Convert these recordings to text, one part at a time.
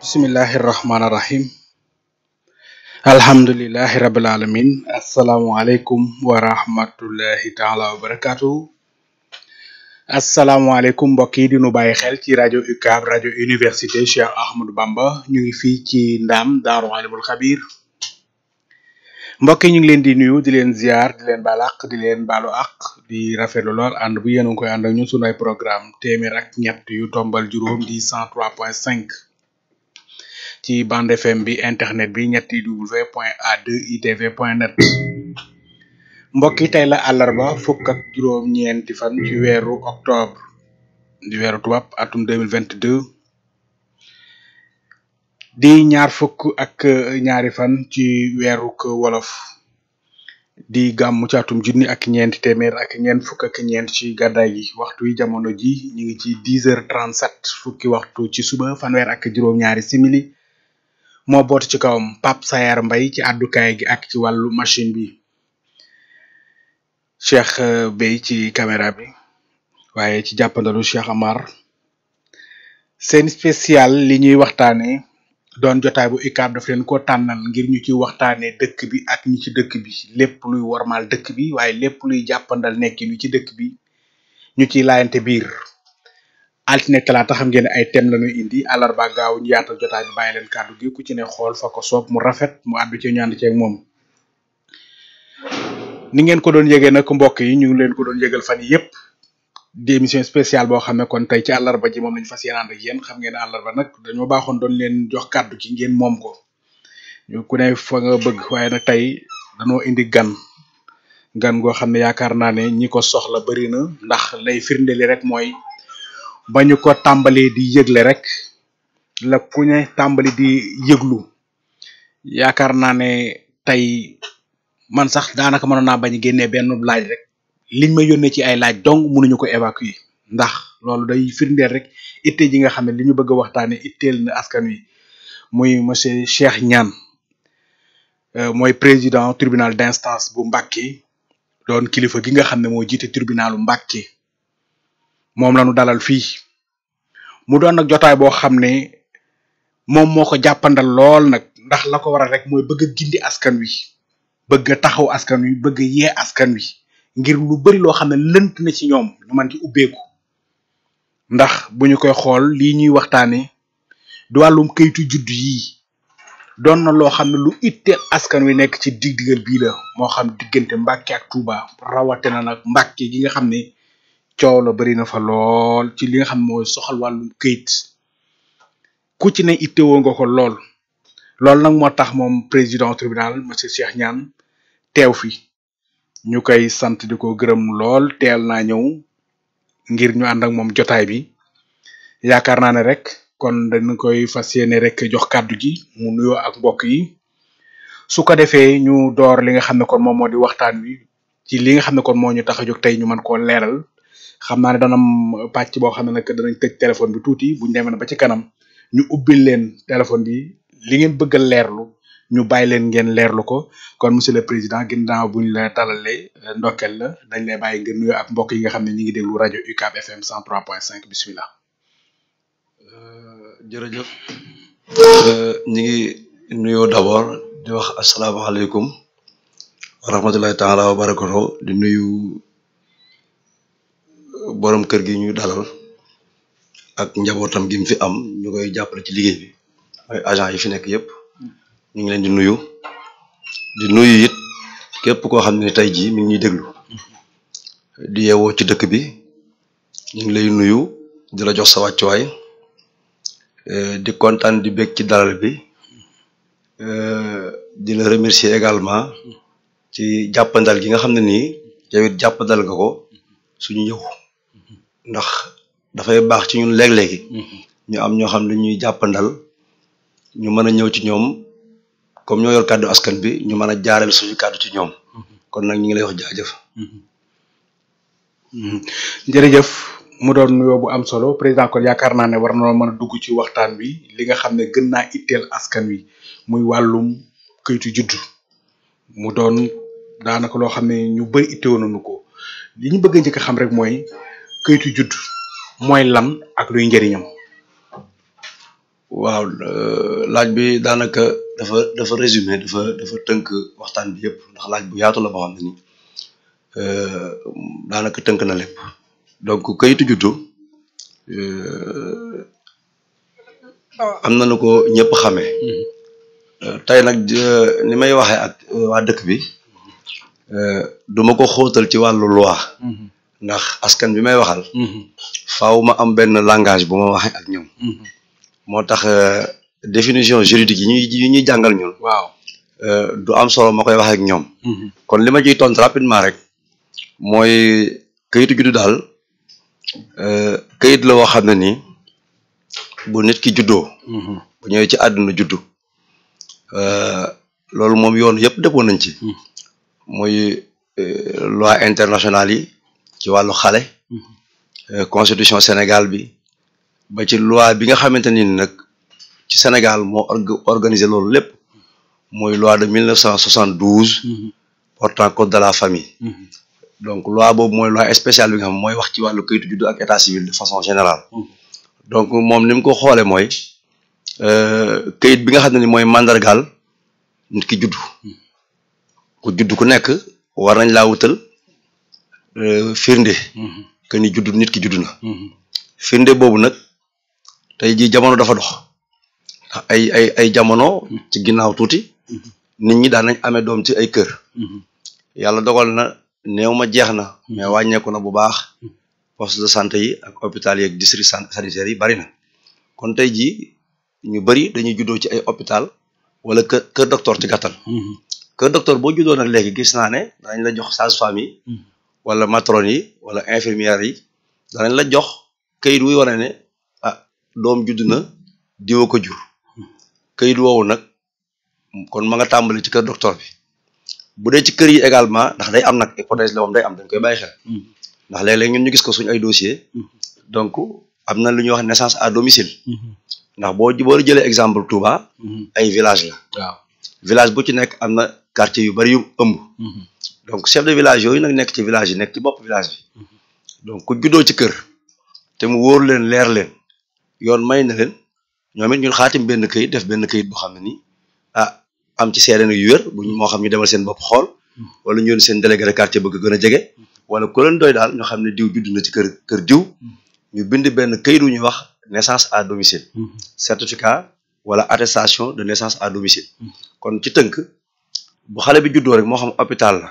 bismillahi irrahmaan irrahim alhamdulilahi rabil alamin taala wa barakatuhu asalaamualeykum mbokk yi dinu bàyyi xel ci rajo UCAB université Cheikh Ahmadou Bamba ñu ngi fii ci ndaam daaru alimul xabir mbokk yi ñu ngi leen di nuyu di leen ziar di leen baal àq di leen baalu àq di rafetlu lool ànd bu yéen a ngi koy ànd ak ñun sunu ay programme téeméer ak ñett yu tombal juróom di cent trois point cinq ci bande FM bi internet bi ñetti w point a deux itv net mbokk yi tey la àllarba fukk ak juróom-ñeenti fan ci weeru octobre di weeru tubaab atum deux mille vingt deux di ñaar fukk ak euh, ñaari fan ci weeruk euh, wolof di gàmmu ci junni ak ñeent téeméer ak ñeent fukk ak ñeent ci gàddaay gi waxtu yi jamono ji ñu ngi ci dix heures trente sept fukki waxtu ci suba fanweer ak juróom-ñaari simili moo boot ci kawam pap Sayar Mbay ci àddukaay gi ak ci wàllu machine bi Cheikh euh, Bey ci camera bi waaye ci jàppandalu Cheikh Amar seen spécial li ñuy waxtaane doon jotaay bu UCAB daf leen ko tànnal ngir ñu ci waxtaanee dëkk bi ak ñi ci dëkk bi lépp luy wormaal dëkk bi waaye lépp luy jàppandal nekki ñu ci dëkk bi ñu ciy laayante biir altine talaata xam ngeen ay thème la ñuy indi àllarba gaaw ñu yaatal jotaay bi leen kàddu gi ku ci ne xool fa ko soob mu rafet mu àddu ci ñu ànd moom ni ngeen ko doon yëgee nag mbokk yi ñu leen ko doon yëgal fan yépp di émission spéciale boo xam ne kon tey ci àllarba ji moom lañu fas yéene ànd ak yéen xam ngeen àllarba nag dañoo baaxon doon leen jox kàddu ci ngeen moom ko ñu ku ne fa nga bëgg waaye nag tey damoo indi gan gan goo xam ne yaakaar naa ne ñi ko soxla bari na ndax lay firndeli rek mooy ba ko tàmbali di yëgle rek la tàmbali di yëglu yaakaar naa ne tey man sax daanaka mënoon naa bañ génnee benn laaj rek liñ ma yónnee ci ay laaj donc mënuñu ko évacuer ndax loolu day firndeel rek itte ji nga xam ne li ñu bëgg a waxtaane itteel na askan wi muy monsieur Cheikh Niane euh, mooy président tribunal d'instance bu Mbacké doon kilifa gi nga xam ne moo jiite tribunalu Mbacké moom lañu dalal fii mu doon nag jotaay boo xam ne moom moo ko jàppandal lool nag ndax la ko waral rek mooy bëgg gindi askan wi bëgg a taxaw askan wi bëgg a yee askan wi ngir lu bari loo xam ne lënt na ci ñoom ñu ci ubbeeku ndax bu ñu koy xool lii ñuy waxtaane du wàllum kayitu juddu yi doon na loo xam ne lu itteel askan wi nekk ci dig digal bii la moo xam diggante Mbàkke ak Tuuba rawate na nag Mbàkke gi nga xam ne coow la bari na fa lool ci li nga xam mooy soxal wàllum kayit ku ci ne ittewoo nga ko lool loolu nag moo tax moom président tribunal monsieur Cheikh Niane teew fi ñu koy sant di ko gërëm lool teel naa ñëw ngir ñu ànd ak moom jotaay bi yaakaar naa ne rek kon dañu koy fas yéene rek jox kàddu gi mu nuyoo ak mbokk yi su ko defee ñu door li nga xam ne kon moom moo di waxtaan wi ci li nga xam ne kon moo ñu tax a jóg tey ñu mën koo leeral xam naa ne danam pàcc boo xam ne nag danañ tëj téléphone bi tuuti bu buñ demee ba ci kanam ñu ubbil leen téléphone bi li ngeen bëgg a leerlu ñu bàyyi leen ngeen leerlu ko kon monsieur le président ginnaaw bu ñu la dalalee euh, ndokkeel la dañ lay bàyyi ngeen nuyoo ak mbokk yi nga xam ne ñu ngi déglu rajo u FM bismilah bisimilah. Euh, jërëjëf euh, ñi ngi nuyoo d'abord di wax asalaamaaleykum wa rahmatulahi taala wa barakatuh di nuyu boroom kër gi ñu dalal ak njabootam gi mu fi am ñu koy jàppale ci liggéey bi agent yi fi nekk yëpp. ñu ngi leen di nuyu di nuyu yit képp koo xam ne tey jii mi ngi ñuy déglu di yeewoo ci dëkk bi ñu ngi lay nuyu di la jox sa wàccuwaay eh, di kontaan di bég ci dalal bi eh, di la remercier également ci jàppandal gi nga xam ne nii yow it jàppandal nga ko suñu ñëw ndax dafay baax ci ñun léeg-léegi mm-hmm. ñu am ñoo xam ne ñuy jàppandal ñu mën a ñëw ci ñoom. comme ñoo yor kàddu askan bi ñu mën a jaareel suñu kàddu ci ñoom mhm. kon nag ñu ngi la wax jaajëf. Mhm. Mhm. jërëjëf mu doon nuyoo bu am solo président yaakaar naa ne war na mën a dugg ci waxtaan bi li nga xam ne gën naa itteel askan wi muy wàllum këyitu juddu mu doon daanaka loo xam ne ñu bëri itteewoon nañu ko li ñu bëgg njëkk xam rek mooy këyitu juddu mooy lan ak luy njëriñam. waaw euh, laaj bi daanaka. dafa dafa résumé dafa dafa tënk waxtaan bi yëpp ndax laaj bu yaatu la boo xam ne ni euh, daanaka tënk na lépp donc kayitu juddu euh, am na nu ko ñëpp xame mhm. euh, tey nag ni may waxee ak waa dëkk bi duma ko xóotal ci wàllu loi mhm. ndax askan bi may waxal mhm. faaw ma am benn langage bu ma waxee ak ñoom moo tax définition juridique yi ñuy jàngal ñun. waaw euh, du am solo ma koy wax ak ñoom. Mm-hmm. kon li ma ciy tontu rapidement rek mooy kayitu juddu daal euh, kayit la woo xam ne nii bu nit ki juddoo. Mm-hmm. bu ñëwee ci àdduna juddu euh, loolu moom yoon yëpp dëppoo nañ ci. Mm-hmm. muy loi internationale yi ci wàllu xale. constitution Sénégal bi ba ci loi bi nga xamante ni nag. ci Sénégal moo organisé loolu lépp mooy loi de cent 1972. Mm-hmm. portant code de la famille. Mm-hmm. donc loi boobu mooy loi spéciale bi nga xam mooy wax ci wàllu kayitu juddu ak état civil de façon générale. Mm-hmm. donc moom ni mu ko xoolee mooy euh, kayit bi nga xam ne ni mooy mandargaal nit ki juddu. ku juddu ku nekk war nañ laa wutal euh, firnde. que juddu nit ki juddu na. boobu nag tey jii jamono dafa dox. ay ay ay jamono mm-hmm. ci ginnaaw tuuti mm-hmm. nit ñi daan nañ amee doom ci ay kër mm-hmm. yàlla dogal na néew ma jeex na mais wàññeeku na bu baax poste de santé yi ak hôpital yi ak district sanitaire yi bari na kon tey jii ñu bari dañuy juddoo ci ay hôpital wala kër kër docteur ci gàttal kër docteur boo juddoo nag léegi gis naa ne danañ la jox sage-femme yi wala matron yi wala infirmière yi danañ la jox kayit wuy wane ne ah, doom judd na diwa ko jur këyit woowu nag kon ma nga tàmbali ci kër docteur bi bu dee ci kër yi également ndax day am nag hypothèse la om day am dañ koy bàyyi xel hmm. ndax léeg-léeg ñu gis ko suñu ay dossier hmm. donc am na lu ñuy wax naissance à domicile hmm. ndax boo boo jëlee exemple Touba ay village la waaw village bu ci nekk am na quartier yu bari yu ëmb donc chef de village yooyu nag nekk ci village yi nekk ci bopp village bi donc ku juddoo ci kër te mu wóor leen leer leen yoon may na leen ñoom it xaatim benn kayit def benn kayit boo xam ne ah am ci seede nag yu wér bu moo xam ñu demal seen bopp xool wala ñu yónni seen délégué de quartier bëgg gën a jege wala ku leen doy daal ñoo xam ne diw judd na ci kër kër diw ñu bind benn kayit wu ñuy wax nessance à domicile certificat wala attestation de naissance à domicile kon ci tënk bu xale bi juddoo rek moo xam hôpital la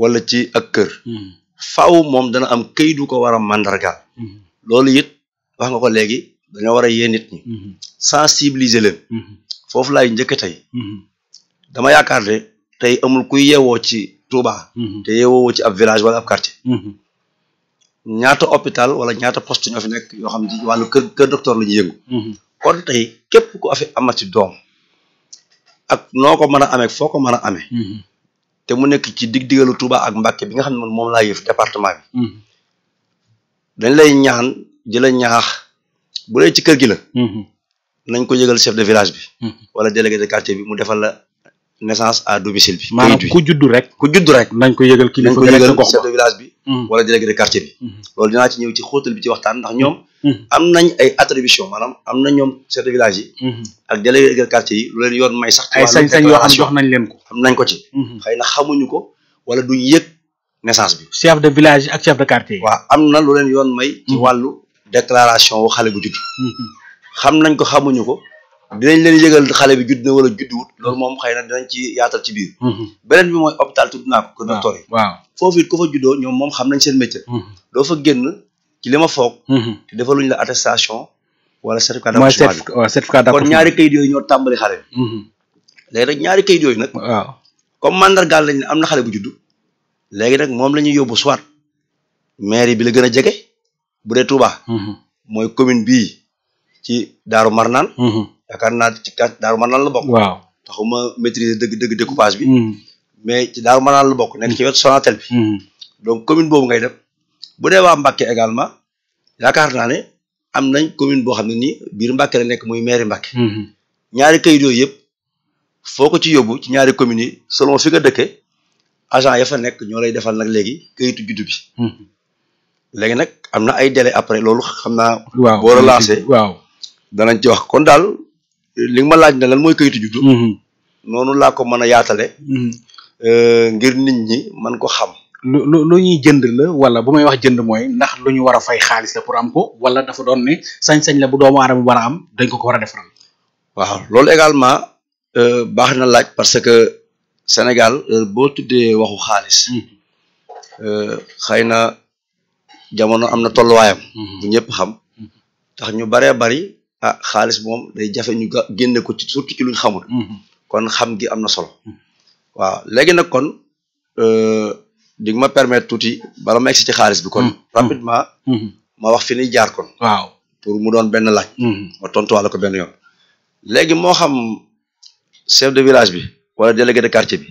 wala ci ak kër faw moom dana am kayit wu ko war màndarga mandargaal mm-hmm. loolu it wax nga ko léegi dañoo war a yee nit ñi mhm. sensibiliser leen mhm. foofu laay njëkk tey mhm. dama yaakaar ne tey amul kuy yeewoo ci Touba te yeewoo ci ab village wala ab quartier ñaata hôpital wala ñaata post ñoo fi nekk yoo xam ne wàllu kër kër docteur la ñuy yëngu kon tey képp ku afi amati doom ak noo ko mën a amee foo ko mën a amee te mu nekk ci dig digalu Touba ak mbake bi nga xam ne moom laa yëf département bi dañ lay ñaan di ñaax bu dee ci kër gi la. Mm-hmm. nañ ko yëgal chef de village bi. Mm-hmm. wala délégué de quartier bi mu defal la naissance a domicile bi. maanaam ku juddu rek. ku juddu rek nañ ko yëgal kilifa nañ ko yëgal chef de village bi. Mm-hmm. wala délégué de quartier bi. loolu dinaa ci ñëw ci xóotal bi ci waxtaan ndax ñoom. am nañ ay attribution maanaam am na ñoom chef de village yi. ak délégué quartier yi lu leen yoon may sax. ay sañ nañ leen ko. am nañ ko ci. xëy xamuñu ko wala duñ yëg naissance bi. chef de village ak chef de quartier yi. waaw déclaration wu xale bu judd. Mm-hmm. xam nañ ko xamuñu ko. dinañ leen yëgal xale bi judd na wala judduwut mm-hmm. loolu moom xay na ci yaatal ci biir. Mm-hmm. beneen bi mooy hôpital tudd naa ko. docteur yi waaw foofu it ku fa juddoo ñoom moom xam nañ seen métier. doo fa génn ci li ma foog. te defaluñ la attestation. wala certificat d'accouchement mooy certificat d'accouchement kon ñaari kayit yooyu ñoo tàmbali xale bi. léegi nag ñaari kayit yooyu nag. waaw comme mandargaal lañ am na xale bu judd. léegi nag moom la ñuy yóbbu soit mairie bi la gën a jege. bu dee Touba. Mm-hmm. mooy commune bii ci Daaru Marnaan mm-hmm. yaakaar naa ci kat Daaru Marnaan la bokk waaw taxuma maîtriser dëgg dëgg découpage bi mm-hmm. mais ci Daaru Marnaan la bokk nekk ci wetu Sonatel bi donc commune boobu ngay def bu dee waa Mbàkke également yaakaar naa ne am nañ commune boo xam ne ni biir Mbàkke nekk muy mairie Mbàkke ñaari kayit yooyu yëpp foo ko ci yóbbu ci ñaari communes yi selon fi nga dëkke agent ya fa nekk ñoo lay defal nag léegi kayitu juddu bi léegi nag am na ay délai après loolu xam naa. waaw boo relancé waaw. danañ ci wax kon daal li ma laaj ne lan mooy kayitu juddu. Mm-hmm. noonu laa ko mën a yaatale. Mm-hmm. Euh, ngir nit ñi man ko xam. lu lu lu ñuy jënd la wala bu may wax jënd mooy ndax lu ñu war a fay xaalis la pour am ko wala dafa doon ne sañ-sañ la bu doomu aadama war a am dañ ko ko war a defaral. waaw loolu également euh, baax na laaj parce que Sénégal euh, boo tuddee waxu xaalis. Mm-hmm. xëy na. jamono am na tolluwaayam. Mm-hmm. bu ñëpp xam. tax mm-hmm. ñu baree bari a ah, xaalis moom day jafe ñu génne ko ci surtout ci luñ mm-hmm. kon xam gi am na solo. waaw léegi nag kon euh, di ma permettre tuuti bala ma egsi ci xaalis bi kon. rapidement. ma wax fi ni jaar kon. waaw pour mu doon benn laaj. ma tontuwaale ko benn yoon. léegi moo xam chef de village bi wala délégué de quartier bi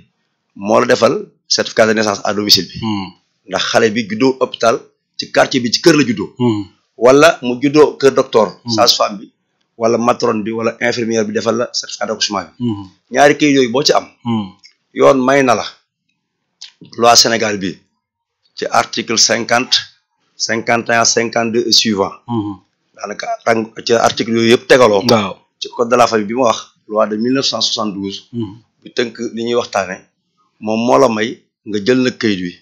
moo la defal certificat de naissance à domicile bi. ndax xale bi juddoo hôpital. ci quartier bi ci kër la juddoo. Hmm. wala mu juddoo kër docteur. Hmm. sage-femme bi wala matron bi wala infirmière bi defal la certificat d'accouchement hmm. ñaari kayit yooyu boo ci am. yoon may na la. loi Sénégal bi ci article cinquante cinquante et cinquante deux suivant. daanaka rang ci article yooyu yëpp tegaloo. waaw ci de la famille bi ma wax. loi de mille neuf cent soixante douze. bi tënk li ñuy waxtaane moom moola may nga jël na kayit wi.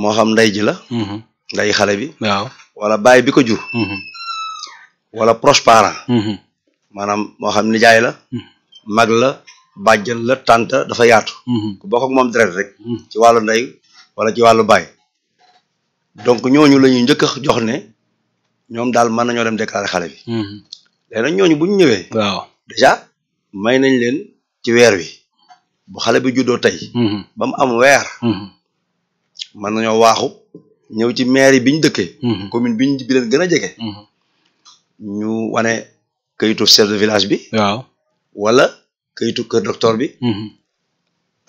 moo xam ndey ji la. Mm-hmm. ndey xale bi. waaw wala baay bi ko jur. Mm-hmm. wala proche parent. Mm-hmm. maanaam moo xam nijaay la. mag la bàjjan la tante dafa yaatu. ku bokk ak moom rek. ci wàllu ndey wala ci wàllu baay. donc ñooñu la ñuy njëkk jox ne ñoom daal mën nañoo dem déclarer xale bi. léegi nag ñooñu bu ñu may nañ leen ci weer wi bu xale bi juddoo tey. ba am weer. mën nañoo waaxu ñëw ci mairie bi ñu dëkkee mhm. commune bi ñu bi leen gën a jege mhm. ñu wane kayitu sel de village bi waaw wala kayitu kër docteur bi mhm.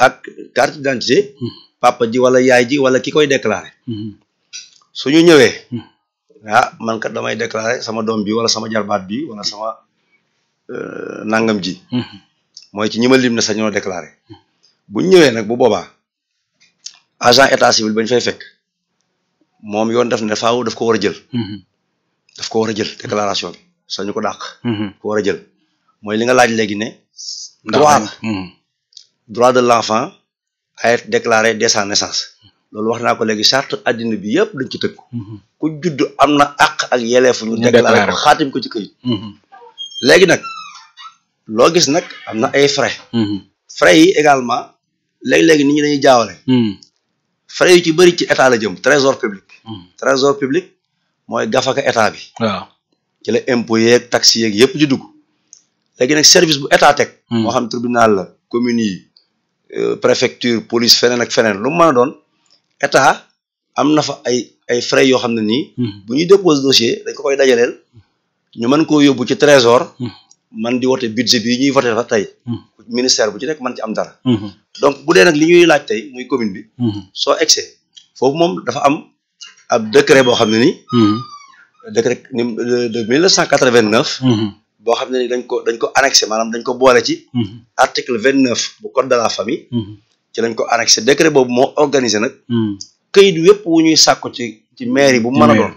ak carte d'identité papa ji wala yaay ji wala ki koy déclaré ñu ñëwee ah man kat damay déclaré sama doom bi wala sama jarbaat bi wala sama euh, nangam ji mooy ci ñi ma lim ne sañoo déclaré bu ñëwee nag bu boobaa agent état civil bañ fay fekk moom yoon def ne faaw daf ko war a jël. Mm-hmm. daf ko war a jël déclaration bi sañu ko dàq. Mm-hmm. ko war a jël mooy li nga laaj léegi ne. droit mm-hmm. droit de l' enfant à être déclaré dès sa naissance. loolu wax naa ko léegi charte àddina bi yëpp dañ ci tëkku. ku judd am na àq ak yeleefu ñu déclaré ko xaatim ko ci këyit. léegi nag loo gis nag am na ay frais. frais yi également léeg-léegi nit ñi dañuy jaawale. frais yu ci bëri ci état la jëm trésor public. Hmm. trésor public mooy gafaka état bi. waaw ci la impôt yeeg taxe yeeg yëpp di dugg. léegi nag service bu état teg. Hmm. moo xam tribunal la commune yi euh, préfecture police feneen ak feneen lu mu mën a doon état am na fa ay ay frais yoo xam ne nii. Hmm. bu ñuy déposé dossier dañ ko koy dajaleel ñu mën koo yóbbu ci trésor. man di wote budget bi ñuy voté fa tey. ministère bu ci nekk man ci am dara. donc bu dee nag li ñuy laaj tey muy commune bi. Mhm. soo excès foofu moom dafa am ab décret boo xam ne mhm. ni. décret de 1989. Mhm. boo xam ne ni dañ ko dañ ko annexé maanaam dañ ko boole ci. article vingt neuf bu code de la famille. ci dañ ko annexé décret boobu moo organiser nag. këyit yëpp wu ñuy sàkku ci ci mairie bu mu mën a doon.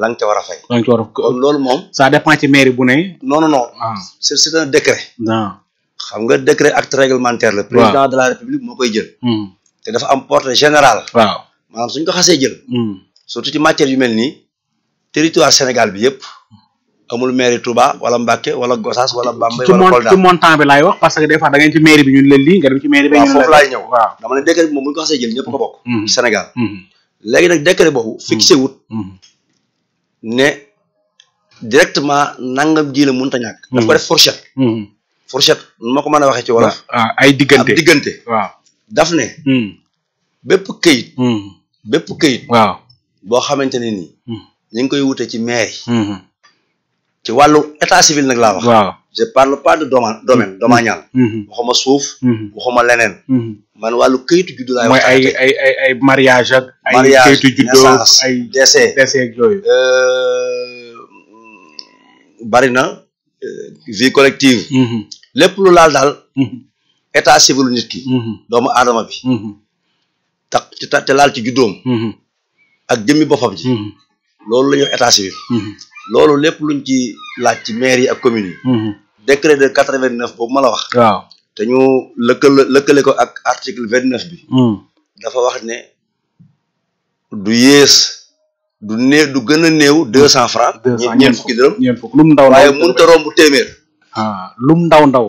la nga ca war a fay. la nga loolu moom. ça dépend ci mairie bu ne. non non non. Ah. c'est un décret. xam nga décret acte réglementaire la. président de la république moo koy jël. Hmm. te dafa am portée générale. waaw maanaam suñ ko xasee jël. Hmm. surtout ci matière yu mel nii territoire Sénégal bi yëpp. amul mairie Touba wala Mbacké wala Gossas wala Bambey wala Kolda ci montant bi laay wax parce que des fois da ngeen ci mairie bi ñun la lii nga dem ci mairie bi ñun la foofu laay ñëw waaw dama ne décret bi moom bu ko xasee jël ñëpp ko bokk hmm. Sénégal léegi nag décret boobu fixé wut ne directement nangam ji la mënut a ñàkk fourchette nu ma ko mën a waxee ci wolof. Ah, ay diggante diggante. waaw daf ne. Hmm. bépp këyit. Hmm. bépp këyit. xamante ne nii. Hmm. ñu koy wute ci mairie. ci wàllu état civil nag la wax. waaw je parle pas de domaine domaine domanial. waxuma suuf. waxuma leneen. man wàllu këyitu juddu laay wax. ay ay ay ay mariage ak. ay këyitu juddoo ay décès décès ak yooyu. Euh, na euh, vie collective. lépp lu laal daal mhm. état civil nit ki mhm. doomu adama bi mhm. tax te laal ci juddoom ak jëmmi boppam ji loolu la ñuy wax état civil loolu lépp luñ ci laaj ci maire yi ak communes yi décret de quatre-vingt-neuf boobu ma la wax waaw te ñu lëkkale ko ak article vingt-neuf bi dafa wax ne du yées du néew du gën a néew deux cent francs ñeent fukki fukk lu mu ndaw waaye mënut a romb téeméer Ah, lum ndaw ndaw.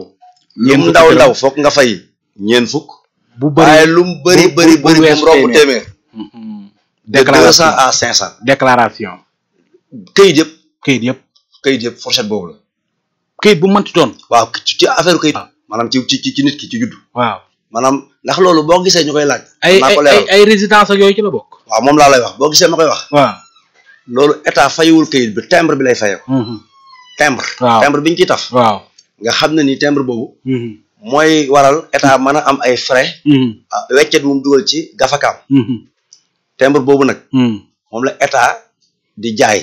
lum ndaw ndaw foog nga fay ñeen fukk. bu bëri waaye lum bëri bëri bëri bu mu romb téeméer. déclaration de deux cent à cinq cent. declaration këyit yëpp. këyit yëpp. këyit yëpp fourchette boobu la. këyit bu mënti doon. waaw ci ci affaire këyit. Ah. maanaam ci ci ci nit ki ci juddu. waaw maanaam ndax loolu boo gisee ñu koy laaj. ay ay ay yooyu ci la bokk. waaw moom laa lay wax boo gisee ma koy wax. waaw loolu état fayewul këyit bi timbre bi lay fayoo. Mm-hmm. timbre. timbre bi ñu ciy nga xam ne ni timbre boobu. Mhm. mooy waral état mën a am ay frais. Mhm. Ah, weccet mu dugal ci gafakaam. Mhm. timbre boobu nag. moom la état di jaay.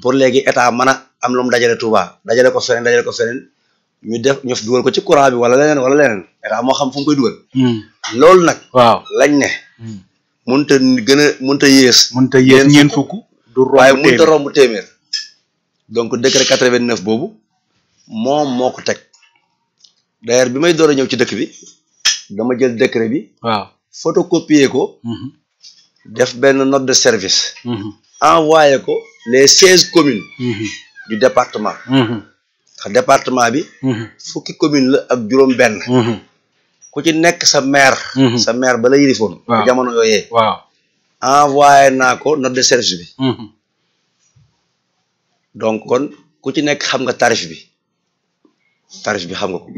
pour léegi état mën a am lu mu dajale Touba dajale ko feneen dajale ko feneen ñu def ñu dugal ko ci courant bi wala leneen wala leneen état moo xam fu koy dugal. loolu nag. waaw ne. mënut a gën a mënut a yées. mënut a yées ñeent fukk du romb romb téeméer. donc décret 89 boobu moom moo ko teg d'ailleurs bi may door a ñëw ci dëkk bi dama jël décret bi. waaw photocopier ko. Mhm. def benn not de service. Mhm. envoyé ko les seize communes. Mhm. du département. ndax département bi. fukki commune la ak juróom-benn. ku ci nekk sa maire. sa maire ba la yilifoon. waaw jamono envoyé naa ko note de service bi. donc kon ku ci nekk xam nga tarif bi tarif bi xam nga ko.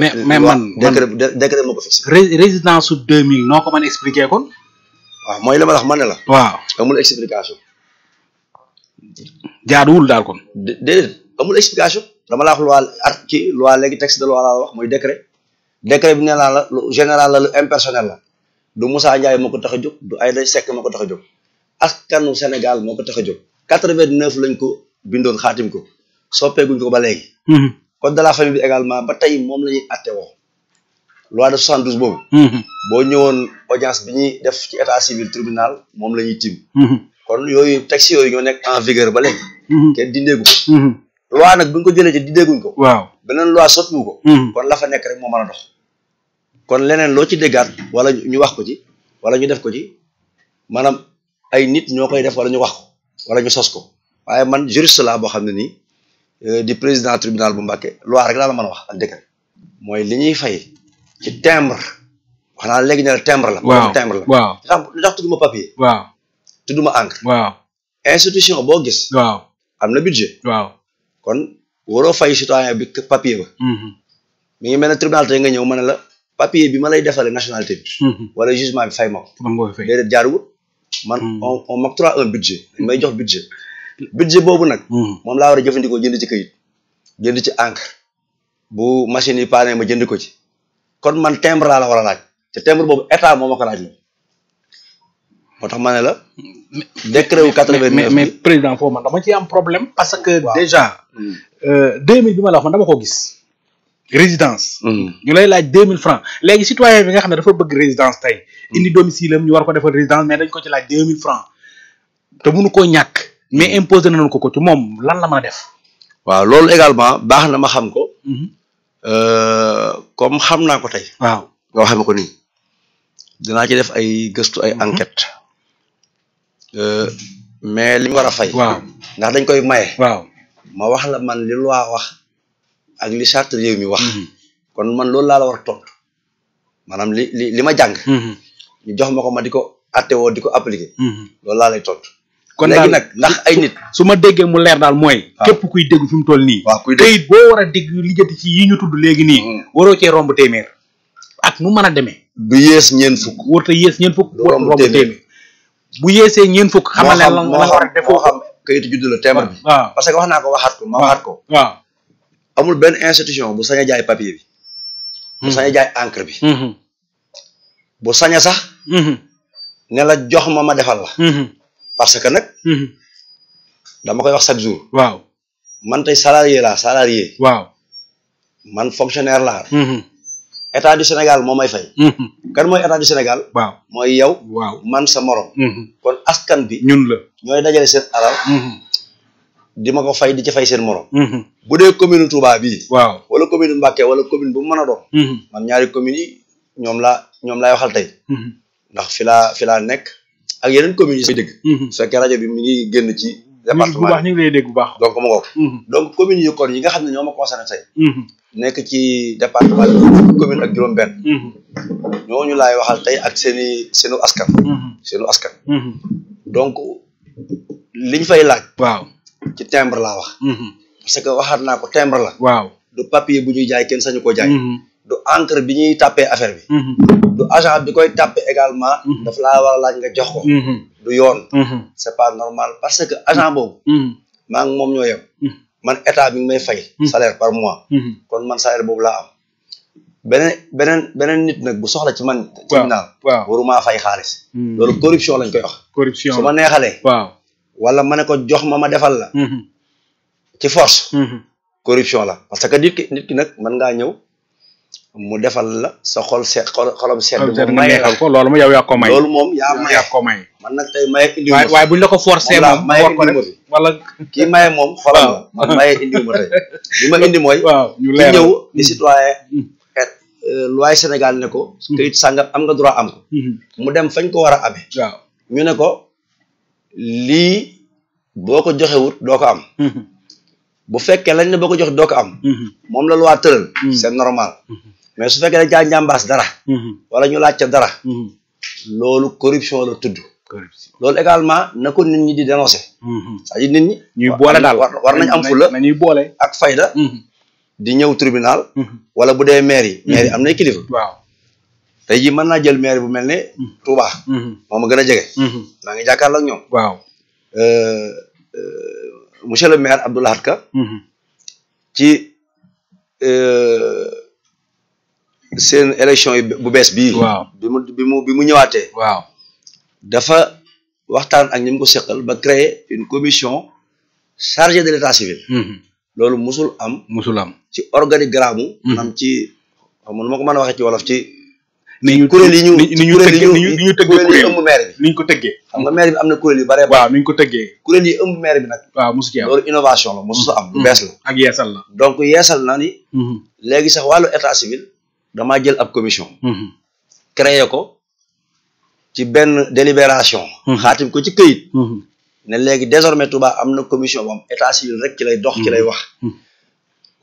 mais mais man décret décret moo ko fixé. résidence su 2000 noo ko mën expliquer kon. waaw mooy li la wax ma ne la. waaw amul explication. jaaduwul daal kon. déedéet amul explication dama la wax loi ar ci loi léegi texte de loi laa wax mooy décret décret bi nee naa la lu général la lu impersonnel la du Moussa Ndiaye moo ko tax a jog du Aïda Seck moo ko tax a jóg askanu Sénégal moo ko tax a jóg 89 lañ ko. bindoon xaatim ko soppeeguñ ko ba léegi mhm. code de la famille bi également ba tey moom la ñuy atte woo loi de 72 boobu mhm. boo ñëwoon audience bi ñuy def ci état civil tribunal moom la ñuy tim mhm. kon yooyu texte yooyu ñoo nekk en vigueur ba léegi kenn dindeegu ko loi nag bu ko jëlee ci dindeeguñ ko waaw beneen loi sottiwu ko kon la nekk rek moo mën a dox kon leneen loo ci déggaat wala ñu wax ko ci wala ñu def ko ci maanaam ay nit ñoo koy def wala ñu wax ko wala ñu sos ko waaye man juriste laa boo xam ne nii euh, di président tribunal bu Mbacké loi rek laa man wax a wax mooy li ñuy fay ci timbre wax naa léegi ne la timbre la. waaw timbre la. waaw xam lu tax tudduma boo gis. waaw na budget. waaw kon waroo fay citoyen bi papier ba. Mm-hmm. mi ngi mel ne tribunal tey nga ñëw ma ne la papier bi ma lay defalee nationalité bi. Mm-hmm. wala jugement bi fay ma ko. déedéet jaaruwut man mm-hmm. on on m'octroie un budget. may jox budget. budget boobu nag. Hmm. moom laa war a jëfandikoo jënd ci kayit jënd ci encre bu machine yi paane ma jënd ko ci kon man timbre laa la war a laaj te timbre boobu état moo ma ko laaj la moo tax ma ne la. décret wu quatre-vingt-neuf mais président foofu man dama ci am problème. parce que déjà. Hmm. Euh, deux mille bi ma la wax man dama ko gis. résidence. Hmm. ñu lay laaj deux mille francs léegi citoyen bi nga xam ne dafa bëgg résidence tey. indi domicile ñu war ko defal résidence mais dañ ko ci laaj deux mille francs te mënu koo ñàkk. mais imposé nañu ko ko ci moom lan la mën a def. waaw loolu également baax na ma xam ko. Mhm. Euh, comme xam naa ko tey. waaw nga wax ma ko nii. dinaa ci def ay gëstu ay mhm. enquête euh, mais li ñu war a fay. waaw ndax dañ koy maye. waaw ma wax la man li loi wax ak li charte réew mi wax. Mhm. kon man loolu laa la war a tontu maanaam li li li ma jàng. ñu jox ma ko ma di ko àtte woo di ko appliquer. loolu laa kon léegi nag ndax ay nit su ma déggee mu leer daal mooy képp kuy dégg fi mu toll nii waaw kuy dégg tey boo war a dégg lijjanti ci yi ñu tudd léegi nii mm-hmm. waroo cee romb téeméer ak nu man a demee du yées ñeen fukk warut a yées ñeen fukk warut romb téeméer bu yéesee ñeen fukk xamal ne la nga war a def xam kayitu juddu la téeméer bi parce que wax naa ko waxaat ko ma waxaat ko waaw amul benn institution bu sañ a jaay papier bi bu sañ a mm-hmm. jaay bi mm-hmm. bu sañ sax ne la jox ma ma defal parce que nag. Mhm. dama koy wax chaque jour. waaw man tey salarié laa salarié. waaw man fonctionnaire laa. Mhm. état du Sénégal moo mhm. mooy état du man sa morom. kon askan bi. ñun la ñooy dajale seen alal. di ma ko fay di ci fay seen morom. bu dee commune Touba bii. waaw wala commune Mbacké wala commune bu mu mën a doon. man ñaari communes yi ñoom laa ñoom laay waxal tey. ndax fi laa nekk. ak yeneen communes yi dëgg mhm. sa rajo bi mi ngi génn ci département bu baax ñu ngi lay dégg bu baax donc ma ngoog mhm. donc communes yi kon yi nga xam ne ñoo ma concerné tey mhm. nekk ci département bi commune ak juróom benn ñooñu laay waxal tey ak seen i seenu askan seenu askan donc liñ fay laaj waaw ci timbre laa wax parce que waxaat naa ko timbre la waaw du papier bu ñuy jaay kenn sañu koo jaay du encre bi ñuy tàppee affaire bi agent bi koy tàppe également mhm. dafa laa war a laaj nga jox ko mhm. du yoon mhm. c'est pas normal parce que agent boobu maa ngi moom ñoo yem man état bi ngi may fay salaire par mois kon man salaire boobu laa am beneen beneen nit nag bu soxla ci man tribunal waaw waruma fay xaalis loolu corruption lañ koy wax corruption su ma neexalee waaw wala ma ne ko jox ma ma defal la ci force corruption la parce que nit ki nit ki nag mën ngaa ñëw mu defal la sa xol seet xolam seet. mu may la ko loolu moom yow yaa ko may. loolu moom yaa may yaa ko may. man nag tey maye indiw ma waaye buñ la ko forcé maye indiw ma kii maye moom xolam man maye indiw ma tey li ma indi mooy. waaw ñu leer ñëw di mm-hmm. citoyen mm-hmm. Euh, Sénégal ne ko. Mm-hmm. këyit sàngam am nga droit am mu dem fañ ko war a amee. waaw ñu ne ko lii boo ko joxewut doo ko am. bu fekkee lañ ne boo ko jox doo ko am. moom la loi tëral. c'est normal. mais su fekkee dañ caa njàmbaas dara. Mhm. wala ñu laajte dara. Mhm. loolu corruption la tudd. loolu également na ko nit ñi di dénoncé. Mhm. cest nit ñi. ñuy boole daal war nañ am fula. ñuy ak fayda. di ñëw tribunal. wala bu dee maire yi. maire am na kilifa. waaw tey jii mën na jël maire bu mel ne. Touba. moom a gën a jege. ngi jàkkaarloo ñoom. waaw euh, euh, monsieur le maire Abdou Lahad Ka. ci. Euh, seen élection bu bees bii. waaw bi mu bi mu ñëwaatee. dafa waxtaan ak ñu mu ko seqal ba créer une commission chargée de l'état civil. Mm-hmm. loolu musul am. musul am ci organigramme. maanaam mm-hmm. ci xam nga nu ma ko mën a waxee ci wolof ci. ni ñu yi ñu ni ñu tëggee ni ñu tëggee kuréel yi ëmb maire bi. ni ñu ko tëggee. xam nga maire am na kuréel yu bare. waaw ni ñu ko tëggee. kuréel yi ëmb maire bi nag. waaw mosu ci am loolu innovation la mosu am. lu mm-hmm. bees la ak yeesal la. na ni. léegi sax wàllu état civil. damaa jël ab commission. Mhm. créé ko ci benn délibération. Mhm. xaatim ko ci kayit mhm. ne léegi désormais Touba am na commission boo am rek ci lay dox ci lay wax.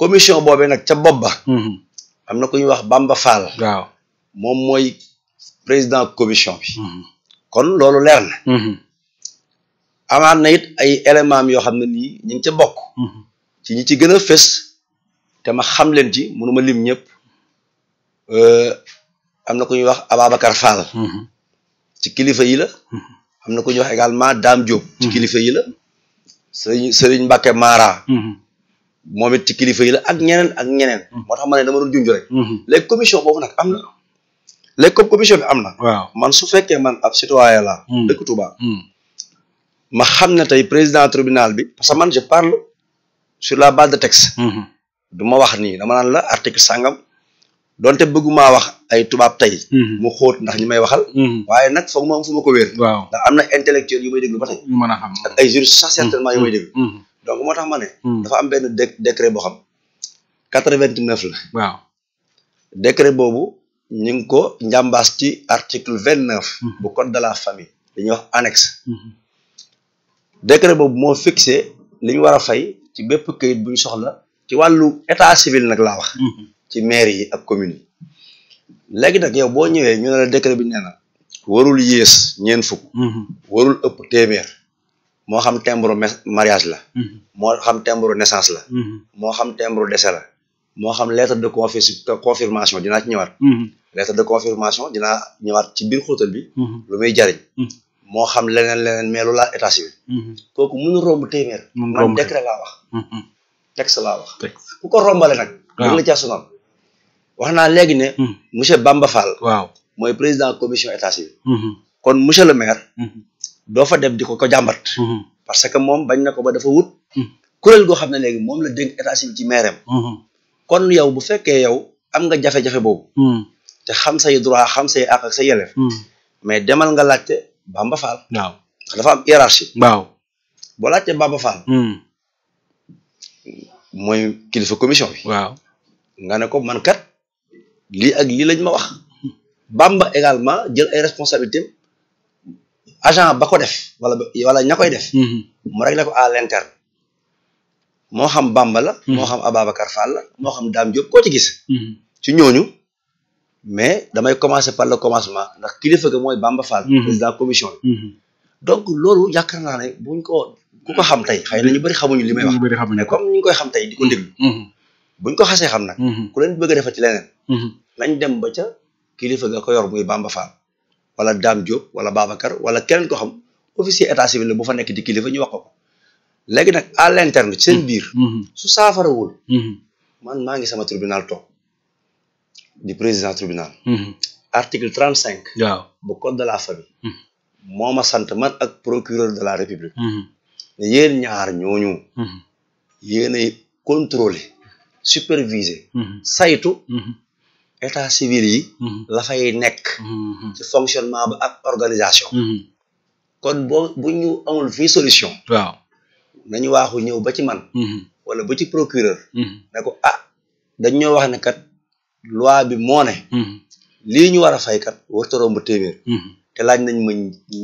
commission boobee nag ca bopp ba. am na ku ñuy wax Bamba Fall. waaw moom mooy président commission bi. kon loolu leer na. amaat na it ay éléments am yoo xam ne nii ñu ngi ca bokk. ci ñi ci gën a fës te ma xam leen ci mënuma lim ñëpp. Euh, am na ku ñuy wax Ababacar Fall. Mm-hmm. ci kilifa yi la. Mm-hmm. am na ku ñuy wax également Dame Diop. ci mm-hmm. kilifa yi la. Serigne Serigne Mbacke Mara. moom ci kilifa yi la ak ñeneen ak ñeneen. moo tax ma ne dama doon junj rek. léegi commission boobu nag am na. léegi commission bi am na. man su fekkee man ab citoyen la dëkk Touba. ma xam ne tey président tribunal bi. parce que man je parle sur la base de texte. du ma wax nii dama naan la article sangam. donte bëggumaa wax ay tubaab tey mhm. mu xóot ndax ñi may waxal mhm. waaye nag foog ma am fu ma ko wéer waaw ndax am na intellectuel yu may déglu ba tey mën a xam ak ay juristes sax certainement yu may mhm. déglu donc moo tax ma ne dafa am benn d décret boo xam quatre-vingt-neuf la décret boobu ñu ngi ko njàmbaas ci article vingt-neuf de la famille li wax annexe boobu moo fixé li ñu war a fay ci bépp këyit bu soxla ci wàllu état civil nag laa wax ci maire yi ak commune yi léegi nag yow boo ñëwee ñu ne la décret bi nee na warul yées ñeent fukk mhm. warul ëpp téeméer moo xam timbre mariage la mhm. moo xam timbre naissance la mhm. moo xam timbre décès la moo xam lettre de confirmation dina ñëwaat lettre de confirmation dinaa ñëwaat ci biir xóotal bi lu muy jariñ moo xam leneen leneen mais lu laal état civil kooku mënu romb téeméer man décret laa wax texte laa wax ku ko rombale nag dëg la ca sonal wax naa léegi ne. Hmm. monsieur Bamba Fall. waaw mooy président commission état civil. Hmm. kon monsieur le maire. Hmm. doo fa dem di ko ko jàmbat. parce que moom bañ na ko ba dafa wut. kuréel goo xam ne léegi moom la dénk état civil ci maire kon yow bu fekkee yow am nga jafe-jafe boobu. te xam say droit xam say àq say yelleef. mais demal nga laajte Bamba Fall. waaw ndax dafa am hiérarchie. waaw boo laajte Bamba Fall. mooy kilifa commission bi. waaw nga ne ko man lii ak lii lañ ma wax Bamba également jël ay responsabilités agent ba ko def wala wala ña koy def mm-hmm. mu réglé ko à l'interne moo xam Bamba la mm-hmm. moo xam Ababacar Fall la moo xam Dame Diop koo ci gis mm-hmm. ci ñooñu mais damay commencer par le commencement ndax kilifa ga mooy bamb Fall président commission bi donc loolu yaakaar naa ne buñ ko ku ko xam tey xay na ñu bëri xamuñu li may wax mais comme ñu koy xam tey di ko déglu buñ ko xasee xam nag mm-hmm. ku leen bëgg a defati leneen mm-hmm. nañ dem ba ca kilifa ga ko yor muy Bamba Fall wala Dame Diop wala Babacar wala keneen ko xam officier état civil boo fa nekk di kilifa ñu wax ko léegi nag à l'interne ci seen mm-hmm. biir su saafarawul man maa ngi sama tribunal toog di président tribunal article trente cinq waaw bu code de la famille moom ma sant man ak procureur de la république ne yéen ñaar ñooñu yéenay contrôler superviser mhm. saytu mhm. état civil yi mhm. la fay nekk ci fonctionnement ba ak organisation kon bo bu ñu amul fi solution waaw nañu waaxu ñëw ba ci man wala ba ci procureur ne ko ah dañ ñoo wax ne kat loi bi moo ne lii ñu war a fay kat warta romb téeméer laaj nañ ma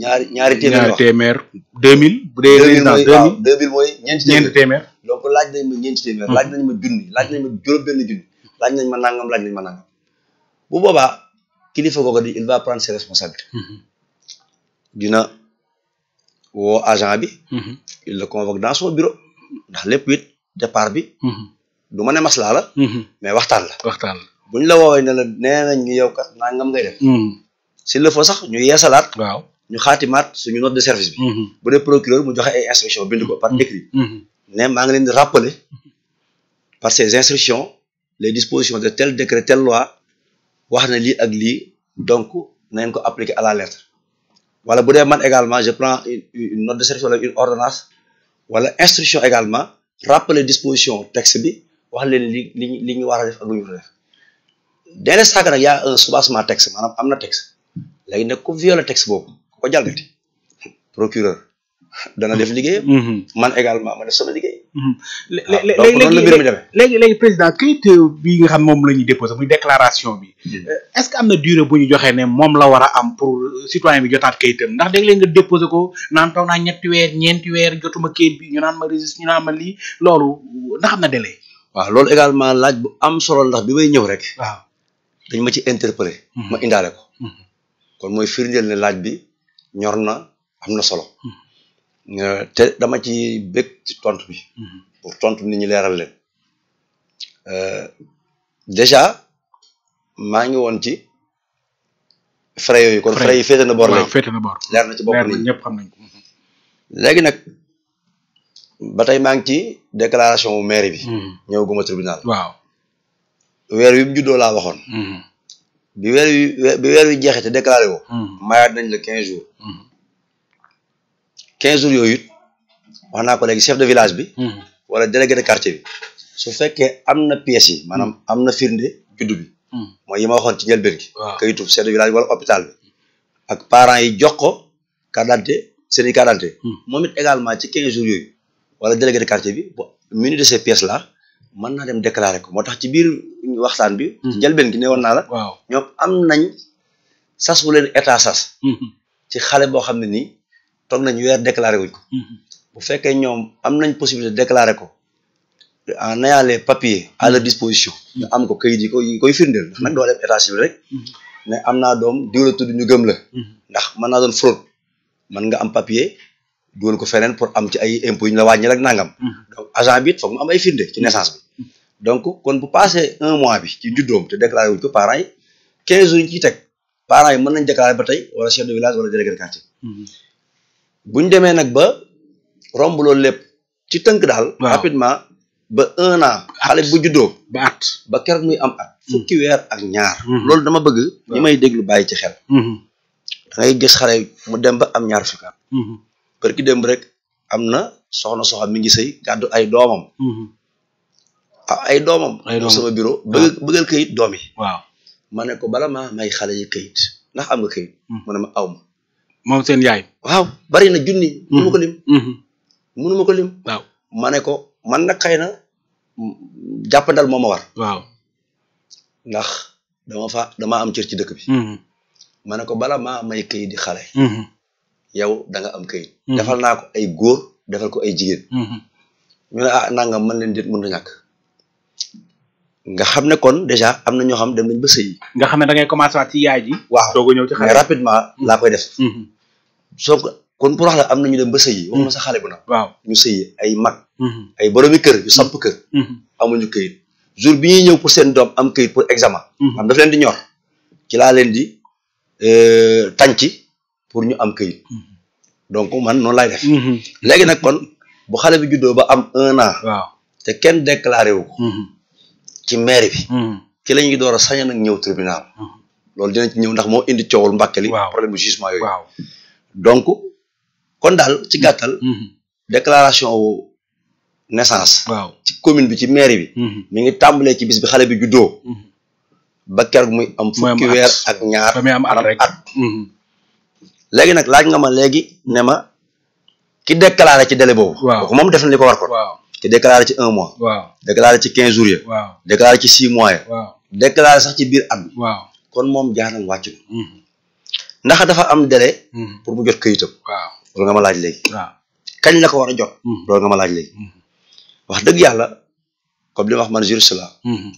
ñaari ñaari téeméer ñaari téeméer deux mille bu dee deux mille mooy ñeenti ñeenti téeméer laaj nañ ma ñeenti téeméer hmm. laaj nañ ma junni laaj nañ ma juróom-benn junni laaj nañ ma nangam laaj nañ ma nangam bu boobaa kilifa googu di il va prendre ses responsabilités hmm. dina woo agent bi hmm. il le convoque dans bureau ndax lépp it départ bi du ma ne maslaa la mais waxtaan la waxtaan la buñ la woowee ne la nee nañ ñu yow kat nangam ngay def s'il le faut sax ñu yeesalaat. waaw ñu xaatimaat suñu note de service bi. Mm-hmm. bu dee procureur mu joxe ay instructions bind ko par mm-hmm. écrit. Mm-hmm. ne maa ngi leen di rappeler par ces instructions les dispositions de tel décret telle loi wax na lii ak lii donc nañ ko appliquer à la lettre. wala bu dee man également je prends une note de service wala une ordonnance wala instruction également rappeler disposition texte bi wax leen li li ñu war a ak lu ñu def dès l'instant que nag y a un soubassement texte maanaam am na léegi nag ku violé texte boobu ko jalgati procureur dana def liggéeyam. Mm-hmm. man également ma def sama liggéey. Mm-hmm. Ah, léegi léegi président këyit bi nga xam moom la ñuy déposé muy déclaration bi. Mm-hmm. Euh, est-ce que am na dure bu ñu joxee ne moom la war a am pour citoyen bi jotaat këyitam ndax léeg-léeg nga déposé ko naan taw naa ñetti weer ñeenti weer jotuma këyit bi ñu naan ma registre ñu naan ma lii loolu ndax na délai. waaw loolu également laaj bu am solo ndax bi may ñëw rek. waaw dañ ma ci interpellé. ma indaale ko. kon mooy firndeel ne laaj bi ñor na am na solo te dama ci bëgg ci tontu bi mm-hmm. pour tontu nit ñi leeral leen euh, déjà maa ngi woon ci frais yooyu kon frais yi féete na boor léegi féete na boor leer na ci bopp nit ñëpp xam nañ ko mm-hmm. léegi nag ba tey maa ngi ci déclaration mairie bi mm-hmm. ñëw guma tribunal waaw weer wi mu laa waxoon bi weer wi bi weer wi jeexee te déclaré woo. Hmm. mayaat nañ la quinze jours. Hmm. quinze jours yooyu wax naa ko léegi chef de village bi. Hmm. wala délégué de quartier bi. su fekkee am na pièces yi. maanaam am na firnde juddu bi. mooy yi ma waxoon ci njëlbeen gi. waaw kayitu chef de village wala hôpital bi. ak parent yi jox ko carte d'identité seen i carte d'identité. moom it également ci quinze jours yooyu. wala délégué de quartier bi bon muni de ces pièces là. man naa dem déclaré ko moo tax ci biir waxtaan bi ci mhm. njëlbeen gi ne woon naa la ñoom am nañ sas bu leen état sas mhm. ci xale boo xam ne nii toog nañ weer déclaré wuñ ko mhm. bu fekkee ñoom am nañ possibilité déclarer ko en ayant les papiers à leur disposition ñu am ko kayit yi ko koy firndeel ndax nag doo am naa doom diw la tudd ñu gëm la ndax mën naa doon fraude mën nga am papier dugal ko feneen pour am ci ay impôts yu ñu la wàññi rek nangam. Mm-hmm. donc agent bi it am ay firnde ci naissance bi. Mm-hmm. donc kon bu passé un mois bi ci juddoom te déclaré wuñ ko parents yi quinze jours yi ciy teg parents yi mën nañ déclaré ba tey wala chef de village wala délégué de quartier. Mm-hmm. bu ñu demee nag ba romb loolu lépp ci tënk daal. rapidement ba un na xale bu juddoo ba at. ba ker muy am at. fukki weer ak ñaar. loolu dama bëgg. ñi may déglu bàyyi ci xel. da ngay gis xale mu dem ba am ñaar fukki at. barki dem rek am na soxna soxam mingi ngi sëy gàddu ay doomam. ah ay doomam. ay doomam sama bureau bëgg ah. bëggal kayit doom waaw ma ne ko bala maa may xale yi kayit ndax am nga kayit. Hmm. mu ne ma aw ma. moom seen yaay. waaw bari na junni. mënu hmm. ma ko lim. mënu hmm. ma ko lim. waaw ma ne ko man nag xëy na mm, jàppandal moo ma war. ndax dama fa dama am cër dëkk bi. ma bala maa may kayit xale. yow danga am kayit mhm. defal naa ay góor defal ko ay jigéen mhm. ñu ne ah nangam man leen déet mën na ñàkk nga xam ne kon dèjà am na ñoo xam dem nañ ba sëy nga xam ne da ngay commencé waat yaay ji waaw soog a ñëw ci xale rapidement mhm. laa koy def soo kon pour wax la am na ñu dem ba sëy wax ma xale bu na waaw ñu sëy ay mag ay boroomi kër yu samp kër amuñu këyit jour bi ñuy ñëw pour seen doom am këyit pour examen xam daf leen di ñor ci laa leen di euh, tànci pour ñu am këyit mhm. donc man noonu laay def mhm. léegi nag kon bu xale bi juddoo ba am un an te kenn déclaré wu mhm. ci maire bi ci la ñuy door a na nag ñëw tribunal loolu dinañ ñëw ndax moo indi coowul Mbàkke li problème bu jugement yooyu donc kon daal ci gatal déclaration naissance waaw ci commune bi ci mairie bi mi ngi tàmbalee ci bis bi xale bi juddoo ba keroog muy am fukki weer ak ñaar at léegi nag laaj nga ma léegi ne ma ki déclaré ci délé boobu. waaw moom def na li ko war ko. waaw ki ci un mois. waaw déclaré ci quinze jours ya. waaw ci six mois ya. waaw sax ci biir at bi. kon moom jaanam wàcc na. Mm-hmm. ndax dafa am délai. Mm-hmm. pour mu jot këyitam. loolu nga ma laaj léegi. kañ la ko war a jot. Mm-hmm. loolu ma laaj léegi. wax dëgg yàlla comme li ma wax man juriste la.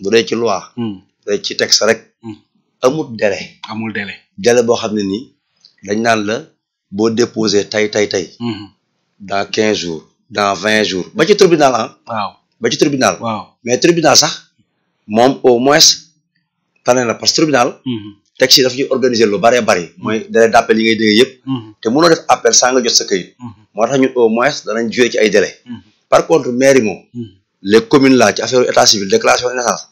bu dee ci loi. bu dee ci texte rek. amul délai. amul délai délai boo xam ne nii. dañ naan la boo déposé tey tey tey mhm. dans quinze jours dans vingt jours ba ci tribunal ah waaw ba ci tribunal waaw mais tribunal sax moom au moins tane na parce que tribunal mhm. teg si daf organiser lu bëree bëri mooy mhm. délai d' appel yi ngay dégg yëpp te mënoo def appel sans nga jot sa këyit moo tax ñun au moins danañ jouer ci ay délai par contre mairie moom le commune là ci affaire état civil déclaration de naissance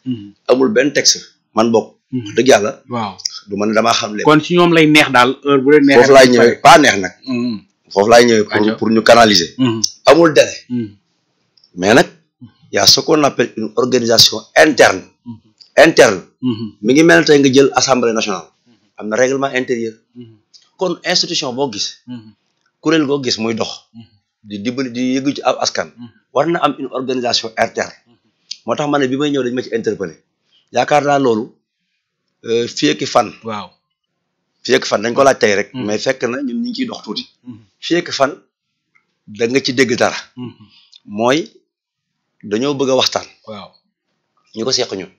amul benn texte man bokk dëgg yàlla. waaw du man damaa xam leen. kon ci ñoom lay neex daal heure bu leen neexee. foofu laay ñëwee pas neex nag. Mm-hmm. foofu laay ñëwee pour ñu canaliser. Mm-hmm. amul délai. Mm-hmm. mais nag y soo ce qu'on appelle une organisation interne. interne. mi ngi mel nga jël assemblée nationale. am na règlement intérieur. kon institution boo gis. kuréel goo gis muy dox. di dimbali di yëngu ci ab askan. war na am une organisation interne. moo tax ma bi may ñëw dañ ma ci yaakaar naa loolu. Euh, fii fan. waaw fii fan dañ ko laaj tey rek. Mm-hmm. mais fekk na ñun ñi ngi ciy dox tuuti. Mm-hmm. fii fan da nga ci dégg dara. Mm-hmm. mooy dañoo bëgg a waxtaan. ñu ko seq ñun.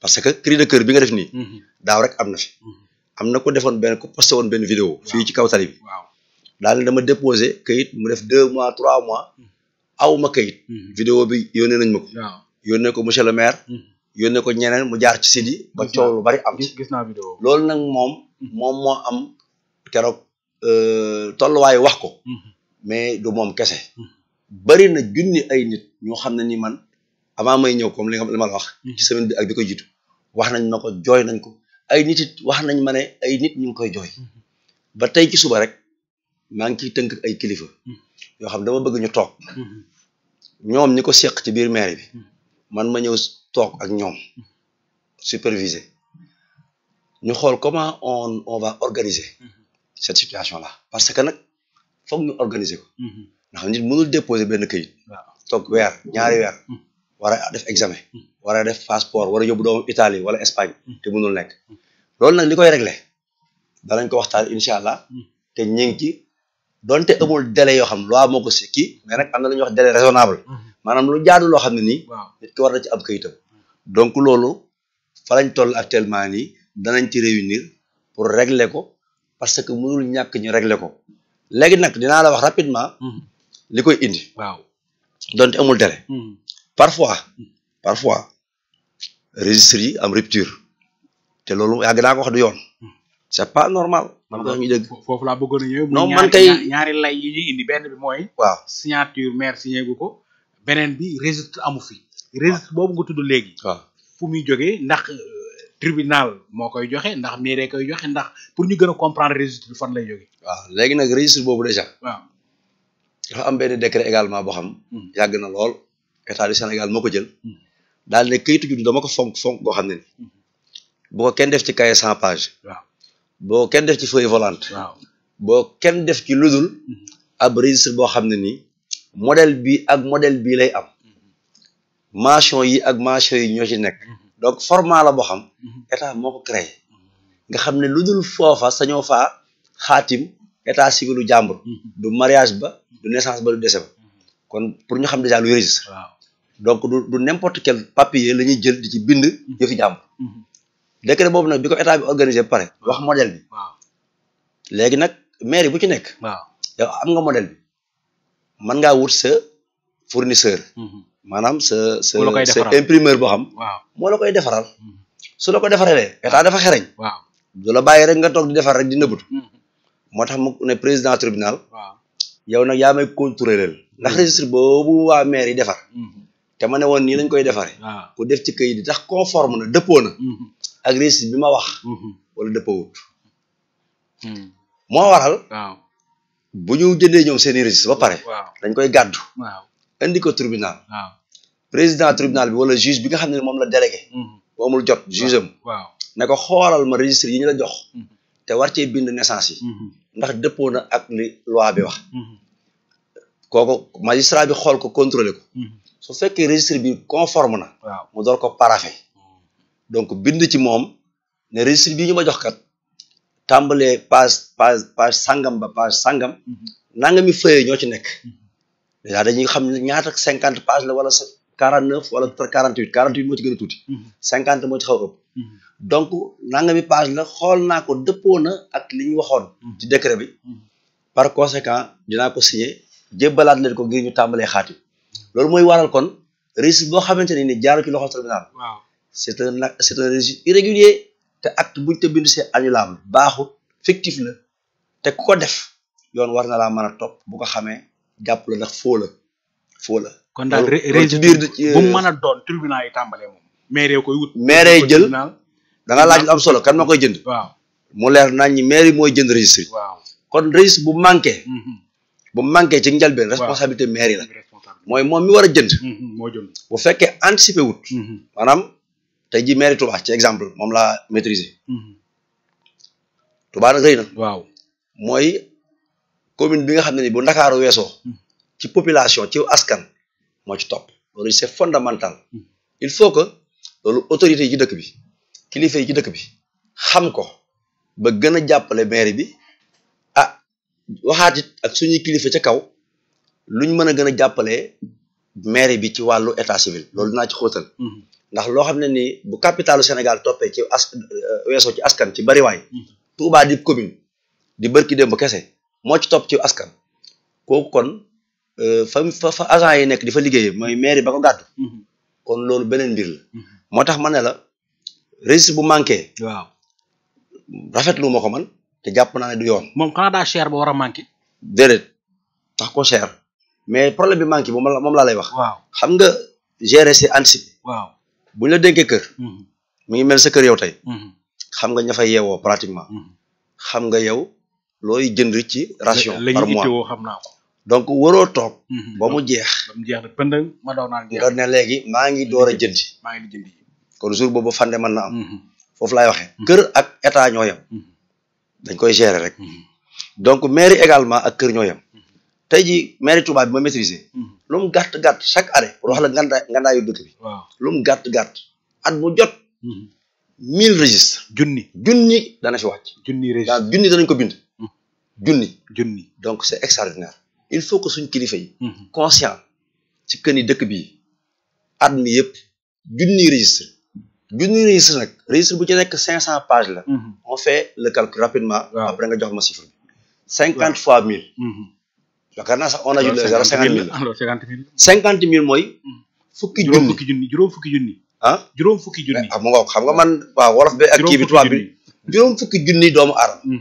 parce que cri de cœur bi nga def nii. daaw rek am na fi. am na ko defoon ben ko posté woon benn vidéo. fii ci kaw tali bi. waaw daal dama déposé kayit mu def deux mois trois mois. aw ma kayit. vidéo bi yónnee nañ ma ko. waaw yónnee ko monsieur le maire. yónnee ko ñeneen mu jaar ci site ba coow lu bari am ci gis naa vidéo loolu nag moom mhm. moom moo am keroog euh, tolluwaayu wax ko mhm. mais du moom kese mhm. bari na junni ay nit ñoo xam ne ni man avant may ñëw comme li nga li la wax ci semaine bi ak bi ko jiitu wax nañ ma ko jooy nañ ko ay nit wax nañ ma ne ay nit ñu ngi koy jooy ba tey ci suba rek maa ngi ciy tënk ay kilifa yoo xam dama bëgg ñu toog ñoom ñi ko seq ci biir maire bi man ma ñëw toog ak ñoom superviser ñu xool comment on on va organiser cette situation là parce que nag foog ñu organiser ko ndax nit mënul déposer benn këyit toog weer ñaari weer hmm. war a def examen hmm. war a def passeport war a yóbbu doomu wala Espagne hmm. te mënul nekk loolu nag li koy régler danañ ko waxtaan incha allah te ñu ngi ci donte amul délai yoo xam loi moo sikki mais nag am na lu ñuy wax délai raisonnable lu jaadu xam ne nii ki war na ci am donc loolu fa lañ toll actuellement nii danañ ci réunir pour régler ko parce que mënul ñàkk ñu régler ko léegi nag dinaa la wax rapidement mhm. li koy indi waaw donte amul délai mhm. parfois mhm. parfois registre yi am rupture te loolu yàgg naa ko wax du yoon c'est pas normal man ko ñu dégg foofu laa bëggoon a ñëw man tey ñaari lay yi ñuy indi benn bi mooy waaw signature maire signé gu ko beneen bi registre amu fi registre boobu nga tudd léegi. waaw fu muy jógee ndax euh, tribunal moo koy joxe ndax mairie koy joxe ndax pour ñu gën a comprendre registre bi fan lay jógee. waaw léegi nag registre boobu déjà. waaw dafa am benn décret également boo xam. Hmm. yàgg na lool état du Sénégal moo ko jël. Hmm. daal ne kayitu juddu dama ko fonk fonk goo xam ne ni. Hmm. kenn def ci cahier cent page. boo kenn def ci feuille volante. boo kenn def ci ludul. ab registre boo xam ne nii. modèle bi ak modèle bii lay am. mention yi ak mention yi ñoo ci nekk mhm. donc format la boo xam mhm. état moo ko créé nga xam ne lu dul foofa sañoo faa xaatim état civilu jàmbur mhm. du mariage ba du naissance ba du décès ba kon pour ñu xam déjà luy registre donc du du n'importe quel papier la ñuy jël di ci bind yëfi jàmbur décret boobu nag bi ko état bi organisé pare wax modèle bi léegi nag mairie bu ci nekk yow am nga modèle bi mën ngaa wut sa fournisseur maanaam sa sa sa imprimeur boo xam moo la koy defaral hmm. su la ko defaree état dafa xereñ waaw du la bàyyi rek nga toog di defar rek di nëbbatu hmm. moo tax mu ne président tribunal yow nag yaa may contrôler ndax hmm. registre boobu waa meer yi defar te ma ne woon nii lañ koy defaree pour def ci këyit yi tax conforme na dëppoo na ak bi ma wax wala dëppoowut moo waral bu ñu jëndee ñoom seeni registre ba pare dañ koy gàddu indi ko tribunal. waaw président tribunal bi wala juge bi nga xam ne moom la délégué. Mhm. boo amul jot juge am. ko xoolal ma registre yi ñu la jox. Mhm. te war cee bind naissance yi. Mhm. ndax dëppoo na ak li loi bi wax. kooku magistrat bi xool ko contrôlé ko. su fekkee registre bi conforme na. waaw mu door ko paraphé. donc bind ci moom ne registre bii ñu ma jox kat tàmbalee page page page sangam ba page sangam. nangami feuille ñoo ci nekk. dèjà dañuy xam ñaata cinquante page la wala quarante neuf wala quarante huit quarante huit moo ci a tuuti. Mhm. cinquante moo ci xaw ëpp. Mhm. donc mi page la xool naa ko dëppoo na ak li ñu waxoon. Mhm. ci décret bi. par conséquent dinaa ko signé jébbalaat leen ko ngir ñu tàmbalee xaatim loolu mooy waral kon registre boo xamante ne ni jaaru ci loxo tribunal. waaw c'est un c'est un irrégulier te acte buñ te bind see annulable baaxut fictif la te ku ko def yoon war na laa mën a topp bu ko xamee. jàpp la ndax foo la foo la kon daal ci biir bu mu euh, a doon tribunal yi tàmbalee moom maire koy wut maire jël da nga laaj lu am solo kan ma koy jënd waaw mu leer nañ ñi maire yi mooy jënd registre waaw kon registre bu manqué mm-hmm. bu manqué ci njalbeen responsabilité maire yi la mooy moom mi war a jënd mm-hmm. moo jënd bu fekkee anticipé wut mm-hmm. maanaam tey ji maire Touba ci exemple moom laa maîtriser Touba nag rëy mooy commune bi nga xam ne ni bu ndakaaru weesoo hmm. ci population ci askan moo ci topp loolu il faut que autorité yi ci dëkk bi kilifa yi ci dëkk bi xam ko ba gën a jàppale maire bi ah waxaat ak suñuy kilifa ci kaw luñ mën a gën a jàppale maire bi ci wàllu état civil loolu naa ci xóotal hmm. ndax loo xam ne ni bu capitalu Sénégal toppee ci as euh, weesoo ci askan ci bariwaay hmm. Touba di commune di bërki démb kese moo ci topp ci askan kooku kon euh, fa fa agent yi nekk di fa liggéeyee mooy mairie ba ko gàddu mhm. kon loolu beneen mbir la mhm. moo tax ma ne la registre bu manqué waaw rafetlu ma ko man te jàpp naa ne du yoon moom xanaa daa cher bo war a manqué déedéet tax ko cher mais problème bi manqué bu moom laa lay wax waaw xam nga gérer c'est anticipé waaw bu la dénkee kër mhm. mu ngi mel sa kër yow tey xam nga ña fa yeewoo pratiquement xam nga yow looy jënd ci ration par mois xam naa ko donc waroo toog mhm. ba mu jeex ma daw naan jeex nga ne léegi maa ngi door a jëndi maa ngi jëndi kon jour boobu fande man na am mhm. foofu laay waxee mhm. kër ak état ñoo dañ koy gérer rek donc mairie également ak kër ñoo yem tey jii mairie Touba bi ma maîtriser lu mu gàtt-gàtt chaque année pour wax la ngandaa ngandaayu dëkk bi lu mu gàtt-gàtt at mu jot mille registres junni junni dana fi wàcc junni registre junni danañ ko bind junni junni donc c'est extraordinaire il faut que suñ kilifa yi mhm. conscient ci que ni dëkk bi at mi yëpp junni registre junni registre nag registre bu ci nekk cinq cent pages la mhm. on fait le calcul rapidement après nga jox ma chiffre bi cinquante fois mille mhm. yaakaar naa sax on a ju zéro cinquante mille cinquante mille mooy fukki junni fukki junni juróom fukki junni ah juróom fukki junni ah mu xam nga man waaw wolof bi ak kii bi tubaab juróom fukki junni doomu aadama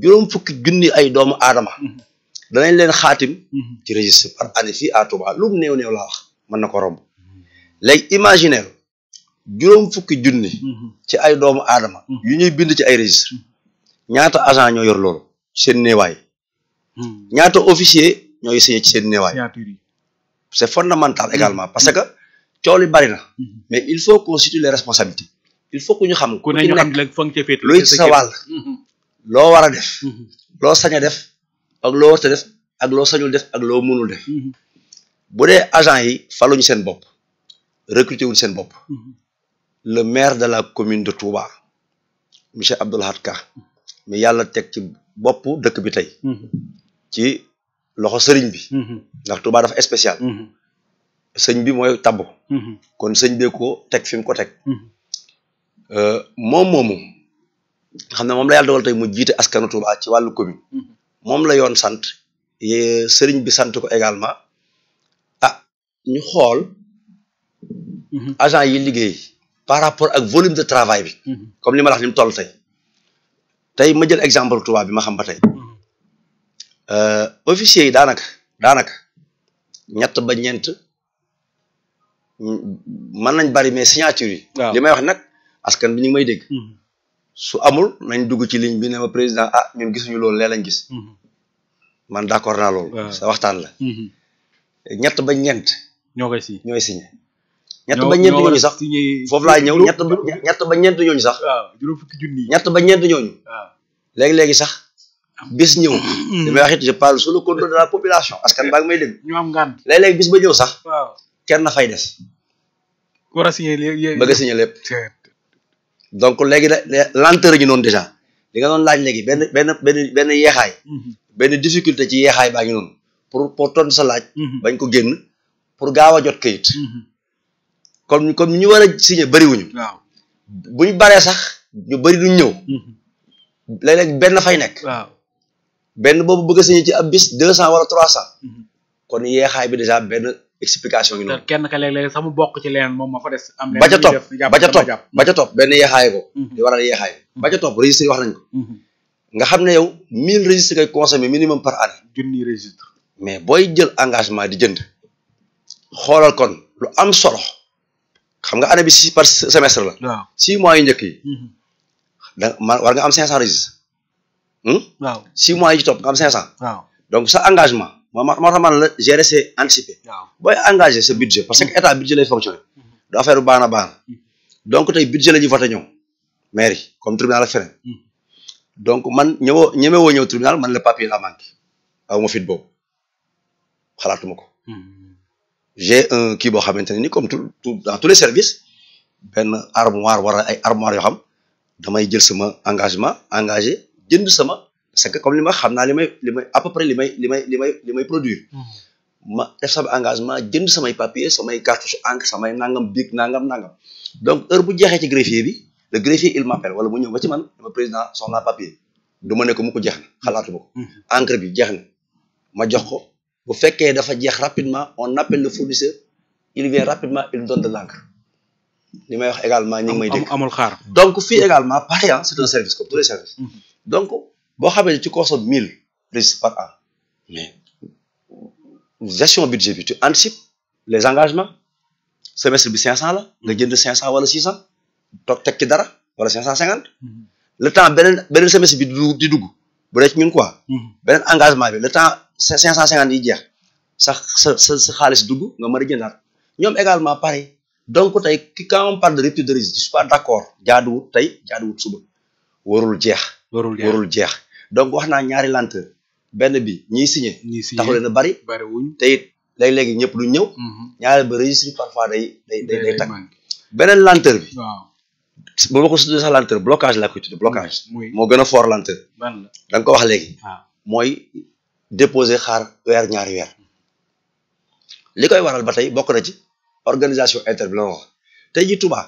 juróom fukki junni ay doomu aadama mhm. danañ leen xaatim mhm. ci registre par année fii à Touba lu mu néew néew laa wax mën na ko romb mhm. léegi imaginaire juróom fukki junni ci ay doomu aadama yu ñuy bind ci ay registre ñaata agent ñoo yor loolu ci seen néewaay ñaata officier ñooy ci seen néewaay c'est fondamental également parce que coow li bari na mais il faut constituer les responsabilités il faut que ñu xam ku luy ci loo war a def mhm. loo sañ def ak loo warta def ak loo sañul def ak loo mënul def mhm. bu dee agent yi faluñu seen bopp recruté wuñ seen bopp mhm. le maire de la commune de Touba monsieur Abdou Lahad Ka mi yàlla teg ci boppu dëkk bi tey ci loxo sëriñ bi ndax Touba dafa spécial sëñ bi mooy tabbu kon sëñ bee ko teg fi ko teg euh, moom moomu xam ne moom la yàlla dogal tey mu jiite askanu Touba ci wàllu commune mm-hmm. moom la yoon sant sëriñ bi sant ko également ah ñu xool mm-hmm. agent yi liggéey par rapport ak volume de travail bi mm-hmm. comme li ma la wax ni mu toll tey tey ma jël exemple Touba bi ma xam ba tey euh, officier yi daanaka daanaka ñett ba ñeent mën nañ bari mais signature yi li may wax nag askan bi ñu may dégg su amul nañ dugg ci liñ bi ne président ah ñun gisuñu loolu lee lañ gis mhm. man d'accord naa loolu sa waxtaan la mhm. ñett ba ñeent ñoo koy ñooy signé ñett ba ñeent ñooñu sax foofu laa ñëw ñett ba ñett ba ñeent ñooñu sax juróom fukki junni ba ñeent ñooñu léegi-léegi sax bis ñëw damay wax it je parle sous le contrôle de la population askan baa may dégg ñu bis ba ñëw sax kenn na fay des war a signé donc léegi da lenteur ñu noonu déjà li nga doon laaj léegi benn benn benn benn yeexaay mhm. benn difficulté ci yeexaay baa ngi noonu pour pour tontu sa laaj mhm. bañ ko génn pour gaaw a jot kayit comme mhm. comme ñu war a signé bëriwuñu waaw buñu baree sax ñu bëri duñ ñëw léeg-léeg benn fay nekk waaw benn boobu bëgg signé ci ab bis deux cent wala trois cent kon yeexaay bi déjà benn explication yi noonu kenn mu bokk ci leneen moom ma fa des am ba ca topp ba ca topp ba ca topp benn yeexaay ko mhm. di waral ba ca topp wax nañ ko mhm. nga xam ne yow mille registre ngay consommer minimum par année junni mais booy jël engagement di jënd xoolal kon lu am solo xam nga année bi si par la waaw six mois yu njëkk yi mhm. da war nga am cinq cent registre hmm? waaw mois yi ci nga am cinq donc sa engagement ma moo man la gérer c'est anticiper. waaw booy engagé sa budget parce que mm-hmm. état budget lay fonctionné. du affaire bu baana mm-hmm. donc tey budget la ñuy voté ñoom. mairie comme tribunal ak feneen. Mm-hmm. donc man ñëwoo ñemewoo ñëw tribunal man le papier la manqué. aw ma fit boobu xalaatuma ko. j'ai un kii boo xamante ne ni comme tout tout dans tous les services benn armoire wala ay armoire yoo xam damay jël sama engagement engagé jënd sama. c'est que comme li ma xam naa li may li may à peu près li may may li may li may produire hmm. ma def sama engagement jënd samay papier samay cartouche encre samay nangam bic nangam nangam donc heure bu jeexee ci greffier bi le greffier il m'appelle wala mu ñëw ba ci man dama président soxlaa papier du ma ne ko mu ko jeex na xalaatu ma hmm. encre bi jeex na ma jox ko bu fekkee dafa jeex rapidement on appelle le fournisseur il vient rapidement il donne de l'encre li may wax également ñu ngi may dégg amul xaar donc fi également pareil c'est un service comme tous les services hmm. donc boo xamee ne ci consomme mille registres par an mais gestion budget bi tu anticipes les engagements semestre bi cinq cent la nga jënd cinq cent wala six cent toog teg ci dara wala cinq cent cinquante le temps beneen beneen semestre bi di dugg bu dee ci ñun quoi beneen engagement bi le temps cinq cent cinquante yi jeex sax sa sa sa xaalis dugg nga mën a jëndaat ñoom également pareil donc tey ki quand on parle de rupture de registre je suis pas d'accord jaaduwut tey jaaduwut suba warul jeex warul jeex donc wax naa ñaari lenteur benn bi ñiy signé taxu leen a bari te it léeg-léegi ñëpp du ñëw mhm. ñaareel ba registre parfois day day beneen lenteur bi bu ma ko tuddee sax lenteur blocage laa koy tudd blocage moo gën a fort lenteur danga ko wax léegi ah. mooy déposer xaar weer ñaari weer li koy waral ba tey bokk na ci organisation interbi la tey ji Touba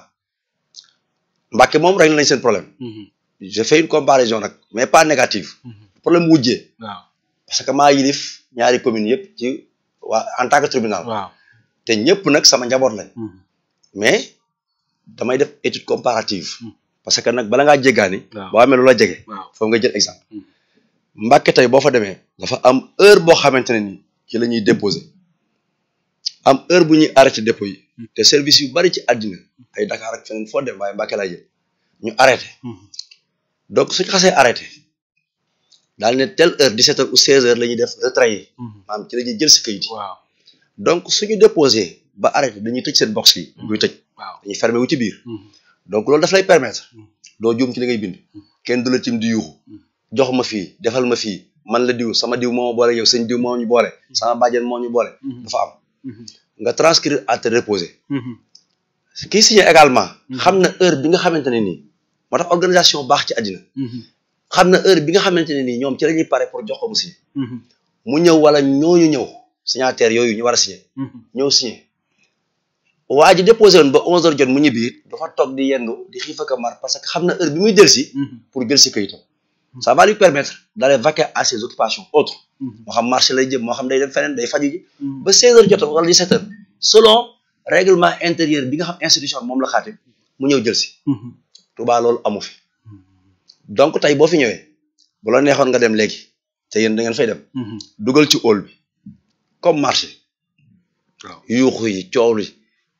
Mbàkke moom rek nañ seen problème mhm. je fais une comparaison nag mais pas négative mhm. problème wujjee waaw parce que maa yilif ñaari communes yëpp ci waa en tant que tribunal waaw te ñëpp nag sama njaboot lañ mhm. mais damay def étude comparative mhm. parce que nag bala ngaa jéggaani boo amee loola jege foofu nga jël exemple Mbàkke tey boo fa demee dafa am heure boo xamante ne nii ci la ñuy déposé am heure bu ñuy arrêté dépôt te service yu bari ci àddina ay Dakar ak feneen foo dem waaye Mbàkke laa ñu arrêté donc suñu xasee arrêté daal ne telle heure 17 heures ou 16 lañuy la ñuy def retrayer euh, mhm. maanaam ci la ñuy jël si kayit donc suñu déposé ba arrêté dañuy tëj seen box yi mhm. duy tëj dañuy fermé wu ci biir mhm. donc loolu daf lay permettre doo juum ci li ngay bind kenn du la cim di jox ma fii defal ma fii man la diw sama diw moo ma boole yow sëñ diw moo ñu boole sama bàjjen moo ñu boole dafa am nga transcrire à te reposer kii signé également xam na heure bi nga xamante ne nii moo tax organisation baax ci àddina mhm. xam na heure bi nga xamante ne nii ñoom ci la ñuy pare pour jox ko mu signé mhm. mu ñëw wala ñooñu ñëw signataire yooyu ñu war a signé mhm. ñëw signé waa ji déposé woon ba onze heures jot mu ñibbi it dafa toog di yendu di xiif ak mar parce que xam na heure bi muy jël si pour jël si kayitam ça va lui permettre d'aller vaquer à ses occupations autres moo xam marché lay jëm moo xam day dem feneen day faju ba seize heures jot wala dix-sept heures selon règlement intérieur bi nga xam institution moom la xaate mu ñëw jël si Touba loolu amu fi donc tey boo fi ñëwee bu la neexoon nga dem léegi te yéen da fay dem. Mhm. dugal ci ol bi comme marché. waaw yuuxu yi coow li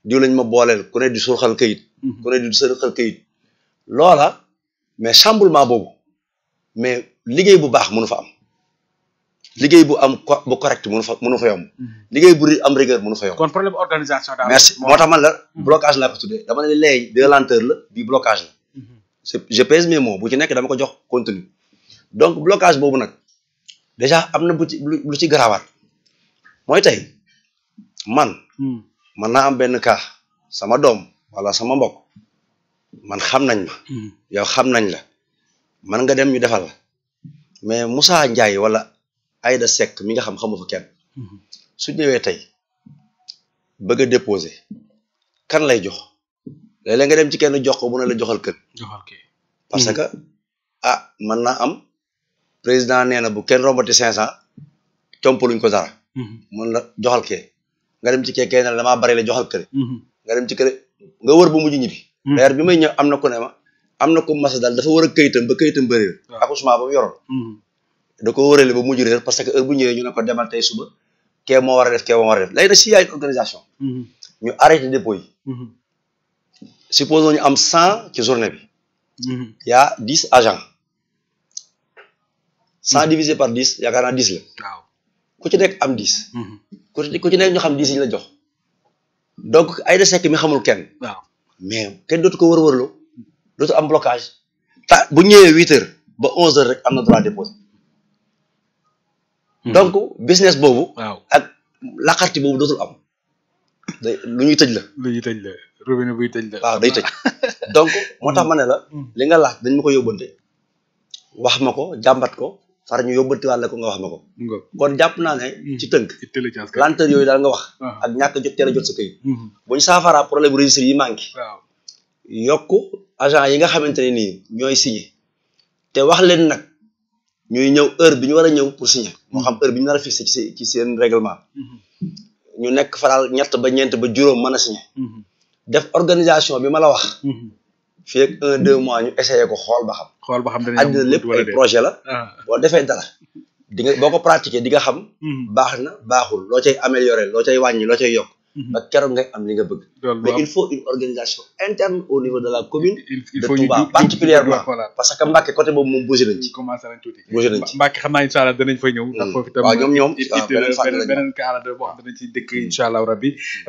diw lañ ma booleel ku ne di surxal kayit. Mhm. ku ne di loola mais chamboulement boobu mais liggéey bu baax mënu fa am. liggéey bu am bu correct mënu fa mënu fa yomb. Mhm. liggéey bu am rigueur mënu fa yomb. kon problème organisation daal. merci moo tax ma la blocage laa ko tuddee dama de lenteur la bii blocage la. je pèse mes mots bu ci nekk dama ko jox continue donc blocage boobu nag déjà am na bu ci lu ci garaawaat mooy tey man hmm. man na am benn cas sama doom wala sama mbokk man xam nañ ma hmm. yow xam nañ la man nga dem ñu defal mais Moussa Ndiaye wala Aïda Seck mi nga xam xamu fa kenn hmm. su ñëwee tey bëgg a déposer kan lay jox léeg nga dem ci kenn jox ko mu a la joxal kër. joxal kër parce hmm. que ah man naa am président nee na bu kenn rombati cinq cent compaluñ ko dara. Hmm. mun la joxal kër nga dem ci kër kenn la damaa bari la joxal kër. Hmm. nga dem ci kër nga wër bu mujj ñibbi. leer bi may ñëw am na ko ne ma am na ku masa daal dafa war a kayitam ba kayitam bëri la. accouchement ba mu yoroon. da ko wërale ba mujj reer parce que heure bu ñëwee ñu ne ko demal tey suba kee moo war a def kee moo war a def si yaay une supposons ñu am cent ci journée bi. Mm-hmm. y a dix agent cent mm-hmm. divisé par dix yaakaar naa dix la. waaw ku ci nekk am dix. Mm-hmm. ku ci ku ci nekk ñu xam dix yi ñu la jox. donc ay de sekk mi xamul kenn. waaw mais kenn dootu ko wër-wërlu dootu am blocage. ta bu ñëwee huit heures ba onze heures rek am na droit déposer. donc business boobu. waaw ak laqarti boobu dootul am. lu ñuy tëj lu ñuy tëj la. robinet buy tëj la waaw ah, day tëj donc moo tax ma ne la li nga laaj dañ ma ko yóbbante wax ma ko jàmbat ko far ñu yóbbante wàll ko nga wax ma ko kon jàpp naa ne ci mm. tënk lenteur yooyu daal nga wax ah. ak ñàkk jot teel a jot sa këyit mm-hmm. bu ñu saafaraa problème registre yi manqué yokk agent yi nga xamante ne nii ñooy signé te wax leen nag ñuy ñëw heure bi ñu war a ñëw pour signer moo xam heure bi ñu war a fixé ci ci seen règlement mm-hmm. ñu nekk faral ñett ba ñeent ba juróom mën a signé mm-hmm. def organisation bi ma la wax. Mhm. fii ak un deux mois ñu essayé ko xool ba xam. xool ba xam ne àddina lépp ay projet la. Ah. boo defee dara di nga boo ko pratiquer di nga xam. Mhm. baax na baaxul loo cay améliorer loo cay wàññi loo cay yokk. Mhm. ak keroog ngay am li nga bëgg il faut une organisation interne au niveau de la commune de Touba particulièrement parce que moom bougé nañ ci commencé nañ tuuti bougé nañ ci Mbacke xam naa incha allah danañ fa ñëw ndax mm. foofu itam waaw ñoom mm.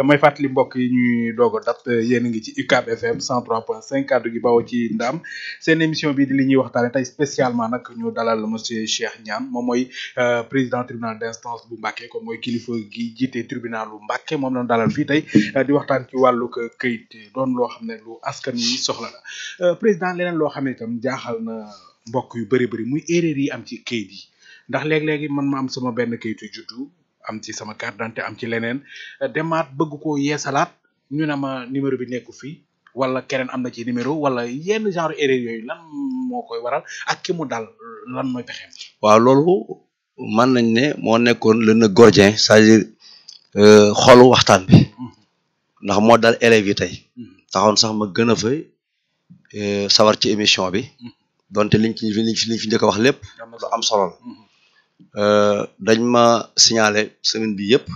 ñuy doog a dat yéen a ngi ci UCAB FM 103 point 5 kaddu gi bawoo ci ndaam seen émission bi di li ñuy waxtaane tey spécialement nag ñu dalal monsieur Cheikh moom mooy euh, moom la dalal fii tey eh, di waxtaan ci wàllu eh, këyit doon loo xam ne lu askan wi soxla la eh, président leneen loo xam ne itam jaaxal na mbokk yu bëri bëri muy erreur yi am ci këyit yi ndax léeg-léegi man ma am sama benn këyitu juddu am ci sama carte am ci leneen demaat bëgg koo yeesalaat ñu ne ma numéro bi nekku fii wala keneen am na ci numéro wala yenn genre erreur yooyu lan moo koy waral ak ki mu dal lan mooy pexeem. waaw loolu mën nañ ne moo nekkoon le nœud gordien cest Euh, xolu waxtaan bi mm-hmm. ndax moo dal élèves yi tey mm-hmm. taxoon sax ma gën a fa euh, sawar ci émission bi mm-hmm. donte liñ ci liñ fi liñ fi njëkk wax lépp lu am solo la euh, dañ ma signalé semaine bi yëpp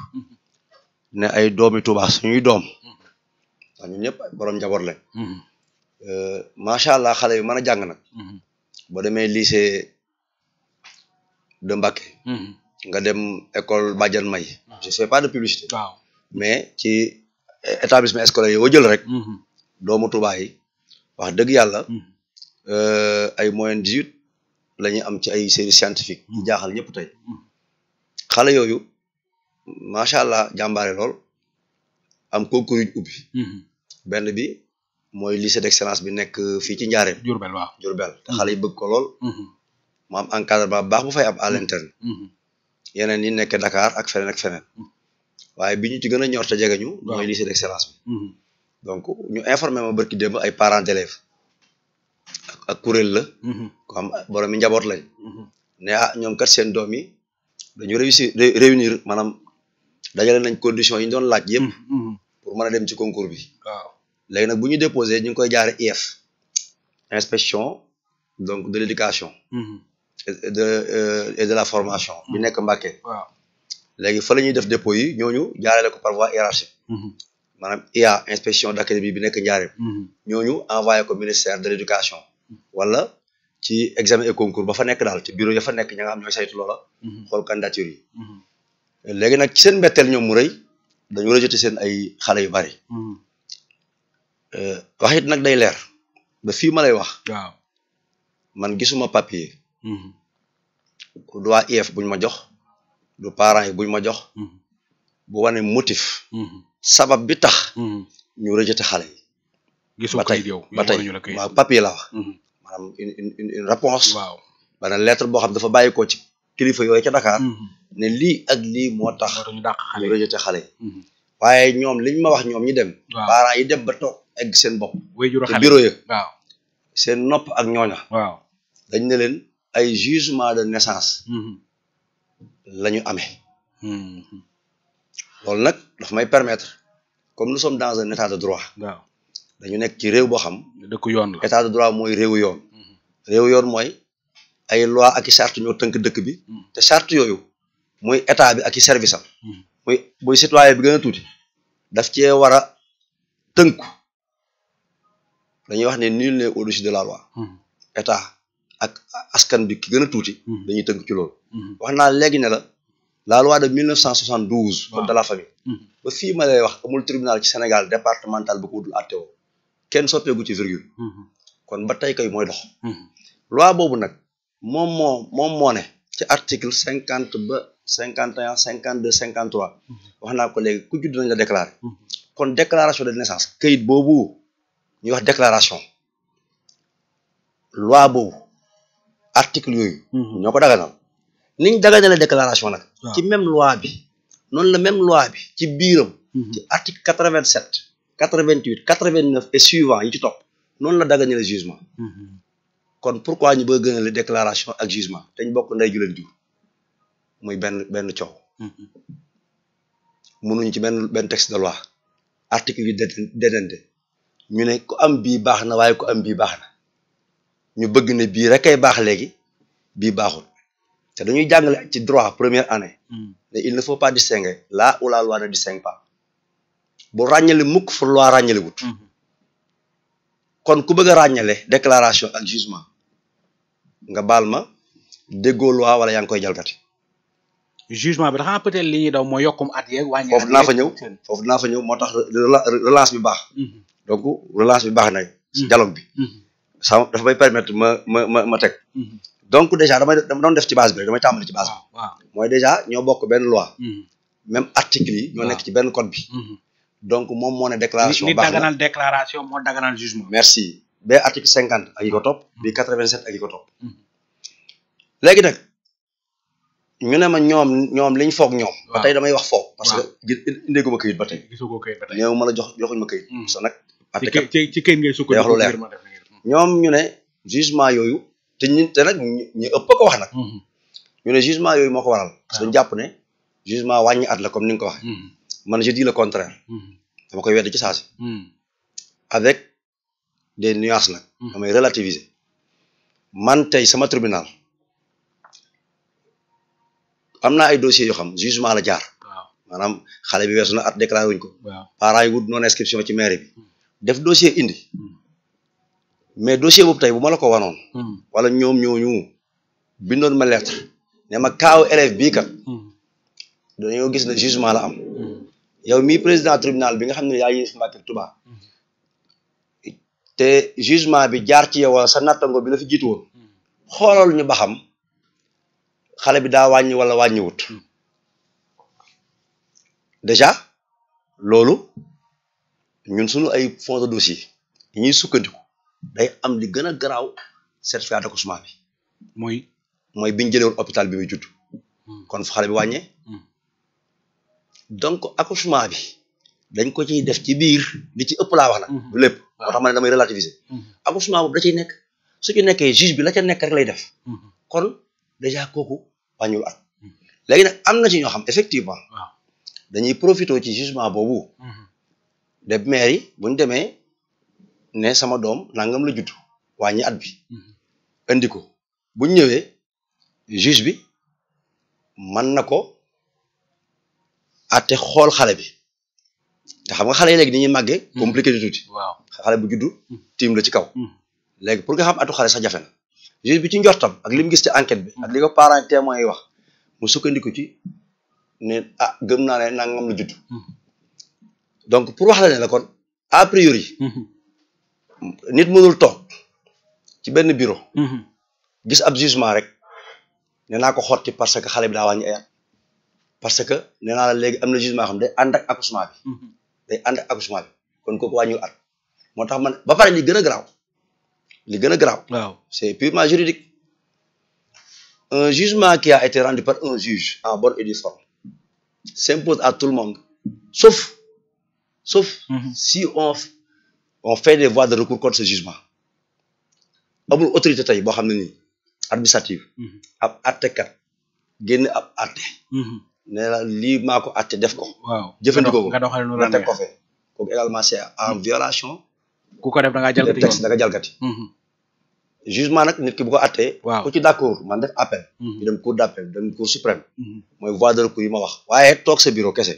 ne ay doomi Tuubaa suñuy doom waaw ñun ñëpp borom njaboot lañ macha allah xale yu mën a jàng nag boo demee lycée de Mbacké nga dem école Badiane May ah. je fais pas de publicité waaw mais ci établissement scolaire yoo jël rek mhm. doomu Touba wax dëgg yàlla mhm. euh, ay moyen dix-huit la am ci ay série scientifique ñu mhm. jaaxal ñëpp tey xale yooyu macha allah jàmbaare lool am concours yu ubbi benn bi mooy lycée d'excellence bi nekk euh, fii ci Njaareem Jurbel xale yi bëgg ko lool mu am encadrement baax bu fay am à l'interne yeneen yi nekk Dakar ak feneen ak feneen mm. waaye bi ñu ci gën a ñor te jegeñu mooy lycée d'excellence bi mm-hmm. donc ñu informé ma barki démb ay parents d'élèves ak kuréel la mm-hmm. ko borom njaboot lañ mm-hmm. ne ah ñoom kat seen doom yi dañu réussir réunir maanaam dajale nañ conditions yi ñu doon laaj yëpp pour mën a dem ci concours bi waaw léegi nag bu ñu déposé ñu ngi koy jaar IEF inspection donc de l'éducation Euh, et de la formation. bi nekk Mbacké. Mm. waaw léegi fa la ñuy def dépôt yi ñooñu jaarale ko par voie hiérarchique. Mm-hmm. maanaam IA inspection d'académie bi bi nekk Ndiarème. Mm-hmm. ñooñu envoyé ko ministère de l'éducation. wala ci examen et concours ba fa nekk daal ci bureau ya fa nekk ña nga xam ñooy saytu loola. Mm-hmm. xool candidature yi. léegi nag ci seen mbetteel ñoom mu rëy dañu rejeté seen ay xale yu bari. Euh, wax nag day leer ba fii ma lay wax. man gisuma papier. du mm-hmm. buñ ma jox du parents yi buñ ma jox mm-hmm. bu wane motif mm-hmm. sabab bi tax ñu rejeté xale yi gisoo kayit yow ba tey waaw papier la wax maanaam bana lettre boo xam dafa bàyyi ko ci kilifa yooyu ca Dakar ne lii ak lii moo tax ñu rejeté xale waaye ñoom liñ ma wax ñoom ñi dem parents yi dem ba toog egg seen bopp te bureau ya waaw seen nopp ak ñooña waaw ne leen ay jugement de naissance mhm. lañu ñu amee mhm. loolu nag daf may permettre comme nous sommes dans un état de droit dañu nekk ci réew boo xam dëkku yoon la état de droit mooy réewu yoon mhm. réewu yoon mooy ay loi ak i charte ñoo tënk dëkk bi te charte yooyu mooy état bi ak i service am muy muy bi gën a tuuti daf cee war a tënku dañuy wax ne nul n'est au-dessus de la loi état ak askan bi ki gën a tuuti. Hmm. dañuy tënk ci loolu. Hmm. wax naa léegi ne la la loi de 1972. code de la famille. Hmm. ba fii ma lay wax amul tribunal ci Sénégal départemental bu ko wutul àttewoo kenn soppeeku ci virgule. kon ba tey kay mooy dox. loi boobu nag moom moo moo ne ci article cinquante ba cinquante et un cinquante deux cinquante trois. wax naa ko léegi ku judd nañ la déclaré. kon déclaration de naissance. kayit boobu ñuy wax déclaration. loi boobu. article yooyu. Mhm. ñoo ko daganal niñ daganale déclaration nag. ci même loi bi noonu la même loi bi ci biiram. Mhm. ci article quatre vingt sept quatre vingt huit quatre vingt neuf et suivant yi ci topp noonu la daganale jugement. Mhm. kon pourquoi ñu bëgg gënale déclaration ak jugement dañ bokk nday ju leen jur muy benn benn coow. mënuñ ci benn benn de loi article yu dédante ñu ne ku am bii baax na waaye ko am bii baax na. ñu bëgg na bii rek kay baax léegi bii baaxul te dañuy jàngale ci droit première année hmm. ne il ne faut pas distinguer là où la loi ne distingue pas bu ràññale mukk fu loi ràññale wut hmm. kon ku bëgg a ràññale déclaration ak jugement nga baal ma déggoo loi wala yaa ngi koy jalgati jugement bi daxaa peut-être li ñuy daw mooy yokkum at yeeg wàññi foofu dinaa fa foofu dinaa fa ñëw moo tax relance bi baax hmm. donc relance bi baax na dialogue bi sama dafa bay permettre ma ma ma ma teg. Mhm. donc déjà damay doon def ci base bi rek damay tàmbali ci base bi. Ah, mooy déjà ñoo bokk benn loi. Mhm. même article yi. ñoo ah. nekk ci benn code bi. Mhm. donc moom moo ne déclaration. baax na li déclaration moo daganal jugement. merci ba article cinquante ak yi ko topp. bi quatre vingt sept ak yi ko léegi nag ñu ne ma ñoom ñoom liñ foog ñoom. ba tey damay wax foog. parce que indee gu ma këyit ba tey. gisoo ko këyit ma la jox joxuñ ma këyit. parce que nag. ci ci këyit ngay ñoom ñu ne jugement yooyu te ñun ñu ëpp ko wax nag. Mm-hmm. ñu ne yooyu moo ko waral. waaw ah. suñu jàpp ne jugement wàññi at la comme ni nga ko waxe mm-hmm. man je dis le contraire. Mm-hmm. dama koy wedd ci saa si. avec des nuances nag. damay relativiser. man tey sama tribunal am naa ay dossiers yoo xam jugement la jaar. maanaam xale bi weesu na at déclaré wuñ ko. waaw parents yi wut non inscription ci mairie bi. def dossier indi. mais dossier boobu tey bu ma la ko wanoon hmm. wala ñoom ñooñu bindoon ma lettre ne ma kaaw élève bii kat hmm. dañoo gis na jugement la am hmm. yow mii président tribunal bi nga xam ne yaa yilif Mbacké Touba te jugement bi jaar ci yow wala sa nattango bi la fi jiitu woon xoolal ñu ba xam xale bi daa wàññi wala wàññiwut déjà loolu ñun suñu ay fond de dossier ñuy sukkandiku day am li gën a garaaw certificat d'accouchement bi. mooy mooy biñ jëlee woon hôpital bi muy judd. Hmm. kon fa xale bi wàññee. Hmm. donc accouchement bi dañ ko ci def ci biir li ci ëpp laa wax nag. du hmm. lépp moo tax ma ne damay relativiser. accouchement boobu da ciy nekk su ci nekkee juge bi la nekk rek lay def. kon déjà kooku wàññiwul at. léegi nag am na ci ñoo xam effectivement. dañuy profité ci jugement boobu. de maire yi bu demee. ne sama doom nangam la judd wàññi at bi mhm. indi ko bu ñëwee juge bi man na ko atte xool xale bi te xam nga xale yi léegi ni ñuy màggee mhm. compliqué di tuuti xale bu juddu mhm. tiim la ci kaw léegi pour nga xam atu xale sax jafe na juge bi ci njortam ak li mu gis ci enquête bi ak li ko parents témoins yi wax mu sukkandiku ci ne ah gëm naa ne nangam la judd donc pour wax la ne la kon a priori nit mënul toog ci benn bureau. Mm-hmm. gis ab jugement rek nee naa ko xotti parce que xale bi daa wàññi parce que nee naa la léegi am na jugement xam day ànd ak accouchement bi. Mm-hmm. day ànd ak accouchement bi kon kooku wàññiwul at moo tax man ba pare li gën a garaaw li gën a garaaw. waaw juridique. un jugement qui a été rendu par un juge en bonne et à tout le monde sauf sauf mm-hmm. si on on fait des voies de recours contre ce amul autorité tey boo xam ne ni administrative mhm. ab attekat génn ab atte mhm. nee la lii maa ko atte def ko waaw jëfandikoo ko nga teg ko fe kooku également c'est en violation ku ko def da nga jalgati mhm. jugement nag nit ki bu ko attee ku ci d'accord man def appel ñu dem cour d'appel dem cour suprême mooy voie de yi ma wax waaye toog sa bureau kese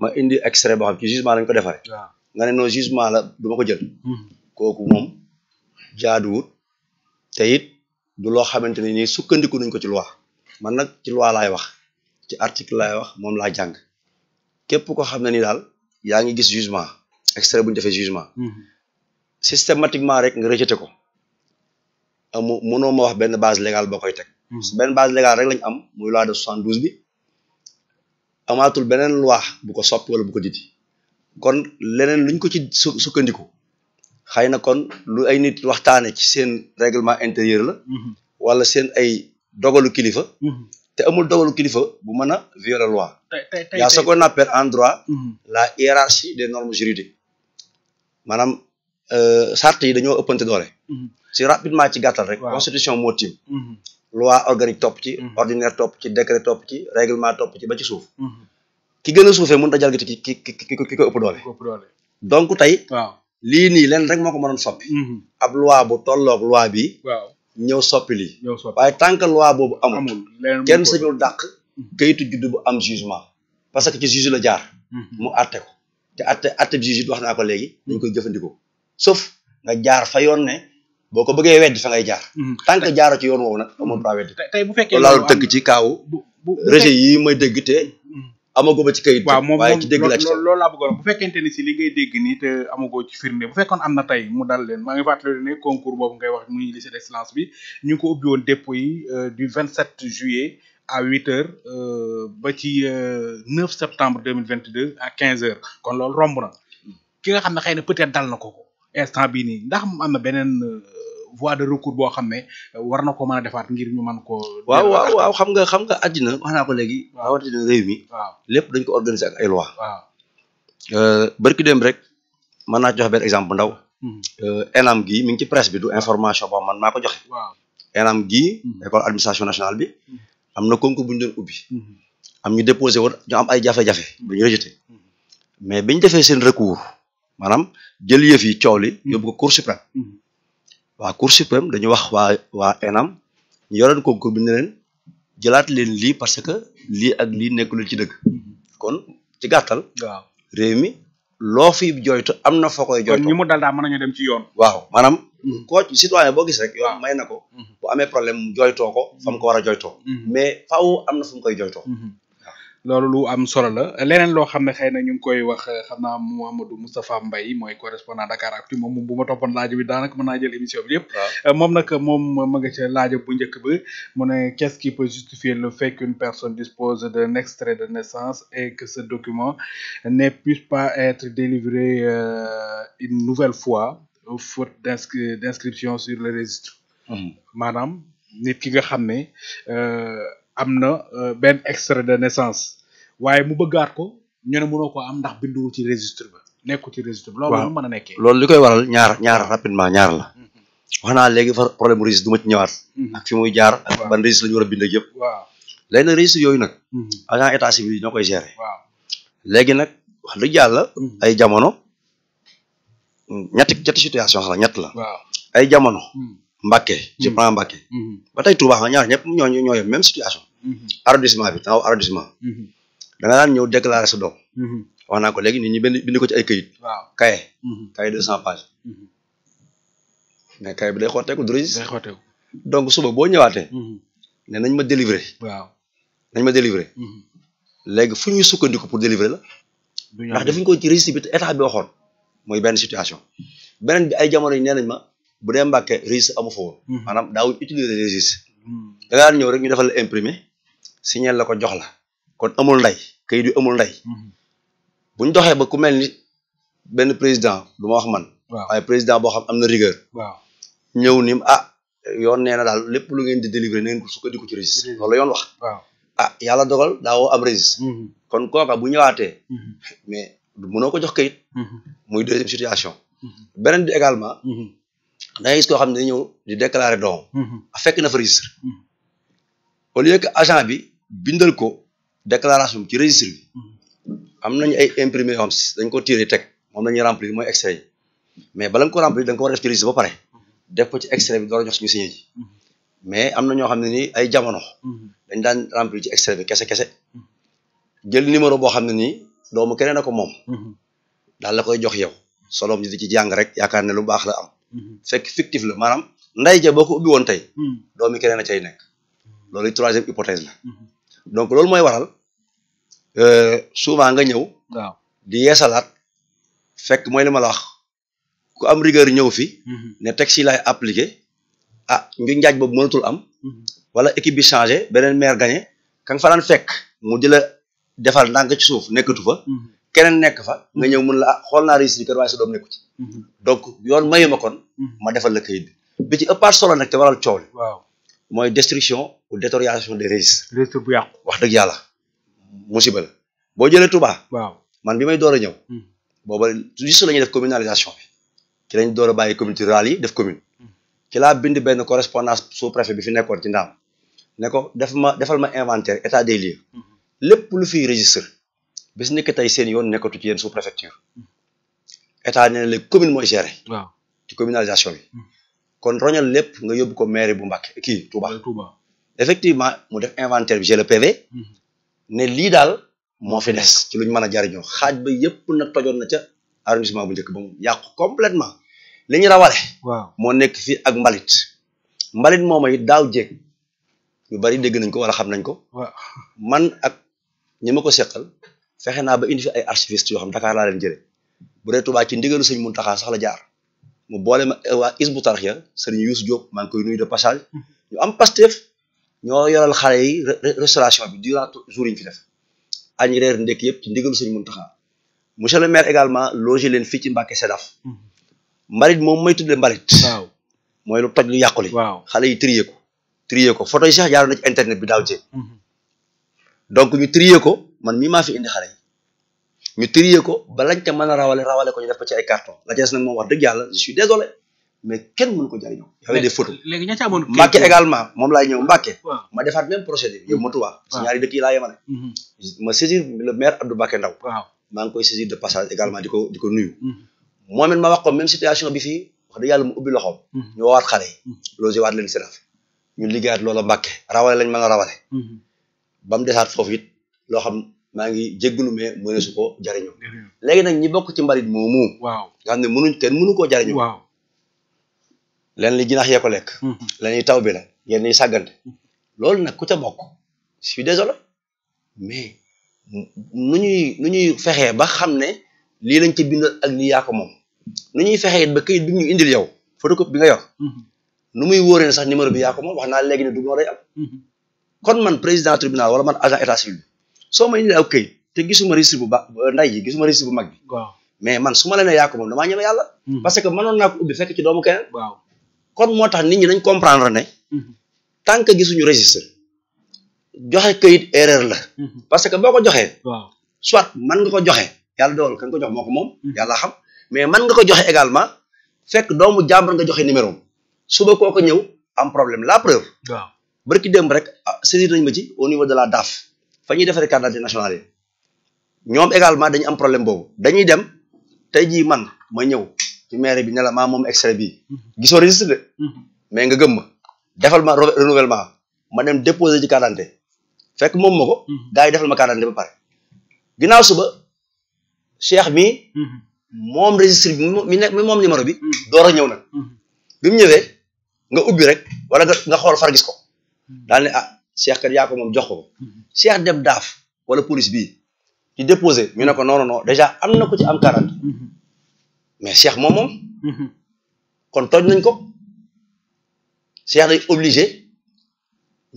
ma indi extrait boo xam ci jugement lañ ko defaree nga ne non la du ma ko jël hmm. kooku moom jaaduwut te it du loo xamante ne nii sukkandiku nañ ko ci loi man nag ci loi laay wax ci article laay wax moom laa jàng képp ko xam ne ni daal yaa ngi gis jugement extrait bu ñu defee jugement hmm. systématiquement rek nga rejeté ko amu mënoo ma wax benn base légal boo koy teg hmm. benn base légale rek lañ am muy loi de soixante douze bi amaatul beneen loi bu ko soppi wala bu ko didi kon leneen luñ ko ci sukkandiku xëy na kon lu ay nit waxtaane ci seen réglement intérieur la mm-hmm. wala seen ay dogalu kilifa mm-hmm. te amul dogalu kilifa bu mën a violer loi y a ce qu'on appelle mm-hmm. la hiérarchie des normes juridiques maanaam sart euh, yi dañoo ëppante doole si rapidement ci gàttal rek constitution moo tiim loi organique topp ci ordinaire top ci décret topp ci réglement topp ci ba ci suuf ki gën a suufee mënut a jalgati ki ki ki ki ko ëpp doole. donc tey. waaw lii nii leen rek moo ko mënoon soppi. Mhm. ab loi bu tolloog loi bi. ñëw soppi lii. ñëw soppi waaye tant que boobu amul. amul kenn sañul dàq. Mhm. kayitu juddu bu am jugement. parce que ci juge la jaar. Mhm. mu àtte ko te àtte àtte bi juge bi wax naa ko léegi. dañ koy jëfandikoo sauf nga jaar fa yoon ne. boo ko bëggee weddi fa ngay jaar. tant que jaaroo ci yoon woow nag amoon pas weddi. tey bu tëgg ci kaawu. bu bu rejet yii may dégg te. amagoo ba ci kayit. waaw moom waaye loolu laa bëggoon bu fekkente ni si li dégg nii te amagoo ci firnde bu fekkoon am na tey mu dal leen maa ngi fàttali ne concours boobu ngay wax muy lycée d'excellence bi ñu ngi ko ubbi woon dépôt yi euh, du 27 juillet à 8 heures euh, ba ci 9 euh, septembre 2022 à 15 heures kon lool romb na ki nga xam ne xëy na peut-être dal na ko ko instant bii nii ndax am na beneen. voie de recours boo xam ne euh, war na ko mën a defaat ngir ñu mën ko waaw waaw waaw xam nga xam nga àddina wax naa ko a réew mi waaw lépp dañ ko organiser ak ay loi waaw euh, barki dem rek mën naa joxe benn exemple ndaw hmm. euh, ENAM gi mi ngi ci presse bi du information boo man maa ko joxe waaw ENAM gii hmm. école administration nationale bi hmm. am na concours bu ñu doon ubbi am ñu déposé woon ñu am ay jafe-jafe bu ñu rejeté mais biñ defee seen recours maanaam jël yëf yi coow ko cour suprême waa Cour suprême dañu wax waa waa ENAM ñu yoroon concours bi ne leen jëlaat leen lii parce que lii ak lii nekkul ci dëgg kon ci gàttal. waaw réew mi loo fi jooytu am na foo koy. jooytu kon mu dal daal mën nañu dem ci yoon. waaw maanaam. Mm-hmm. koo citoyen boo gis rek. yoon may na ko. Mm-hmm. amee problème mu jooytoo ko fa mu ko war a jooytoo. Mm-hmm. mais faaw am na fu koy jooytoo. loolu lu am solo la leneen loo xam ne xëy na ñu ngi koy wax euh, xam naa Mouhamadou Moustapha Mbaye mooy correspondant Dakar Actu moom moom bu ma toppoon laaj bi daanaka mën naa jël émission yëpp euh, moom nag moom ma nga ca laaj bu njëkk ba mu ne qu'est-ce qui peut le fait qu'une dispose d'un extrait de naissance et que ce document ne puisse pas être délivré euh, une nouvelle fois faute d'inscri d'inscription sur le registre maanaam nit ki nga xam ne euh, am na benn extrait de naissance waaye mu bëggaat ko ñu ne mënoo ko am ndax binduwul ci registre ba ci registre ba. loolu mën a nekkee loolu li koy waral ñaar ñaar rapidement ñaar la. Mhm. wax léegi fa problème mu ma ci ñëwaat. Mhm. fi muy jaar ak ban registre la ñu war a bind ak yëpp. waaw léegi yooyu nag. Mhm. agent état civil yi ñoo koy gérer. waaw léegi nag wax dëgg yàlla. ay jamono ñetti ñetti situation la ñett la. ay jamono. Mbacké je prends Mbacké. ba tey Touba xam ñaar ñëpp ñoo ñoo yem même situation. arrondissement bi taw arrondissement. da nga daan ñëw déclarer sa doom. Mhm. wax naa ko léegi nit ñi benn bind ko ci ay kayit waaw kaye. Mhm. kaye deux cent pages. Mhm. mais kaye bi day xooteeku du registre. day xooteeku donc suba boo ñëwaatee. ne nañ ma délivrer. waaw nañ ma délivrer. léegi fu ñuy sukkandiku pour délivrer la. ndax defuñ ko ci registre bi état bi waxoon. mooy benn situation. beneen bi ay jamono yi nee nañ ma bu dee mbàkkee registre amu fa maanaam daaw utiliser registre. da ngaa ñëw rek ñu defal la imprimer signer la ko jox la kon amul nday. kayit yu amul ndey mhm. buñ doxee ba ku mel ni benn président du ma wax man waaye président boo xam am na rigueur waaw ñëw ni a ah, yoon nee na daal lépp lu ngeen di délivré na ngeen ko sukkandiku ci registre loolu yoon wax ah yàlla dogal daawoo am registre mhm. kon kooka bu ñëwaatee mhm. mais mënoo ko jox kayit muy deuxième situation beneen bi également da ngay koo xam ne ñëw di déclarer doom fekk na fa registre au lieu que agent bi bindal ko déclaration ci registre hmm. am nañu ay imprimé yoo dañ ko tiré teg moom la ñuy remplir mooy extrait yi mais bala nga ko remplir da nga ko war a ba pare hmm. def ko ci extrait bi door a jox suñu signé ji hmm. mais am na ñoo xam ne ni ay jamono dañ daan rempli ci extrait bi kese kese jël numéro boo xam ne ni doomu keneen a ko moom daal la koy jox yow soloom ji di ci jàng rek yaakaar ne lu baax la am fekk fictif la maanaam nday ja boo ko ubbi woon tey doomi keneen a cay nekk loolu troisième hypothèse la donc loolu mooy waral euh, souvent nga ñëw. waaw di yeesalaat fekk mooy li ma la wax ku am rigueur ñëw fi. Mhm. ne texte yi laay appliqué ah ngi njaaj boobu mënatul am. Mhm. wala équipe bi changé beneen maire gagné ka nga fa daan fekk mu di la defal ndànk ci suuf nekkatu fa. Mhm. keneen nekk fa nga ñëw mun la ah xool naa réussite kër waaye sa doom nekku ci. donc yoon mayu ma kon. ma defal la kayit bi. bi ci ëppaat solo nag te waral coow waaw mooy destruction ou détérioration des registres. registre bu yàqu wax dëgg yàlla musiba la boo jëlee Touba. waaw man bi may door a ñëw. Hmm. booba juste la ñuy def communalisation bi ci lañ door a bàyyi communauté rurale yi def commune. Hmm. ci bind benn correspondance sous préfet bi fi nekkoon ci ndaam ne ko def ma defal ma inventaire état des lieux. Hmm. lépp lu fiy registre bis ni que tey seen yoon nekkatu ci yéen sous préfecture état nee na commune mooy gérer. waaw ci communalisation bi. kon roñal lépp nga yóbbu ko mairie bu Mbacké kii Touba effectivement mu def inventaire bi j'ai le PV mhm. ne lii daal moo fi des ci luñ mën a jariñoo xaaj ba yëpp na tojoon na ca arrondissement bu njëkk ba mu yàqu complètement li rawale moo nekk fii ak mbalit mbalit moom it daaw jeg ñu bari dégg nañ ko wala xam nañ ko waaw man ak ñi ma ko seqal fexe naa ba indi fi ay archiviste yoo xam Dakar laa leen jëlee bu dee Touba ci ndigalu sëñ Muntaxa sax la jaar mu boole ma euh, waa isbu tarxiya sëriñ Youssou Diop maa ngi koy nuyu de passage ñu am Pastef ñoo yoral xale yi restauration bi durant jour yi ñu añ reer ndekk yëpp ci ndigal sëriñ Mountakha monsieur le maire également logé leen fii ci Mbàkke Sedaf mbalit moom may tuddee mbalit waaw mooy lu toj lu yàquli waaw xale yi trier ko trier ko photo yi sax jaaroon internet bi daaw jéeg donc ñu trier ko man mii maa fi indi xale ñu trier ko ba lañ ca mën a rawale rawale ko ñu def ko ci la jees nag moom wax dëgg je suis désolé mais kenn mënu ko jëriñoo avec des photos ma defaat même procédure yow ma Tuubaa si ñaari mhm. saisir de passage également di ko di ko nuyu mhm. moom ma wax ko situation bi fii wax dëgg yàlla mu ubbi loxoom mhm. ñu woowaat xale yi logé waat leen siraf ñu liggéeyaat loola Mbàkke rawale lañ mën a rawale ba desaat foofu loo xam maa ngi jégglu mais mëne su ko jariñoo léegi nag ñi bokk ci mbalit moomu waaw nga ne mënuñ kenn mënu koo jariñoo waaw leen li jinax yee lekk hmm. leen yi taw bi la yenn yi sàggante hmm. loolu nag ku ca bokk je suis désolé mais nu ñuy nu ñuy fexee ba xam ne lii lañ ci bindoon ak lii yaa moom nu ñuy fexee ba kayit bi ñu indil yow photocopie bi nga yor hmm. nu muy wóoree sax numéro bi yaa ko moom wax naa léegi ne du moo day kon man président tribunal wala man agent état civil soo ma indil aw këyit te gisuma registre bu ba nday ji gisuma registre bu mag bi mais man su ma la nee yaa ko moom damaa ñeme hmm. parce que mënoon naa ko ubbi fekk ci doomu keneen waaw kon moo tax nit ñi nañ comprendre ne hmm. tant que gisuñu registre joxe këyit erreur la hmm. parce que boo ko joxee waaw soit man nga ko joxe yàlla dool kan ko jox moo ko moom yàlla xam mais man nga ko joxe également fekk doomu jàmbur nga joxe numéro suba koo ko ñëw am problème la preuve waaw bërki démb rek ah, saisir nañ ma ci au niveau de la DAF fa ñuy defaree carte d'identité nationale yi ñoom également dañu am problème boobu dañuy dem tey jii man ma ñëw ci maire bi ne ma maa moom extrait bii mhm. gisoo registre mhm. mais nga gëm ma defal ma renouvellement ma dem déposer ci carte fekk moom ma ko mhm. defal ma carte ba pare ginnaaw suba cheikh mi moom registre bi mi ne mi moom numéro bi door a ñëw nag bi mu nga ubbi rek wala nga nga xool far gis ko Cheikh kat yaa moom jox ko mm-hmm. Cheikh dem daaf wala police bi di déposé ñu ne ko non non déjà am na ko am quarante mm-hmm. mais Cheikh moom moom mm-hmm. kon toj nañ ko Cheikh day obligé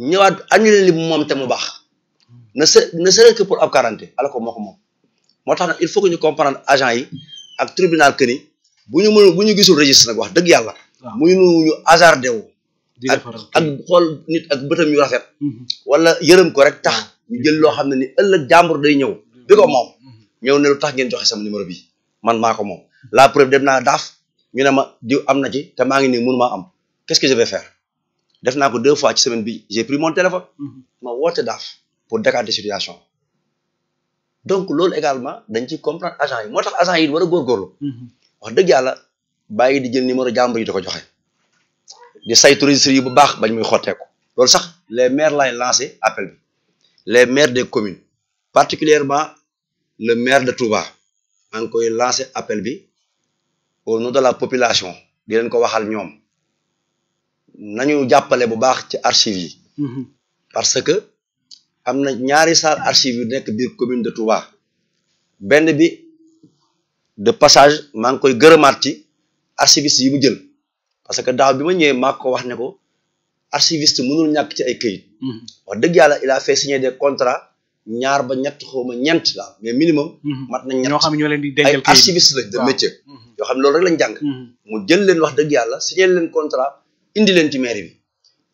ñëwaat annulé li moom te mu baax ne se ne serait que pour ab quarante ala ko moo moom moo tax nag il faut que ñu comprendre agent yi ak tribunal que ni bu ñu mënul bu ñu gisul registre nag wax dëgg yàlla mu ñu ñu hasardé di defaral ak xool nit ak bëtam yu rafet. Mm-hmm. wala yërëm ko rek tax ñu jël loo xam ne ni ëllëg jàmbur day ñëw. bi ko moom mm-hmm. ñëw ne lu tax ngeen joxe sama numéro bi man maa ko moom la preuve dem naa daaf ñu ne ma diw am na ci te maa ngi nii mënu maa am qu'est-ce que je vais faire def naa ko deux fois ci semaine bi j'ai pris mon téléphone. Mm-hmm. ma woote daaf pour décanter situation. donc loolu également dañ ci comprendre agent yi moo tax agent yi war a góorgóorlu. wax dëg yàlla bàyyi di jël numéro jàmbur yi di ko joxe. di saytu registre yi bu baax bañ muy xotteeku loolu sax les maires lay lancé appel bi les maire des communes particulièrement le maire de Touba maa ngi koy lancé appel bi au nom de la population di ko waxal ñoom nañu jàppale bu baax ci archives yi mhm. parce que am na ñaari salle archives yu nekk biir commune de Touba benn bi de passage maa ngi koy gërëmaat ci archiviste yi mu jël parce que daaw bi ma ñëwee maa ko wax ne ko archiviste mënul ñàkk ci ay këyit. Mhm. wax dëgg yàlla il a fait signer des ñaar ba ñett xaw ma ñeent daal mais minimum. Mhm. mat na ñett ñoo xam ne ñoo leen di dencal ay archiviste lañ de métier. Mhm. yoo xam ne rek lañ jàng. mu jël leen wax dëgg yàlla signer leen contrat indi leen ci mairie bi.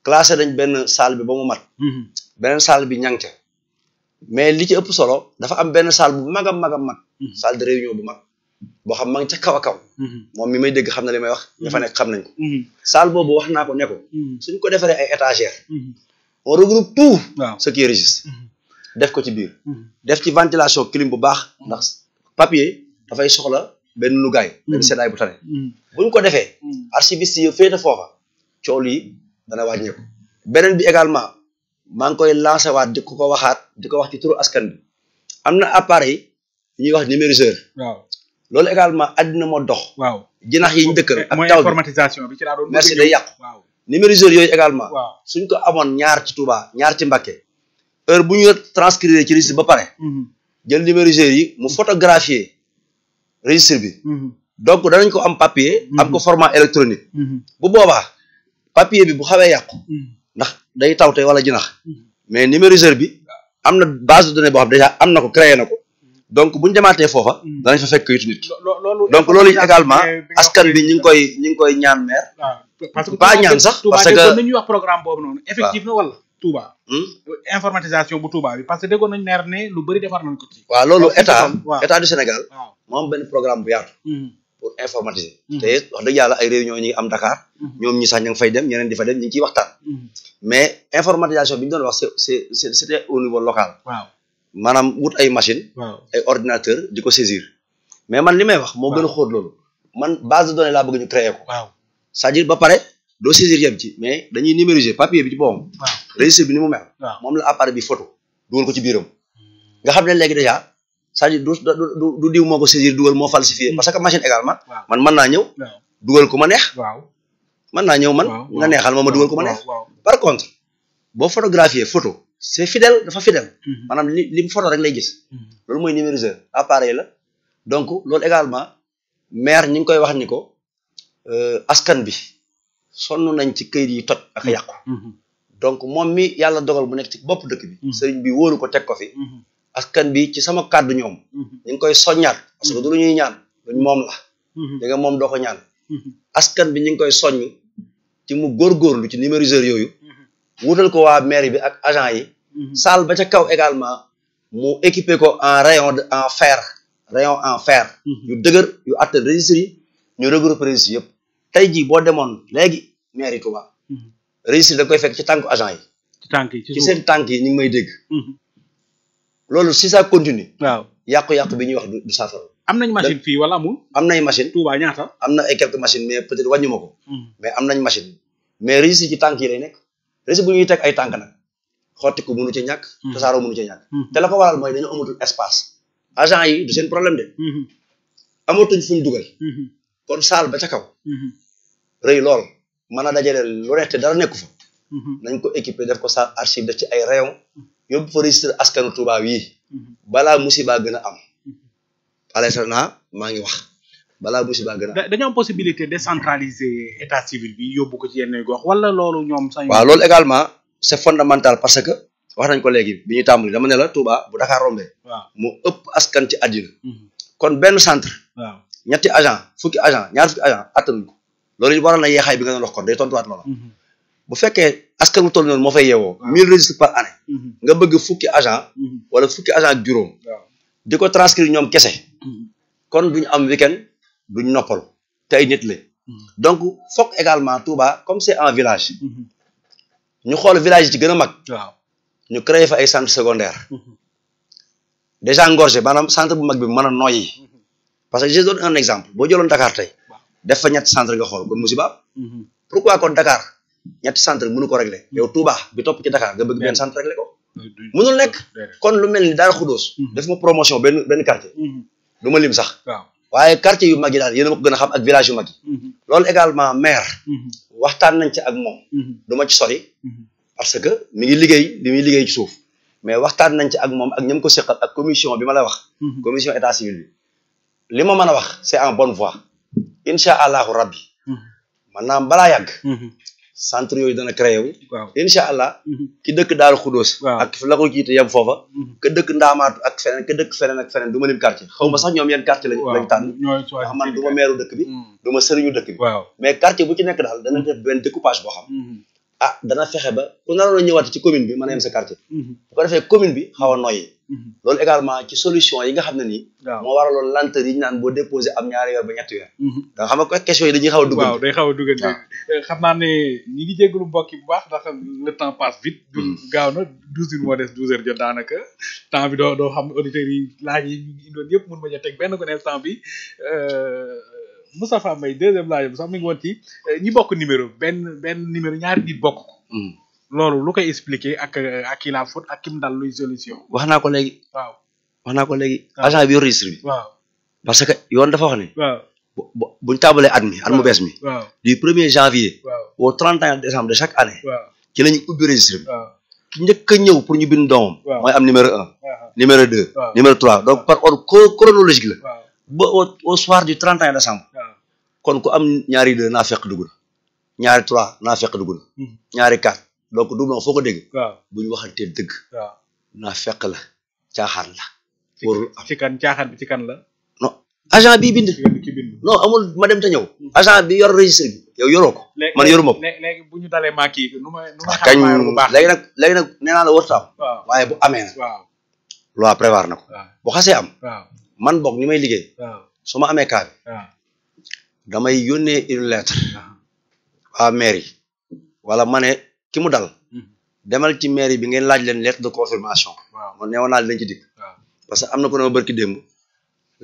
classé nañ benn salle bi ba mu mat. beneen salle bi ñànk mais li ci ëpp solo dafa am benn salle bu mag a mag a de réunion bu mag. boo xam maa ca kaw a kaw mm-hmm. moom mi may dégg xam na li may wax ña fa mm-hmm. nekk xam nañ ko mm-hmm. salle boobu wax naa ko ne ko suñ ko defaree ay étagère on regroupe tout ce qui existe def ko ci biir def ci ventilation clim bu baax ndax papier dafay soxla benn lugaay benn seddaay bu tane buñ ko defee archiviste yi féete foofa cool yi dana wàññeeku beneen bi également maa ngi koy lancé waat di ko ko waxaat di ko wax ci turu askan bi am na appareil yi ñuy wax numériseur loolu également àddina moo dox. waaw jinax yi ñu dëkkal. ak taw bi mooy informatisation bi ci laa doon. merci day yàqu. waaw numériseurs yooyu également. waaw suñ ko amoon ñaar ci Touba ñaar ci Mbacké. heure bu ñu transcrire ci registre ba pare. Mhm. jël numériseurs yi mu mhm. photographier registre bi. Mhm. donc danañ ko am papier. am ko format électronique. bu boobaa papier bi bu xawee yàqu. ndax day taw tey wala jinax. mais numériseur bi am na base de données bo am na ko créé na ko. donc bu ñu demaatee foofa. Hmm. danañ fa fekk kayitu nit ki. donc loolu également askan bi ñu ngi koy ñu ngi koy ñaan maire. Ah, parce que pas sax parce que Touba ñuy wax programme boobu noonu. effectif na wala Touba. Hmm? informatisation bi parce que déggoon nañ maire ne lu bëri defar nañ ko ci. waaw loolu état état du Sénégal. moo am benn programme bu yaatu. Hmm. pour informatiser. te wax dëgg yàlla réunion ñi am Dakar. ñoom ñi sax ña ngi fay dem ñeneen di fa dem ñu ngi waxtaan. mais informatisation bi ñu doon wax c'est c'est au niveau local. maanaam wut ay machine ay ordinateur di ko saisir mais man li may wax moo gën a xóot loolu man base de données laa bëgg ñu créer ko c'est-à-dire ba pare doo saisir yem ci mais dañuy numériser papier bi ci boppam registre bi ni mu mel moom la appareil bi photo dugal ko ci biiram nga xam ne léegi déjà c'est-à-dire du du diw moo ko saisir dugal moo falsifié hmm. parce que machine également man man naa ñëw dugal ko ma neex mën naa ñëw man nga neexal ma ma dugal ko ma neex par contre boo photographier photo c'est fidèle dafa fidèle mhm. maanaam li li mu photo rek lay gis mhm. loolu mooy numériseur appareil la donc loolu également maire ñi ngi koy wax ni ko euh, askan bi sonn nañ ci kayit yi toj ak mhm. yàqu donc moom mi yàlla dogal bu nekk ci bopp dëkk bi sëriñ bi wóoru ko teg ko fi askan bi ci sama kàddu ñoom ñu koy soññaat parce que du lu ñuy ñaan luñ la da nga moom doo ko ñaan askan bi ñu ngi koy soññ ci mu góorgóorlu ci numériseur yooyu wutal ko waa mairie bi ak agent yi mhm. salle ba ca kaw également mu équipé ko en rayon en fer rayon en fer mhm. yu dëgër yu attal registre yi ñu regrouper registre yëpp tey jii boo demoon léegi mairie Touba mhm. registre da koy fekk ci tànku agent yi ci tànk yi ci seen tànk yi ñu ngi may dégg loolu si ça continue waaw yàqu bi ñu wax du saafara am nañ machine fii wala amul am nañ machine Touba ñaata am na ay quelques machines mais peut-être wàññu ma ko am nañ machine mais registre ci tànk yi nekk risque bu ñuy teg ay tànk nag xottiku mënu ci ñàkk hmm. tasaaroo mënu ci ñàkk hmm. te waral mooy dañu amatul espace agent yi du seen problème de hmm. amatuñ fu dugal kon saal ba ca kaw rëy lool mën a dajale lu rette dara nekku fa nañ ko équipe def ko saal archive def ci ay rayon yóbbu fa registre askanu Tuubaa yi balaa musiba gën a am alesana maa ngi wax balaa musiba gën a. dañoo am possibilité décentraliser état civil bi yóbbu ko ci yenn gox wala loolu ñoom. sañ waaw loolu également c'est fondamental parce que wax nañ ko léegi bi ñuy tàmbali dama ne la Touba bu Dakar rombee. waaw mu ëpp askan ci àddina. Mhm. kon benn centre. waaw ñetti agent fukki agent ñaar fukki agent attanuñ ko loolu waral na yeexaay bi nga doon wax kon day tontuwaat loola. Mhm. bu fekkee askan bu toll noonu moo fay yeewoo. mille registres par année. Mhm. nga bëgg fukki agent wala fukki agent ak juróom. di ko transcrire ñoom kese. kon duñu am weekend duñ noppal te ay nit la mm-hmm. donc foog également Touba comme c'est un village mm-hmm. ñu xool village yi gën a mag waaw ñu créé fa ay centre secondaire mm-hmm. déjà engorgé maanaam centre bu mag bi mën a noyyi parce que je donne un exemple boo jëloon Dakar tey def fa ñetti centre nga xool kon musiba pourquoi kon Dakar ñetti centre mënu ko régler yow Touba bi topp ci Dakar ga bëgg benn centre régler ko mënul nekk kon lu mel ni Darou Khoudoss def ma promotion benn benn quartier du ma sax waaye quartier yu mag yi daal yéen a ko gën a xam ak village yu mag yi mhm. loolu également maire mhm. waxtaan nañ ci ak moom mhm. du ci sori parce que mi ngi liggéey li muy liggéey ci suuf mais waxtaan nañ ci ak moom ak ñam ko seqal ak commission bi ma la wax commission état civil bi li ma mën a wax c'est en bonne voie incha allahu rabbi maanaam balaa yàgg centre yooyu dana créé wu. waaw incha allah. Mhm. ki dëkk daal Xudóos. ak la ko jiite yem foofa. Mhm. ka dëkk Ndaamaatu ak feneen ka dëkk feneen ak feneen du ma lim quartier xaw ma sax ñoom yan quartier lañ. waaw lañ tànn ndax man du ma meeru dëkk bi. Mhm. du sëriñu dëkk bi. mais quartier bu ci nekk daal dana def benn boo xam. ah dana fexe ba ku naroon a ñëwaat ci commune bi man a yem sa quartier. Mhm. bu ko defee commune bi xaw a noyyi. Mhm. loolu également ci solution yi nga xam ne nii. waaw moo waraloon lenteur yi ñu naan boo déposé am ñaari weer ba ñetti weer. Mhm. xam nga question yi dañuy xaw a day xaw a euh, naa ne ñi ngi jégalu mbokk yi bu baax ndax le temps passe vite. Mm. gaaw na douze heures moo des douze heures jot daanaka temps bi doo doo xam auditeurs yi laaj yi ñu yëpp mun ma ñu teg benn ko ne Moustapha Mbaye deuxième laaj bi sax mi ngi woon eh, ñi bokk numéro benn benn numéro ñaar nit bokk ko. Mm. loolu lu ko expliquer ak eh, ak kii la faute ak kim dal luy solution. wax naa ko léegi. waaw wax naa ko léegi. agent bi yor registre parce que yoon dafa wax ne. bu buñ tàmbalee at mi at mu bees mi. waaw du premier janvier. waaw au trente et un décembre de chaque année. waaw ci la ñuy ubbi registre bi. ki njëkk a ñëw pour ñu bind doomam. mooy am numéro un. numéro deux. numéro trois donc par ordre chronologique la. ba au au soir du 31 décembre. kon ku am ñaari deux naa fekk dugg ñaari trois naa fekk dugg hmm. ñaari quatre donc du na foo ko dégg. waaw bu ñu waxantee dëgg. waaw naa fekk la caaxaan la. pour ci kan caaxaan bi ci kan la. agent bi bind. non amul ma dem te ñëw. Hmm. agent bi yor registre bi. yow yoroo ko man yoruma ko. léegi bu ñu dalee maa kii nu ma nu ma ah, xam baax léegi nag léegi nag nee naa la warut waaye bu amee nag. waaw loi na ko. bu xasee am. man bokk ñi may liggéey. waaw ma amee kaa bi. damay yónnee une lettre. waa mairie. wala ma ne ki mu dal. Mhm. demal ci mairie bi ngeen laaj leen lettre de confirmation. waaw man naa leen ci dikk. parce que am na ku ne ma barki démb.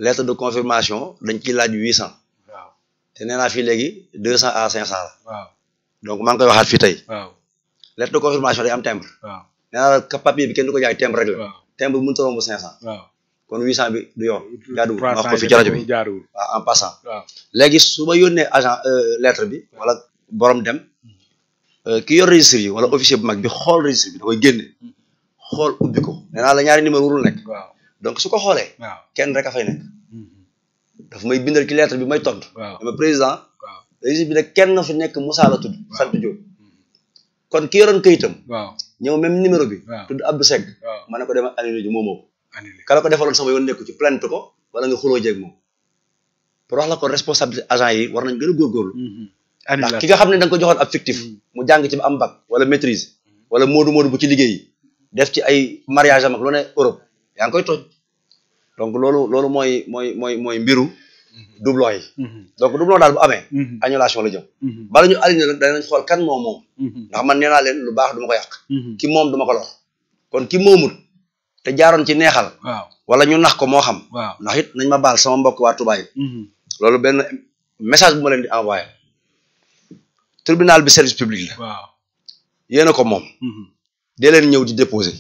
lettre de confirmation dañ ciy laaj huit cent. waaw te nee naa fii léegi deux cent à cinq cent donc maa ngi koy waxaat fii tey. waaw lettre de confirmation day am timbre. waaw nee naa bi kenn du ko jaay timbre rek la. timbre bi mënut kon 800 bi du yoon. jaaduwul ma wax ko fi ci rajo bi waaw en passant. léegi su ma yónnee agent euh, lettre bi wala boroom dem hmm. euh, ki yor registre yi wala officier bu mag bi xool registre bi da hmm. ko nee naa la ñaari numéro warul donc su ko xoolee. kenn rek a fay hmm. may bindal ci lettre bi may tontu. ma président. registre bi nag kenn na nekk Moussa la tudd. sant Diop kon ki yoroon kayitam. ñëw même numéro bi. tudd Abdou Seck. ma ne ko dem annulé ji moomoo ko. kala ko defaloon sama yoon nekku ci plainte ko wala nga xuloo jéeg moom pour wax la ko responsabilité agent yi war nañ gën a góorgóorlu mm-hmm. ndax ki ga xam ne da ko joxoon ab fictif mm-hmm. mu jàng ci ba am bac wala maîtrise mm-hmm. wala moodu moodu bu ci liggéey def ci ay mariage am ak lu ne yaa ngi koy toj donc loolu loolu mooy mooy mooy mooy mbiru doublon yi donc doublon daal bu amee annulation la jëm bala ñu aligné xool kan moom moom ndax man nee naa leen lu baax du ma ko yàq ki moom du ma ko lor kon ki moomut te jaaroon ci neexal. waaw wala ñu nax ko moo xam. waaw it nañ ma baal sama mbokk waa Touba yi. Mhm. loolu benn message bu ma leen di envoyé. tribunal bi service public la. waaw a ko moom. Mhm. dee leen ñëw di déposer.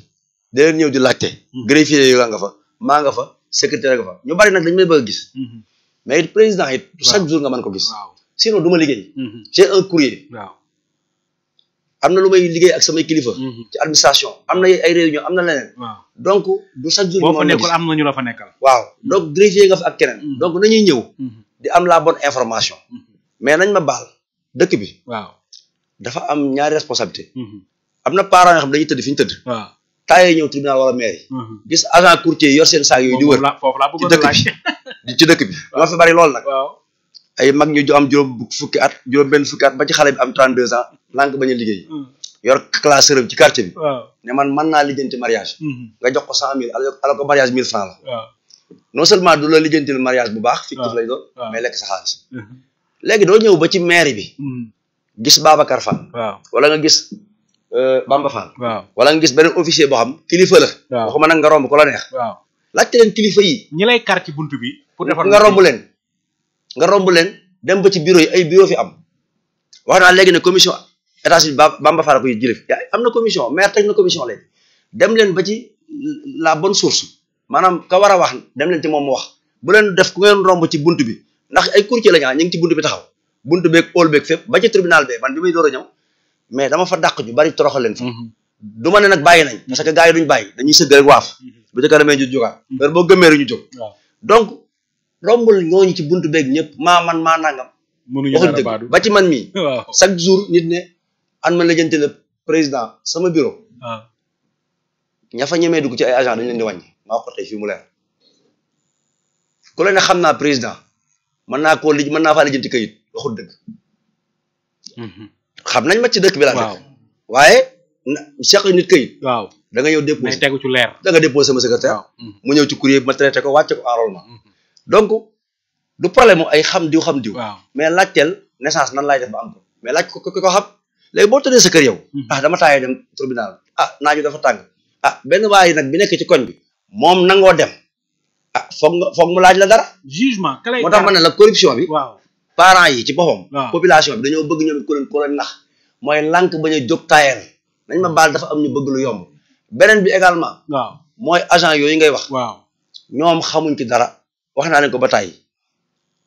dee leen ñëw di laajte. Mhm. greffier yi nga fa maa nga fa secrétaire nga fa ñu bari nag dañ may bëgg gis. mais it président it chaque jour nga mën ko gis. sinon du ma liggéey. j'ai un courrier. am na lu may liggéey ak samay kilifa. Mhm. ci administration am na ay réunion am na leneen. donc du chaque jour. moo fa nekkul am na ñu la fa nekkal. waaw donc mhm. greffier nga fa ak keneen. Mhm. donc nañuy ñëw. di am la bonne information. mais nañ ma baal dëkk bi. waaw dafa am ñaari responsabilité. am na parent yoo xam dañuy tëdd fi ñu tëdd. waaw taa yi ñëw tribunal wala mairie. gis agent courtier yor seen saag yooyu di wër. foofu laa foofu laa ci dëkk bi. waaw fi bari lool nag. ay mag ñu am juróom fukki at juróom benn fukki at ba ci xale bi am trente deux ans lànk bañ a liggéey hmm. yor classeur ci quartier bi ne man man naa lijjanti mariage hmm. nga jox ko cent mille ala ko mariage mille franc la non seulement du la lijjantil mariage bu baax fictif lay doon mais lekk sa xaalis hmm. léegi doo ñëw ba ci maire bi gis Babacar Fall wala nga gis euh, Bamba Fall wala nga gis beneen officier boo xam kilifa la waxuma nag nga romb ko la neex laajte leen ñi lay kar ci bi pour defar nga romb leen nga romb leen dem ba ci bureau yi ay bureau fi am wax naa léegi ne commission état civil Bamba Fall ko yi jëlee am na commission maire teg na commission léegi dem leen ba ci la bonne source maanaam ka war a wax dem leen ci moom mu wax bu leen def ku ngeen romb ci bunt bi ndax ay courtier la ah, ñu ngi ci bunt bi taxaw bunt beeg óol beeg fépp ba ci tribunal be man bi may door a ñëw mais dama fa dàq ñu bari toroxal leen fa mm-hmm. du ma ne nag bàyyi nañ parce que gars yi duñ bàyyi dañuy sëgg rek rombul ñooñu ci bunt beeg ñëpp maa man maa nangam. mënuñu dara ba ci man mii. chaque jour nit ne an ma lijjanti le président sama bureau. waaw ah. ña dugg ci ay agent dañ leen di wàññi mu leer. ku ne xam naa président mën naa koo lij mën naa faa lijjanti kayit waxut dëgg. Mhm. xam nañ ma ci dëkk bi laa dëkk. waaye na nit kayit. waaw da nga ñëw déposé. tegu ci leer da nga déposé sama secrétaire. Mhm. mu ñëw ci courrier bi ma traité ko wàcce ko enrôlement. Mhm. donc du problème ay xam diw xam diw. mais laajteel naissance nan laaj def ba am ko mais laaj ko ko xam léegi boo tëddee sa kër yow. Hmm. ah dama taayee dem tribunal ah naaju dafa tàng. ah benn waaye nag bi nekk ci koñ moom nangoo dem. ah foog nga foog mu laaj la dara. jugement kalay moo ma ne la corruption bi. waaw parents yi ci boppam. population bi dañoo bëgg ñoom ku leen ku leen nax. mooy lànk bañ a jóg taayal nañ ma baal dafa am ñu bëgg lu yomb. beneen bi également. waaw mooy agent yooyu ngay wax. waaw ñoom xamuñ ci dara. wax naa leen ko ba tàyyi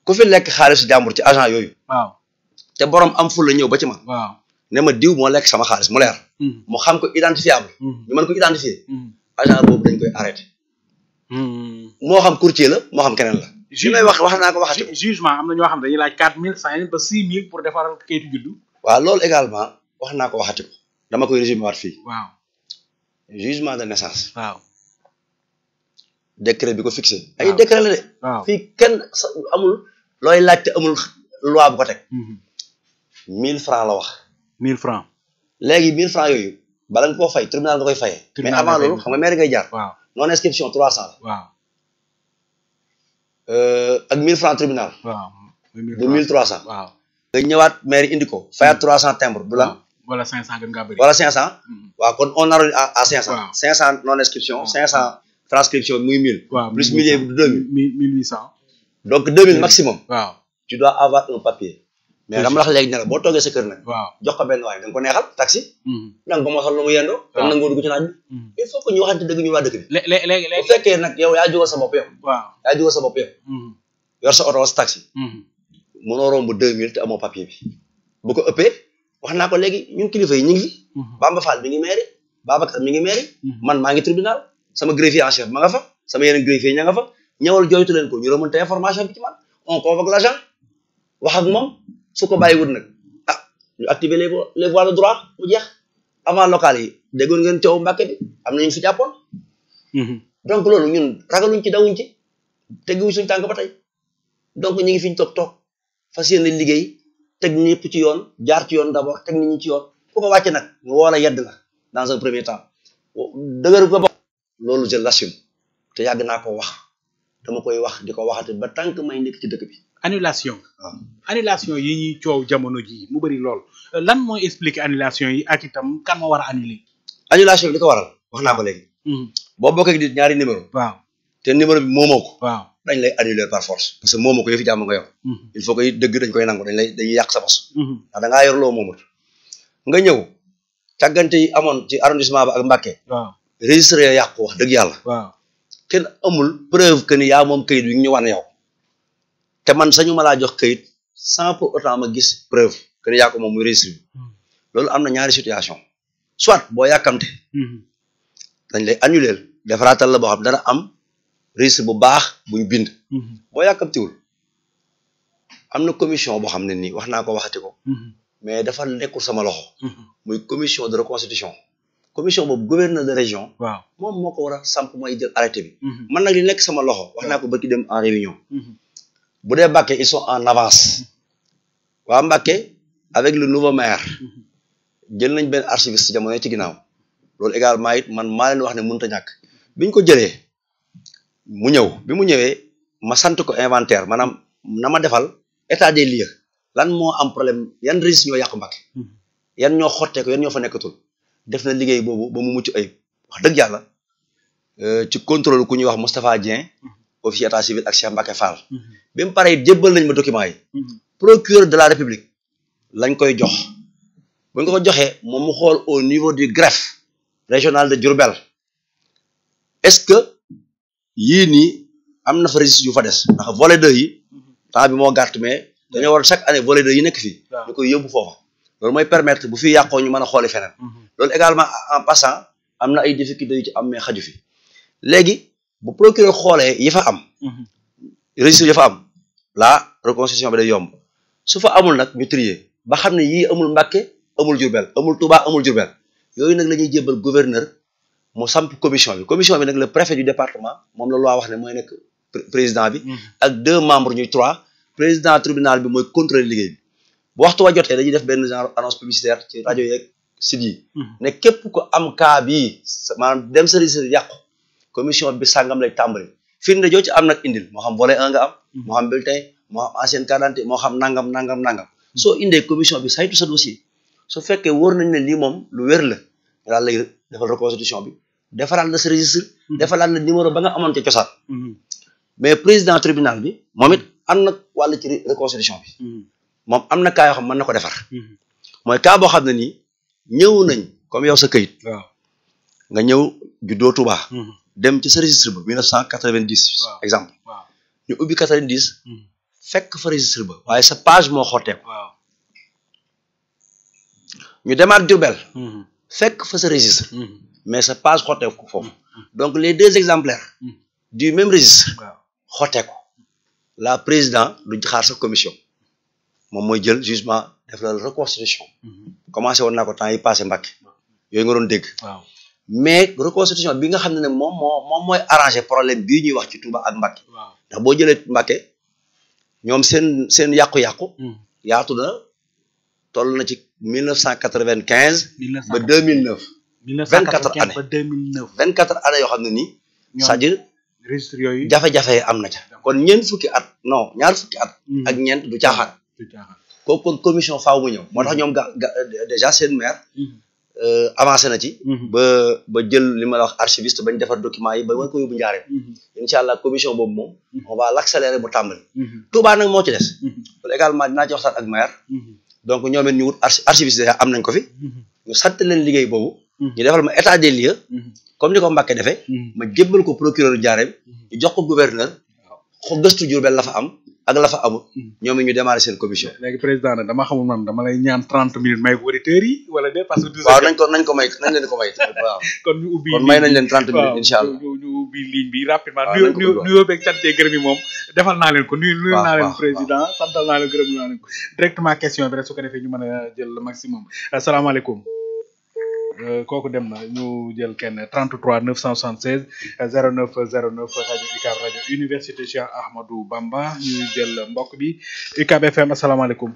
ku fi lekk xaalis jàmbur ci agent yooyu. waaw te borom am ful la ñëw ba ci man. waaw ne ma diw moo lekk sama xaalis mu leer. Hmm. mu xam ko identifiable. Hmm. ñu man ko identifier. Hmm. agent boobu dañ koy arrêté. moo xam courtier la moo xam keneen la. ju may wax wax naa ko waxati jugement am na ñoo xam dañuy laaj quatre mille cinq mille ba six mille pour defaral kayitu juddu. waaw lool également wax naa ko waxati ko dama koy résumé waat fii. waaw jugement de naissance. waaw. décret bi ko fixé. ay décret la de. fii kenn amul looy laajte amul loi bu teg. 1000 mhm. francs la wax. 1000 francs léegi yooyu bala nga koo fay tribunal nga koy fayee. mais avant loolu xam nga maire ngay jaar. waaw non inscription 300 la. waaw euh, ak 1000 francs tribunal. waaw de 1300. waaw nga ñëwaat mais indi ko fayaat 300 mhm. timbre du la. wala 500 gën ngaa bëri. wala 500. Mhm. waaw kon on arrondit à 500. 500 non inscription transcription muy 1000. waaw plus 1000 yi 2000 1800. donc maximum. waaw tu dois avoir un papier. mais dama la wax léegi boo toogee sa kër nag. waaw jox ko benn waay da nga ko neexal taxi. Mm-hmm. da nga ko mosal da nga ko dugg ci naaj bi. sa mm-hmm. bopp sa bopp yow. Mm-hmm. yor sa oto wala sa taxi. mënoo romb 2000 te amoo papier bi. bu ko ëppee wax ko léegi ñun kilifa yi ñu ngi fi. Bamba Fall mi ngi mairie Babacar mi ngi mairie. man maa tribunal. sama greffier en chef ma nga sama yeneen greffier ña nga fa ñëwal jooytu leen ko ñu remonté information bi ci man on convoque wax ko bàyyiwut nag ah ñu activer les les voies de droit mu jeex avant yi déggoon ngeen coow Mbàkke am na ñu fi jàppoon. Mhm. donc loolu ñun ragaluñ ci dawuñ ci tegguñ suñ tànk ba tey donc ñu ngi fi ñu toog toog fas yéene liggéey teg ñëpp ci yoon jaar ci yoon d'abord teg nit ñi ci yoon ku ko wàcce nag nga woo la yedd la dans un premier temps dëgër ko loolu je l'assume te yàgg naa ko wax dama koy wax di ko wax ba tànk may nekk ci dëkk bi. annulation. waaw ah. annulation yi ñuy coow jamono jii mu bëri lool lan mooy expliquer annulation yi ak itam kan moo war a annuler. annulation bi li ko waral wax naa ko léegi. Hmm. boo bokkee di ñaari numéro. waaw te numéro bi moomoo ko. waaw dañ lay annuler par force. parce que moomoo ko yëfi jàmm nga yor. Hmm. il faut que dëgg dañ koy nangu dañ lay dañuy yàq sa bos. Hmm. ndax moomut. nga ñëw càggante yi amoon ci arrondissement ba ak registré yàqu wax dëgg yàlla. waaw kenn amul preuve que ni moom kayit bi ñu wan yow. te man sañu ma laa jox kayit sans pour autant ma gis preuve que moom muy registré hmm. loolu am na ñaari situation soit boo yàkkamte hmm. dañ lay annuler defaraatal la boo xam dana am registre bu baax buñ bind. Hmm. boo yàkkamtiwul am na commission boo xam ne nii wax naa ko waxati ko. mais dafa nekkul sama loxo. muy commission de reconstitution. commission boobu gouverneur de région. waaw moom moo ko war sam samp mooy jël arrêté bi. Mhm. man nag li nekk sama loxo wax naa ko bëgg dem en réunion. Mhm. bu dee Mbacké ils sont en avance. Mhm. waa Mbacké avec le nouveau maire. jël nañ benn archiviste jamono ci ginnaaw. loolu également it man maa leen wax ne mënut a ñàkk biñ ko jëlee mu ñëw bi mu ñëwee ma sant ko inventaire maanaam na ma defal état des lieux lan moo am problème yan risques ñoo yàq Mbacké yan ñoo xotteeku yan ñoo fa nekkatul. def na liggéey boobu ba mu mucc ay wax dëgg yàlla euh, ci contrôle ku ñuy wax Moustapha Dieng mm-hmm. officier état civil ak Cheikh Mbacke Fall mm-hmm. bi mu pare it jébbal nañ ma document mm-hmm. procureur de la république lañ koy jox buñ ko ko joxee moom mu xool au niveau du greffe régional de Diourbel est-ce que yii nii am na fa registre yu fa des ndax volet 2 yi temps bi moo gàtt mais dañoo war chaque année volet 2 yi nekk fii ñu koy yóbbu foofa loolu mooy permettre bu fi yàqoo ñu mën a xooli feneen mhm. loolu également en passant am na ay difficultés yu ci am mais xaju fi léegi bu procureur xoolee yi fa am mhm. registre yi fa am la reconstitution bi day yomb su fa amul nag ñu trier ba xam ne yii amul Mbàkke amul Jurbel amul Tuubaa amul Jurbel yooyu nag la ñuy jébbal gouverneur mu samp commission bi commission bi nag le préfet du département moom la loi wax ne mooy nekk président bi mhm. ak deux membres ñu trois président tribunal bi mooy contrôler liggéey bi bu waxtu wa jotee dañuy def benn genre annonce publicitaire ci rajo yeeg site yi hmm. ne képp ku am cas bii dem sa registre yàqu commission bi sàngam lay tàmbali firnde joo ci am nag indil moo xam volet 1 am hmm. moo xam bulletin moo xam ancienne carte d'identité moo xam nangam nangam nangam soo indee commission bi saytu sa dossier su fekkee wóor nañ ne lii moom lu wér la daal lay defal reconstitution bi defalaat la sa registre hmm. defalaat la numéro ba nga amoon ca cosaan mais président tribunal bi moom it am na wàll ci reconstitution moom am na kaa yoo xam mën na ko defar. Mhm. mooy kaa xam na ni ñëw nañ comme yow sa këyit. nga ñëw juddoo Touba. Mhm. dem ci sa registre ba 1990. waaw exemple ñu ubbi 90. Mhm. fekk fa registre ba waaye sa page moo xotteeku. waaw ñu demaat Diourbel. fekk fa sa registre. mais sa page xotteeku foofu. donc les deux exemplaires. du même registre. waaw la président du xaar sa commission. moom mooy jël jugement def la reconstitution. commencé woon naa ko temps yi passé Mbàkke yooyu nga doon dégg. waaw mais reconstitution bi nga xam ne ne moom moo moom mooy arrangé problème bii ñuy wax ci Touba ak Mbàkke. waaw ndax boo jëlee Mbàkke ñoom seen seen yàqu-yàqu. Hmm. yaatu na toll na ci mille neuf cent quatre vingt quinze. ba deux mille neuf. vingt quatre années ba deux mille neuf. vingt quatre années yoo xam ne nii. c'est-à-dire registre yooyu jafe-jafe am na ca. kon ñeent fukki at no ñaar fukki at. Hmm. ak ñeent du caaxaan. kooku kon commission faaw mu ñëw moo tax ñoom ga déjà seen maire mhm. euh, avancé na ci mhm. ba ba jël li ma la wax archiviste bañ defar document yi ba war ko yóbbu njaareem mhm. incha allah commission boobu moom on va l'accélérer mu tàmbali Touba nag moo ci des loolu également dinaa ci waxtaan ak maire donc ñoom it ñu wut archiviste déjà am nañ ko ñu sant leen liggéey boobu ñu defal ma état des lieux comme ni ko Mbàkke defee ma jébbal ko procureur njaareem ñu jox ko gouverneur xo gëstu Jurbel la fa am ak la fa amul hmm. ñoom ñu démarré seen commission. léegi président nag dama xamul man dama lay ñaan trente minutes may ko auditeurs yi wala de parce que. waaw nañ ko nañ ko may nañ leen ko may. waaw kon ñu ubbi kon may nañ leen trente minutes incha allah ñu ñu ubbi ligne bi rapidement. waaw nañ ko nuyoo nuyoo beeg cantee gërëm yi moom defal naa leen ko. nuyu nuyu naa leen président santal naa leen gërëm naa leen ko. directement question bi rek su ko defee ñu mën a jël le maximum asalaamaaleykum. Euh, kooku dem na ñu jël kenn 33 976 09 09 rajo UCAB rajo université Cheikh Ahmadou Bamba ñu jël mbokk bi UCAB FM asalaamaaleykum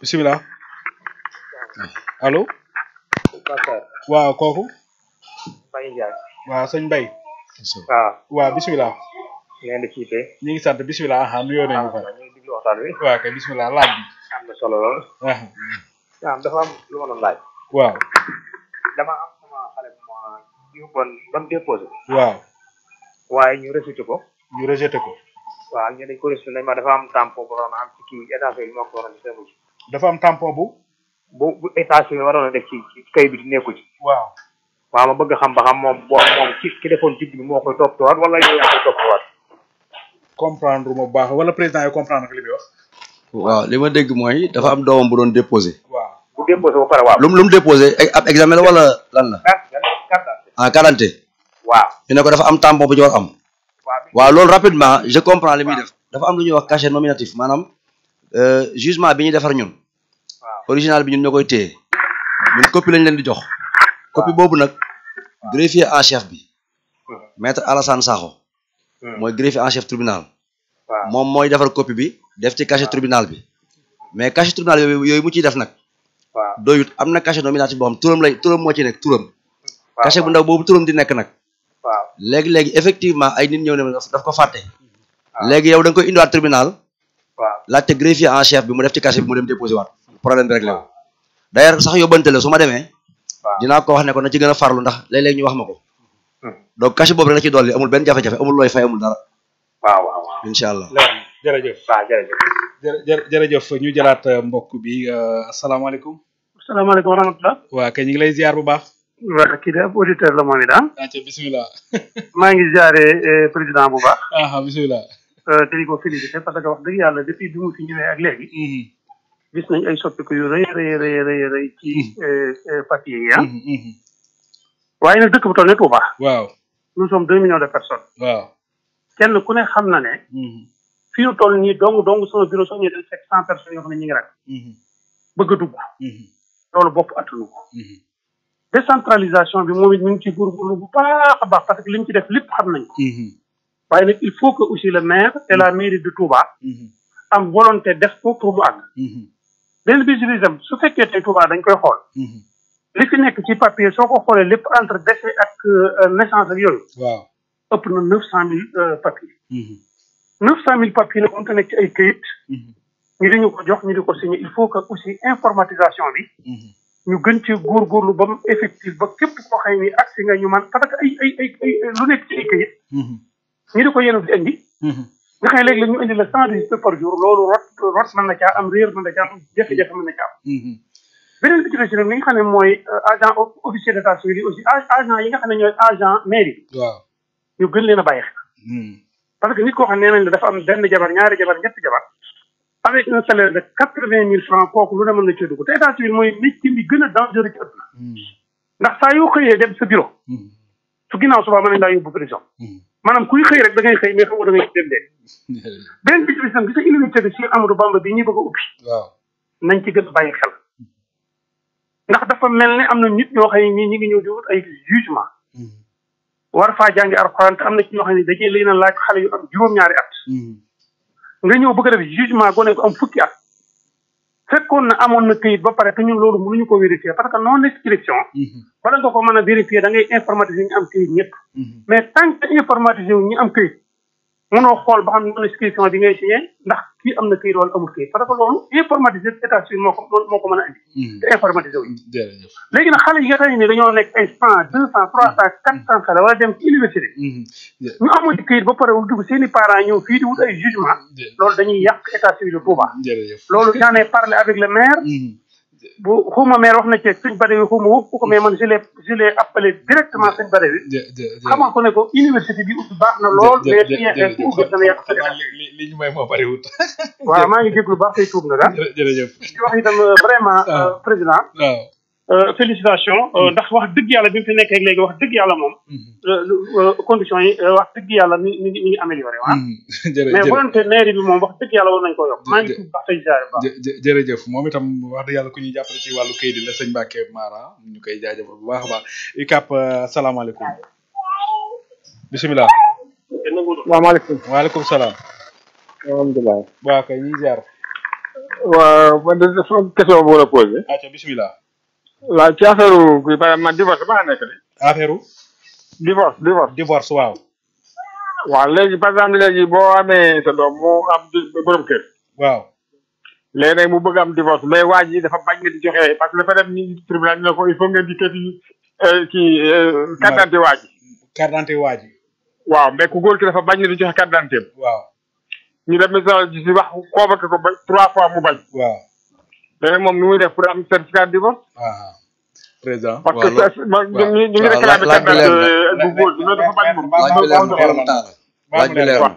bisimilah allo. waaw kooku. Mbaye Ndiaye. waaw sëñ Mbaye. waaw waaw bisimilah. ngeen di kiite. ñu ngi sant bisimilah aha nuyoo nañu fa. ñu ngi diglu waaw kay bisimilah laaj bi. am na solo waaw waaw dama am sama waaw. waaye ñu rejeté ko. ñu rejeté ko. waaw ñu dañ nañ ma dafa am tampon bu waroon am ci am tampon bu. bu bu état bi waroon a def kay bi di nekku ci. waaw. waaw ma bëgg xam baxam moom boo moom ki defoon jib moo koy toppatuwaat wala yow yaa koy toppatuwaat. comprendre lu baax wala président yi comprendre nga li waaw li dégg mooy dafa am doomam bu doon déposé. déposé ba pare waaw. lu déposé ab examen la wala lan la. ah quarante. waaw ñu ne ko dafa am tampon bu ñu war am. waaw loolu rapidement je comprends li muy def. dafa am lu ñuy wax cachet nominatif maanaam euh, jugement bi ñuy defar ñun. original bi ñun ñoo koy téye. ñun copie lañ leen di jox. copie boobu nag greffier en chef bi. Hmm. maître Alassane Sakho. Hmm. mooy greffier en chef tribunal. moom mooy defar copi bi def ci cachet tribunal bi. mais cachet tribunal yooyu mu ciy def nag doyut am na cachet nominatif boo xam turam lay turam moo ci nekk turam cachet bu ndaw boobu turam di nekk nag waaw léegi effectivement ay nit ñëw ne daf ko fàtte léegi yow da nga koy indiwaat tribunal waaw laajte greffier en chef bi mu def ci cachet bi mu dem déposé waat problème bi réglé wu d'ailleurs sax yóbbante la su ma ko wax ne ko na ci gën a farlu ndax léeg-léeg ñu wax ma ko hmm. donc cachet boobu rek na ci dolli amul benn jafe-jafe amul looy fay amul dara waaw waaw incha allah jërëjëf waaw jërëjëf jërëjëf ñu jëlaat euh, mbokk bi euh, asalaamaaleykum salaamaaleykum wa rahmatulah. waaw lay ziar bu baax. waaw kii de auditeur la moom it ah. atiwaat ah, maa ngi ziare eh, président bu baax. ah, ah bisimilah. Euh, di ko félicité parce que wax dëgg yàlla depuis bi mu fi ñëwee ak léegi. Mm-hmm. gis ay soppiku yu rëy rëy rëy rëy ci mm-hmm. eh, eh, papier yi ah. mm-hmm, waaye nag dëkk bu toll nii Touba. waaw nous sommes deux millions de personnes. waaw kenn ku ne xam na ne. fi ñu toll nii dong dong sama bureau soo ñëwee dañ fekk cent personnes yoo xam ne ñu loolu bopp attanu ko mhm. décentralisation bi moom it mi ngi ci góorgóorlu bu baax a baax parce que li ñu ci def lépp xam nañ ko mhm. waaye nag il faut que aussi le maire et la mairie de Touba mhm. am volonté def ko pour mu àgg benn bi suffisam su fekkee te Touba dañ koy xool li fi nekk ci papier soo ko xoolee lépp entre décès ak euh, naissance ak yooyu waaw ëpp na neuf cent mille euh, papier neuf cent mille papier nag mënta nekk ay këyit ñu di ñu ko jox ñu di ko signé il faut que aussi informatisation bi. Mhm. ñu gën ci lu ba mu effectif ba képp koo xam ni agsi nga ñu man parce que lu nekk ci ay këyit. Mhm. ñu di ko yéen di indi. Mhm. nga xam ne léegi la ñu indi la cent registres par jour loolu na caa am réer na caa am jafe-jafe mën na caa beneen bi ci des nag li nga xam ne mooy euh, agent officier d'état civil yi aussi agent yi nga xam ne ñooy agent mairie. waaw ñu gën leen a bay xel. parce que nit koo xam ne nañ la dafa am benn jabar ñaari jabar ñetti jabar. avec un salaire de quatre vingt mille francs kooku lu ne mën na cee dugg te état civil mooy métier bi gën a dangereux ci hmm. ndax saa yoo xëyee dem sa bureau hmm. su ginnaaw subaa a nañ laa yóbbu prison hmm. maanaam kuy xëy rek da ngay xëy mais xam nga da bi ci des gis nga université bi Cheikh Amadou Bamba nañ ci gën a bàyyi xel ndax dafa mel ni am na ñu ñoo xam ne ñu ñi ngi ñëw di ay jugement war faa jàngi alxuraan te am na ci ñoo xam ne dañuy na a laaj xale yu am juróom-ñaari at nga ñëw bëgg a def jugement gone ko am fukki at fekkoon na amoon na këyit ba pare te ñun loolu ñu ko vérifier parce que non inscription mhm. bala nga ko mën a vérifier da ngay informatiser ñu am këyit ñëpp mhm. mais tant que informatiser ñu am këyit mënoo xool ba xam non inscription bi ngay signé ndax fii am na këyit wala amul këyit parce que loolu informatisé état civil moo ko moo ko mën a indi. Hmm. te informatisé wu ñu. jërëjëf léegi nag xale yi nga xam ne dañoo nekk ay cent deux cent trois cent quatre cent xale wala dem ci université. Hmm. ñu amul këyit ba pare dugg seen i parents ñëw fii di wut ay jugement. loolu dañuy yàq état civil bu baax. jërëjëf loolu j'en ai parlé avec le maire. Hmm. bu xuma meer wax na ci suñ bare wi xuma wëpp ko mais man je l'ai je l'ai appelé bare wi xamal ko ne ko université bi ut baax na lool mais fiexee a ubbi dana yàq li li ñu may moo bariwut waaw maa ngi déglu baax tey tuub na daal ah. jërëjëf di wax itam euh, vraiment euh, ah. président waaw ah. Euh, félicitations euh, mm. ndax wax dëgg yàlla bi mu fi nekk léegi wax dëgg yàlla moom. Mm-hmm. Euh, conditions yi wax dëgg yàlla mi mi mm-hmm. mais volonté mairie bi moom wax dëgg yàlla war nañu ko yokk. jërëjëf moom itam wax dëgg yàlla ku ñuy jàppale ci wàllu kayit la sëñ Mbacke Mara ñu koy jaajëfal bu baax a baax UCAB salaamaaleykum. bisimilah. waaw maaleykum. waaleykum salaam. alhamdulilah. waaw kay ñuy ziar. waaw man de sama question boo la posé. bisimilah. waaw ci affaire kuy ba man divorce ba nekk de. affaire divorce divorce divorce waaw. waaw léegi par exemple léegi boo amee sa doom mu am borom kër. waaw. léegi mu bëgg am divorce mais waa yi dafa bañ nga di joxe parce que dafa dem ni tribunal ñu ne ko il faut ngeen di kati euh, kii. Euh, carte d'identité waa ji. carte d'identité waa ji. waaw mais ku góor ki dafa bañ nga di joxe carte d'identité waaw. ñu dem message si wax convoqué ko ba trois fois mu bañ. waaw. léegi moom nu muy def pour am certificat de divorce. waaw ah, président. parce que ñu ngi réclamé euh,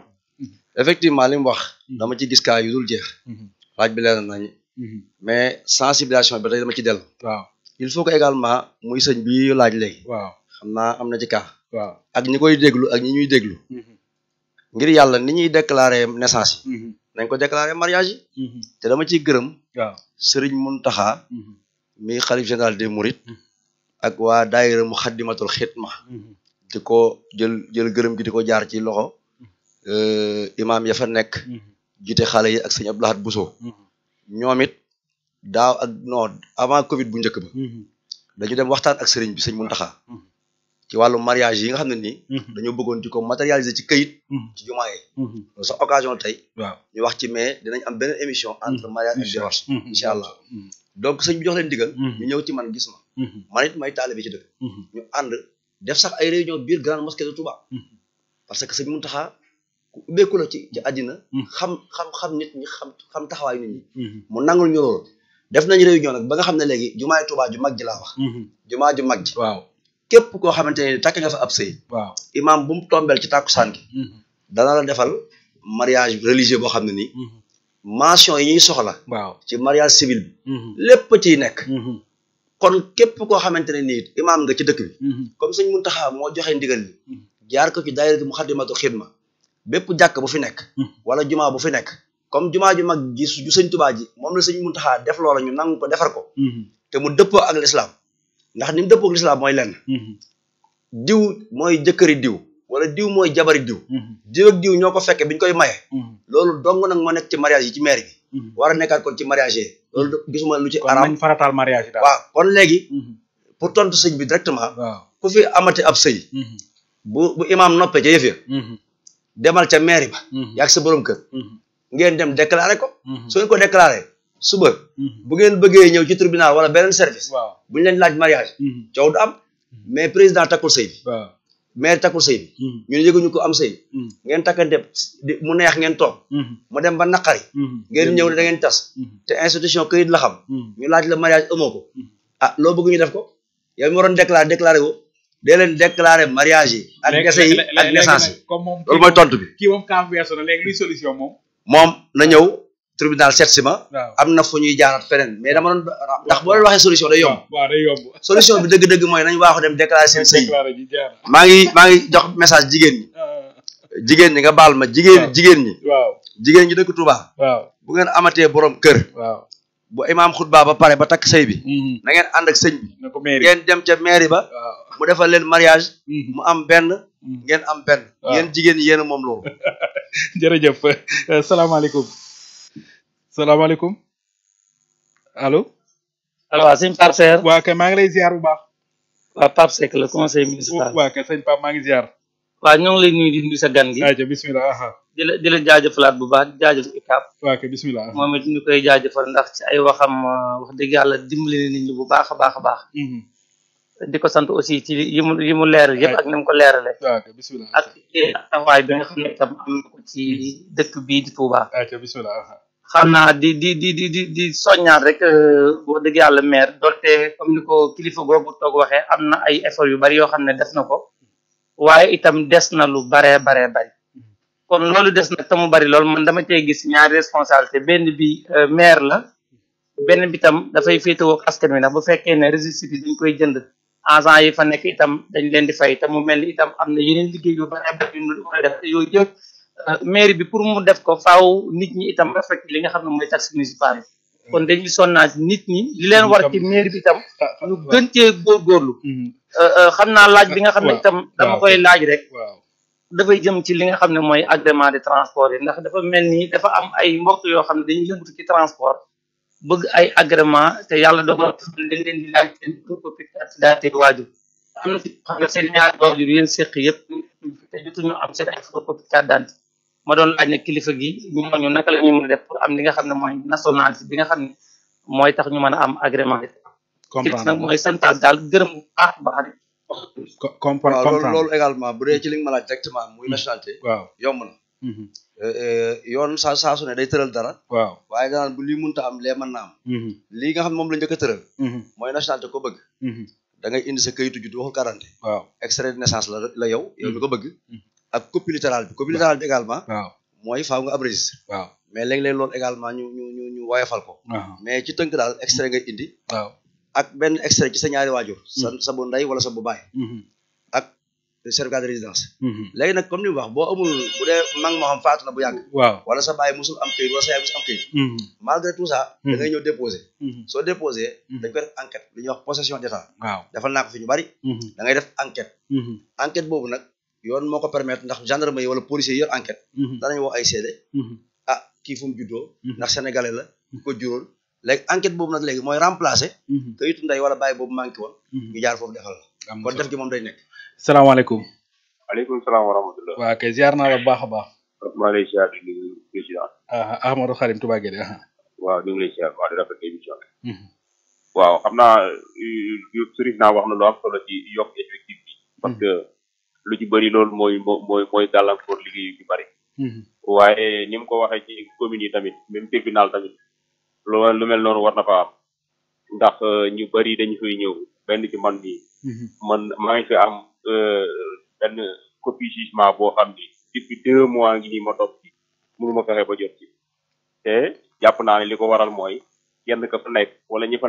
effectivement li wax. Hmm. dama ci gis kaa yu dul jeex. Hmm. laaj bi leer nañu. Hmm. mais sensibilisation bi tey dama ci dellu. waaw il faut que également muy sëñ bi laaj léegi. waaw xam naa am na ci kaa. ak ñi koy déglu ak ñi ñuy déglu. ngir yàlla ni ñuy déclarer naissance. nañ ko déclaré mariage yi mhm. te dama ciy gërëm waaw sëriñ Muntaxa mhm. mi xalif général des Mourides mhm. ak waa daayira mu xaddimatul ma di ko jël jël gërëm gi di ko jaar ci loxo euh, imaam ya fa nekk jiite xale yi ak sëñ Abdou Lahad Bousso ñoom it daaw ak non avant covid bu njëkk ba dañu dem waxtaan ak sëriñ bi sëñ Muntaxa ci wàllu mariage yi nga xam ne nii mhm. dañoo bëggoon di ko matérialiser ci këyit mhm. ci jumaa mhm. sa loolu occasion tey waaw ñu wax ci mais dinañ am beneen émission entre mariage et allah donc sëñ jox leen digal ñu ñëw ci man gis ma man it may taalibe ci ñu ànd def sax ay réunion biir grande mosquée de Touba parce que sëñ mu ku ubbeeku la ci ci àddina xam xam xam nit xam xam taxawaayu nit mu nangul ñu def nañ réunion nag ba nga xam ne léegi jumaay Touba ju mag ji laa wax jumaa ju mag ji waaw képp koo xamante ne takk nga fa ab sëy waaw imaam bu mu tombeel ci tàkkusaan gi mm-hmm. dana la defal mariage religieux boo xam ne nii mm-hmm. mention yi ñuy soxla waaw ci mariage civil bi mm-hmm. lépp ciy nekk kon képp koo xamante ne nii imaam nga ci dëkk bi comme sëñ Muntaxa moo joxe ndigal li jaar ko ci ko Muxaddamatul ma bépp jàkk bu fi nekk wala jumaa bu fi nekk comme jumaa ju mag ji ju sëñ Tubaa ji moom la mun Muntaxa def loola ñu nangu ko defar ko te mu dëppoo ak l'islam ndax ni mu dëppoog mooy lenn mhm. diw mooy jëkkëri diw wala diw mooy jabari diw mhm. diw ak ñoo ko fekke biñ koy maye mhm. loolu dong nag moo nekk ci mariage yi ci maire bi war a nekkaat kon ci mariage yi loolu gisuma lu ci araam nañ farataal mariage yi daal kon léegi pour tontu sëñ bi directement ku fi amati ab sëy bu bu imaam noppee ca demal ca maire ba yaag sa borom kër ngeen dem déclaré ko su ko déclaré suba. Mhm. bu ngeen bëggee ñëw ci tribunal wala beneen service. waaw bu ñu leen laaj mariage. Mhm. coow du am mhm. mais président takkul sëy mais waaw maire takkul sëy ñu ne yëguñu ko am sëy. ngeen takkante mu neex ngeen toog. mu dem ba naqari. ngeen ñëw ne da ngeen tas. te institution këyit la xam. ñu laaj la mariage amoo ko. ah loo bëgg ñu def ko yow mi waroon déclaré déclaré ko. dee leen déclaré mariage yi. ak dese yi ak naissance yi. loolu mooy tont bi. kii moom kaam weesu na solution moom. moom na ñëw. tribunal seet si ma. am na fu ñuy jaaraat feneen mais dama doon ndax boo leen waxee solution day yomb. waaw day yomb solution bi dëgg-dëgg mooy nañ waaxu dem déclarer sëy. maa ngi maa ngi jox message jigéen ñi. Ah, ah, ah. jigéen ñi nga baal ma jigéen jigéen ñi. waaw jigéen ñi dëkk tubaa bu ngeen amatee boroom kër. waaw bu imaam xutba ba pare ba takk sëy bi. Mm-hmm. na ngeen ànd ak sëñ bi. na ngeen dem ca mairie ba. mu defal leen mariage. Mm-hmm. mu am benn. Mm-hmm. ngeen am benn. waaw jigéen ñi yéen moom loolu. jërëjëf salaamaaleykum. salaamaaleykum allo. allo waaw sëñ Pape Seck. waaw kay maa ngi lay ziar bu baax. waaw Pape la conseil municipal. waaw kay sëñ Pape maa ngi ziar. waa ñoo ngi lay nuyu di sa gan gi. ayca bisimilah. di la di la jaajëfalaat bu baax di jaajëf ICAP. waaw kay bisimilah. moom it ñu koy jaajëfal ndax ay waxam euh, wax dëgg yàlla dimbali na bu baax a baax a baax. Mm-hmm. di ko sant aussi ci yi mu yi mu leeral yëpp ak ni ko leeralee. waaw kay bisimilah. ak xam ne ci dëkk bii di Touba. xam naa di di di di di di soññaat rek euh, wax dëgg yàlla maire doonte comme ni ko kilifa googu toog waxee am na ay effort yu bari yoo xam ne def na ko waaye itam des na lu baree baree bari kon loolu des nag mu bari loolu man dama cee gis ñaari responsabilité benn bi euh, maire la benn bi tam dafay féetewoo ak askan wi ndax bu fekkee ne registre dañ koy jënd agent yi fa nekk itam dañ leen di fay te mu mel itam am na yeneen liggéey yu baree bari yu ñu war def yooyu yëpp Euh, mairie bi pour mu def ko faaw nit ñi itam respecté li nga xam ne mooy taxe municipal yi kon dañuy sonnage nit ñi li leen war ci mairie bi itam ñu gën cee góorgóorlu mm-hmm. euh, euh, xam naa laaj bi nga xam ne itam dama koy laaj rek dafay jëm ci li nga xam ne mooy agrément de transport yi ndax dafa mel ni dafa am ay mbokk yoo xam ne dañuy yëngatu ci transport bëgg ay agrément te yàlla dogal dañ leen di laaj seen photocopie carte d'identité waajur am na ci xam ne seen ñaari waajur yéen séq yëpp te jotuñu am seen ay ma doon laaj ne kilifa gi ñooñu naka la ñuy mën def pour am li nga xam ne mooy nationalité bi nga xam ne mooy tax ñu mën a am agrément. comprendre nag mooy santaat daal gërëm bu baax a baax. comprendre waaw loolu également bu dee ci li ma laaj directement muy hmm. nationalité. waaw yomb na. Hmm. Euh, euh, yoon saa saa su ne day tëral dara. waaw waaye danaan bu lii mënta am lee mën naa hmm. lii nga xam ne moom la njëkk a tëral. mooy nationalité ko bëgg. da ngay indi sa kayitu juddu waxul quarante. waaw extrait de naissance la la yow yow ko bëgg. ak copie littérale bi copie littérale mooy faaw nga am registre waaw mais léeg-léeg également ñu ñu ñu ñu woyofal ko mais ci tënk daal extrait ngay indi waaw ak benn extrait ci sa ñaari waajur sa hmm. sa bu wala sa bu baay hmm. ak certificat de résidence hmm. léegi nag comme ni mu boo amul bu dee mag moo bu yàgg waaw wala sa baay musul am këyit wala sa yaay musul am këyit malgré tout ça da ñëw déposé soo déposé dañ koy def enquête li ñuy wax possession d'état waaw defal naa ko fi ñu bari da ngay def enquête enquête boobu nag yoon moo ko permettre ndax gendarme yi wala policier yor enquête mhm. danañ woo ay seede mhm. ah kii fu mhm. ndax sénégalais la ku ko juróol léegi enquête boobu nag léegi mooy remplacer kayitu ndey wala bàyyi boobu manqué woon ñu jaar foofu defal la kon def gi moom day nekk wa rahmatullah bu baax a baax maa lay ziar di nuyu président ah Ahmadou lu ci bëri loolu mooy mooy mooy gàllankoor liggéey yu bëri. Mm-hmm. waaye ni mu ko waxee ci commune yi tamit même tribunal tamit lu lu mel noonu war na fa am ndax euh, ñu bëri dañu fay ñëw benn ci man bi mm-hmm. man maa ngi fi am euh, benn copie jugement boo xam ni depuis mois ngi nii ma topp ci ma fexe ba jot ci te jàpp naa li ko waral mooy kenn ka fa nekk wala ñi fa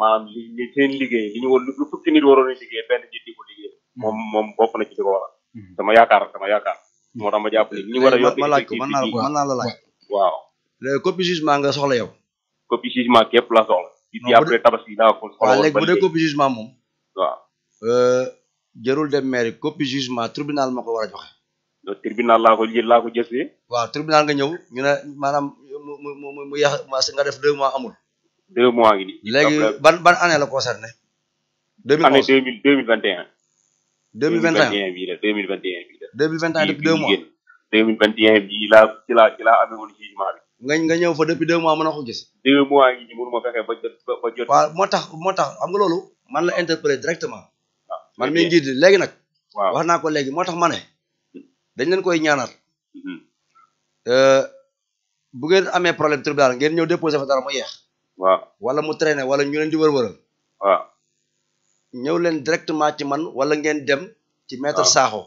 maanaam li seen liggéey li ñu war lu fukki nit waroon a liggéey benn nit di ko liggéey moom moom bokk na ci li ko waral mhm. yaakaar moo tax ma a yóbbu ma laaj ko mën naa la mën naa la waaw léegi copie jugement nga soxla yow copie jugement képp la soxla di après tabaski daa ko soxla waaw léegi bu dee copie jugement moom waaw euh, jërul dem mairie copie jugement tribunal ma war a joxe tribunal laa ko jël laa ko jësee waaw tribunal nga ñëw ñu ne maanaam mu mu mu mu nga def deux mois amul deux mois ngi léegi ban ban année la deux mille vingt et deux mille vingt et un bii la deux mille vingt et deux mille vingt et un depuis deux mois deux mille vingt et un bii laa ci laa ci laa amee woon jugement bi. nga ñëw fa depuis deux mois mën a ko gis. deux mois yi mënu ma fexe ba jot ba jot. moo tax moo tax xam nga loolu. man la interpellé directement. Ah, man mii njiit léegi nag. waaw wax naa ko léegi moo tax ma ne. dañ leen koy ñaanal. Mm-hmm. Euh, bu ngeen amee problème daal ngeen ñëw déposé fa dara mu yeex. waaw wala mu traîner wala ñu leen di wër ñëw leen directement ci man wala ngeen dem ci maître Sakho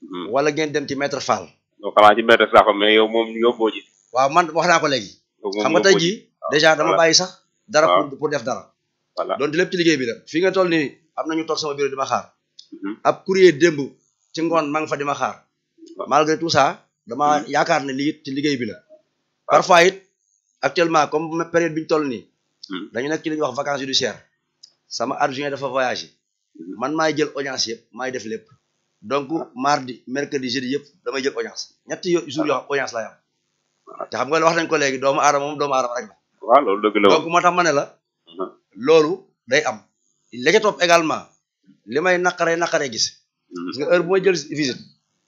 hmm. wala ngeen dem ci maître Fall donc xanaa ci maître Sakho mais yow moom yóbboo ji waaw man wax naa ko léegi xam nga tey jii dèjà dama bàyyi sax dara pour def dara doon di lépp ci liggéey bi la fii nga toll nii am nañu toog sama bureau di ma xaar hmm. ab courrier démb ci ngoon maa ngi fa di ma xaar malgré tout ça dama hmm. yaakaar ne ci liggéey bi la parfois it actuellement comme période bi ñu toll nii dañu nekk ci li ñuy wax vacances judiciaires sama adjoint dafa voyagé man maay jël audience yëpp maay def lépp donc mardi mercredi jeudi yëpp damay jël audience ñetti jours yoo xam audience laay te xam nga wax nañ ko léegi doomu aadama moom doomu aadama rek la. waaw loolu dëgg la donc moo tax ma ne la. Uh-huh. loolu day am. la également li may naqaree naqaree gis. parce uh-huh. heure bu jël visite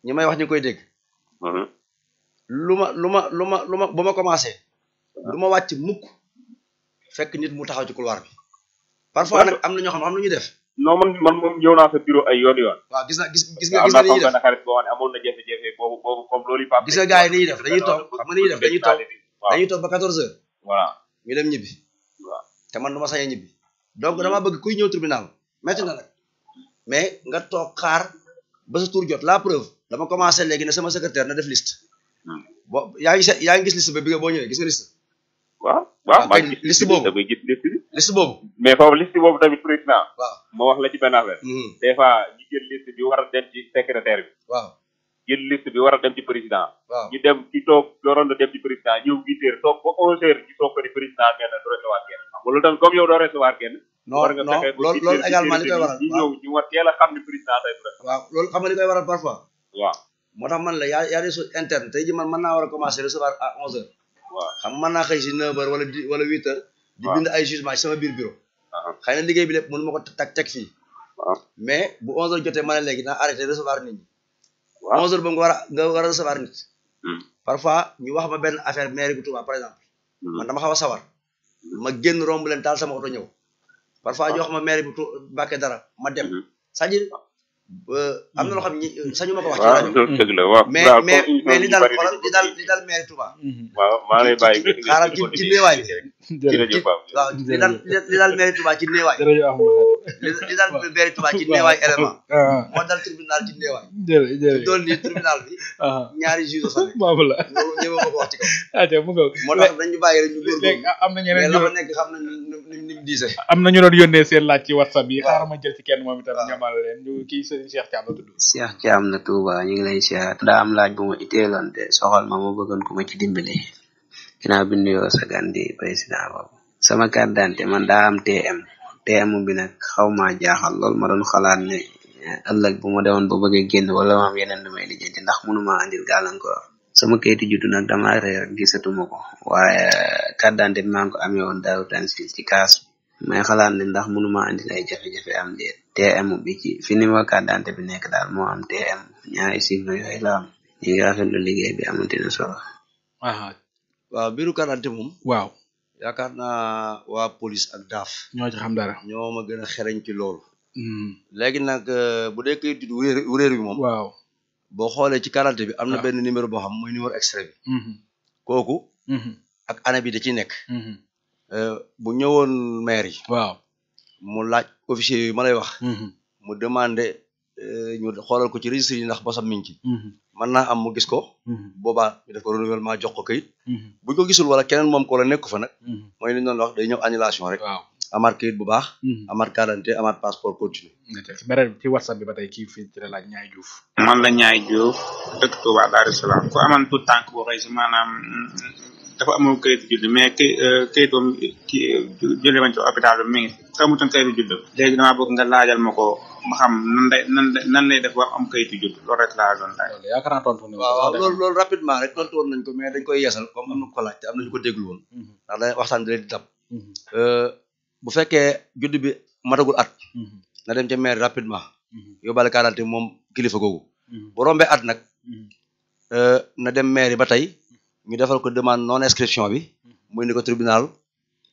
ñi may wax ñu koy dégg. Uh-huh. ma lu ma lu ma lu ma ba ma commencé. du ma wàcc mukk fekk nit mu taxaw ci couloir bi. parfois nag am na ñoo xam xam lu ñuy def non man man moom ñëw naa sa bureau ay yoon yoon waaw gis na gis nga gis ni ñuy def xarit boo dañuy toog xam nga ni ñuy def dañuy toog dañuy toog ba 14 heures voilà ñu dem ñibbi waaw te man du ma ñibbi donc dama bëgg kuy ñëw tribunal métti na nag mais nga toog xaar ba sa tour jot la preuve dama commencé léegi ne sama secrétaire na def list hmm. bo yaa ngi gis liste ba bi nga boo ñëwee gis nga liste waaw waaw ah, maa ngi liste boobu damay boobu mais foofu liste boobu tamit président waaw ma wax la ci benn affaire hmm. des fois ñu jël liste bi war a dem ci secrétaire bi waaw jël liste bi war a dem ci président ñu dem ki toog loroon na dem ci président ñëw huit heures toog ba onze heures ñu toog ko ni président nee na du recevoir kenn xam nga loolu tamit comme yow doo recevoir kenn non non loolu loolu également li koy waral war teel a xam ne président tey du waaw loolu xam nga li parfois waaw moo tax man la yaa yaa man naa war a xam mën naa xëy si 9 wala di wala di bind ay jugement sama biir bureau. Ah. na liggéey bi lépp mënu ma ko tag teg fii. mais bu 11h jotee ma ne léegi naa arrêté recevoir nit ñi. waaw 11 ba nga war a nga war a nit. Hmm. parfois ñu wax ma benn affaire mairie bu Touba par exemple. Hmm. man dama xaw a sawar. Hmm. ma génn romb leen taal sama oto ñëw. parfois ñu ah. wax ma mairie bu Mbàkke dara ma dem. cest am na loo xam ne mm-hmm. euh, sañu ma ko wax. ci ah, rajo dëgg la waaw. mais mais mais li daal xoolal li daal li daal maire Touba. Mm-hmm. waaw maa lay bàyyi ci ci néewaay bi. jërëjëf waaw li daal li daal maire Touba ci néewaay. jërëjëf li daal maire Touba ci néewaay élément. Ah, ah. moo dal tribunal ci néewaay. jërëjëf jërëjëf doon nii tribunal bi. ñaari juge sax. boobu la loolu ñëw ma ko wax ci kaw. mu moo tax dañu bàyyi rek ñu góorgóorlu. am na ñeneen ñu seen laaj ci whatsapp yi xaaral ma jël ci kenn moom itam ñamal leen sëriñ Cheikh Thiam la tudd. la Touba ñu ngi lay siyaar daa am laaj bu ma itteeloon ma ma bëggoon ku ma ci dimbale ginnaaw bi nuyoo sa président boobu sama carte d'identité man daa am TM TM bi nag xaw maa jaaxal loolu ma doon xalaat ne ëllëg bu ma demoon ba bëggee génn wala ma am yeneen lu may lijjanti ndax mënuma andil gàllankoor sama kayitu juddu nag dama reer gisatuma ko waaye carte d'identité bi maa ngi ko amee woon Daaru may xalaat ne ndax mënuma andi ay jafe-jafe am de TM bi ci fi ni ma carte bi nekk daal moo am TM ñaari signe yooyu la am ñu ngi liggéey bi amante na solo. waaw mbiru carte d'identité waaw yaakaar naa waa police ak daaf. ñoo ci xam dara. ñoo ma gën a xereñ ci loolu. Hmm. léegi nag euh, bu dee kayit di wéréer bi moom. waaw boo xoolee ci carte d'identité bi am na benn numéro boo xam muy numéro extrait bi. Hmm. kooku. Hmm. ak année bi da ciy nekk. Euh, bu ñëwoon maire yi. waaw mu laaj officier yooyu ma lay wax. Mm-hmm. mu demandé euh, ñu xoolal ko ci registre yi ndax bosam mi ngi ci. Mm-hmm. mën naa am mu gis ko. Mm-hmm. boobaa ñu def ko renouvellement jox ko kayit. buñ ko gisul wala keneen moom ko la nekk fa nag. mooy li ñu doon wax day ñëw annulation rek. waaw amaat kayit bu baax. amaat carte d'identité amaat passeport continue. beneen ci whatsapp bi ba tey kii fii ci la laaj Ñaay Juuf. man la Ñaay Juuf dëkk Touba Darou Salaam ku amoon tout tànk boo xëy maanaam. dafa amoon kayitu julli mais ki euh, kayitu am ki julli mi ngi fi amutoon kayitu julli léegi damaa bëgg nga laajal ma ko ma xam nan lay nan lay nan lay def wax am kayitu julli lool rek laa doon laaj. waaw waaw loolu loolu rapidement rek tontu woon nañ ko mais dañ koy yeesal comme am na ko laaj te am na ñu ko déglu woon. Mhm. ndax dañ waxtaan di dab. Mhm. Euh, bu fekkee judd bi matagul at. Mhm. na dem ca maire rapidement. yóbbaale quarante moom kilifa googu. bu rombee at nag. Euh, na dem maire ba tey. ñu defal ko demande non inscription bi muy ni ko tribunal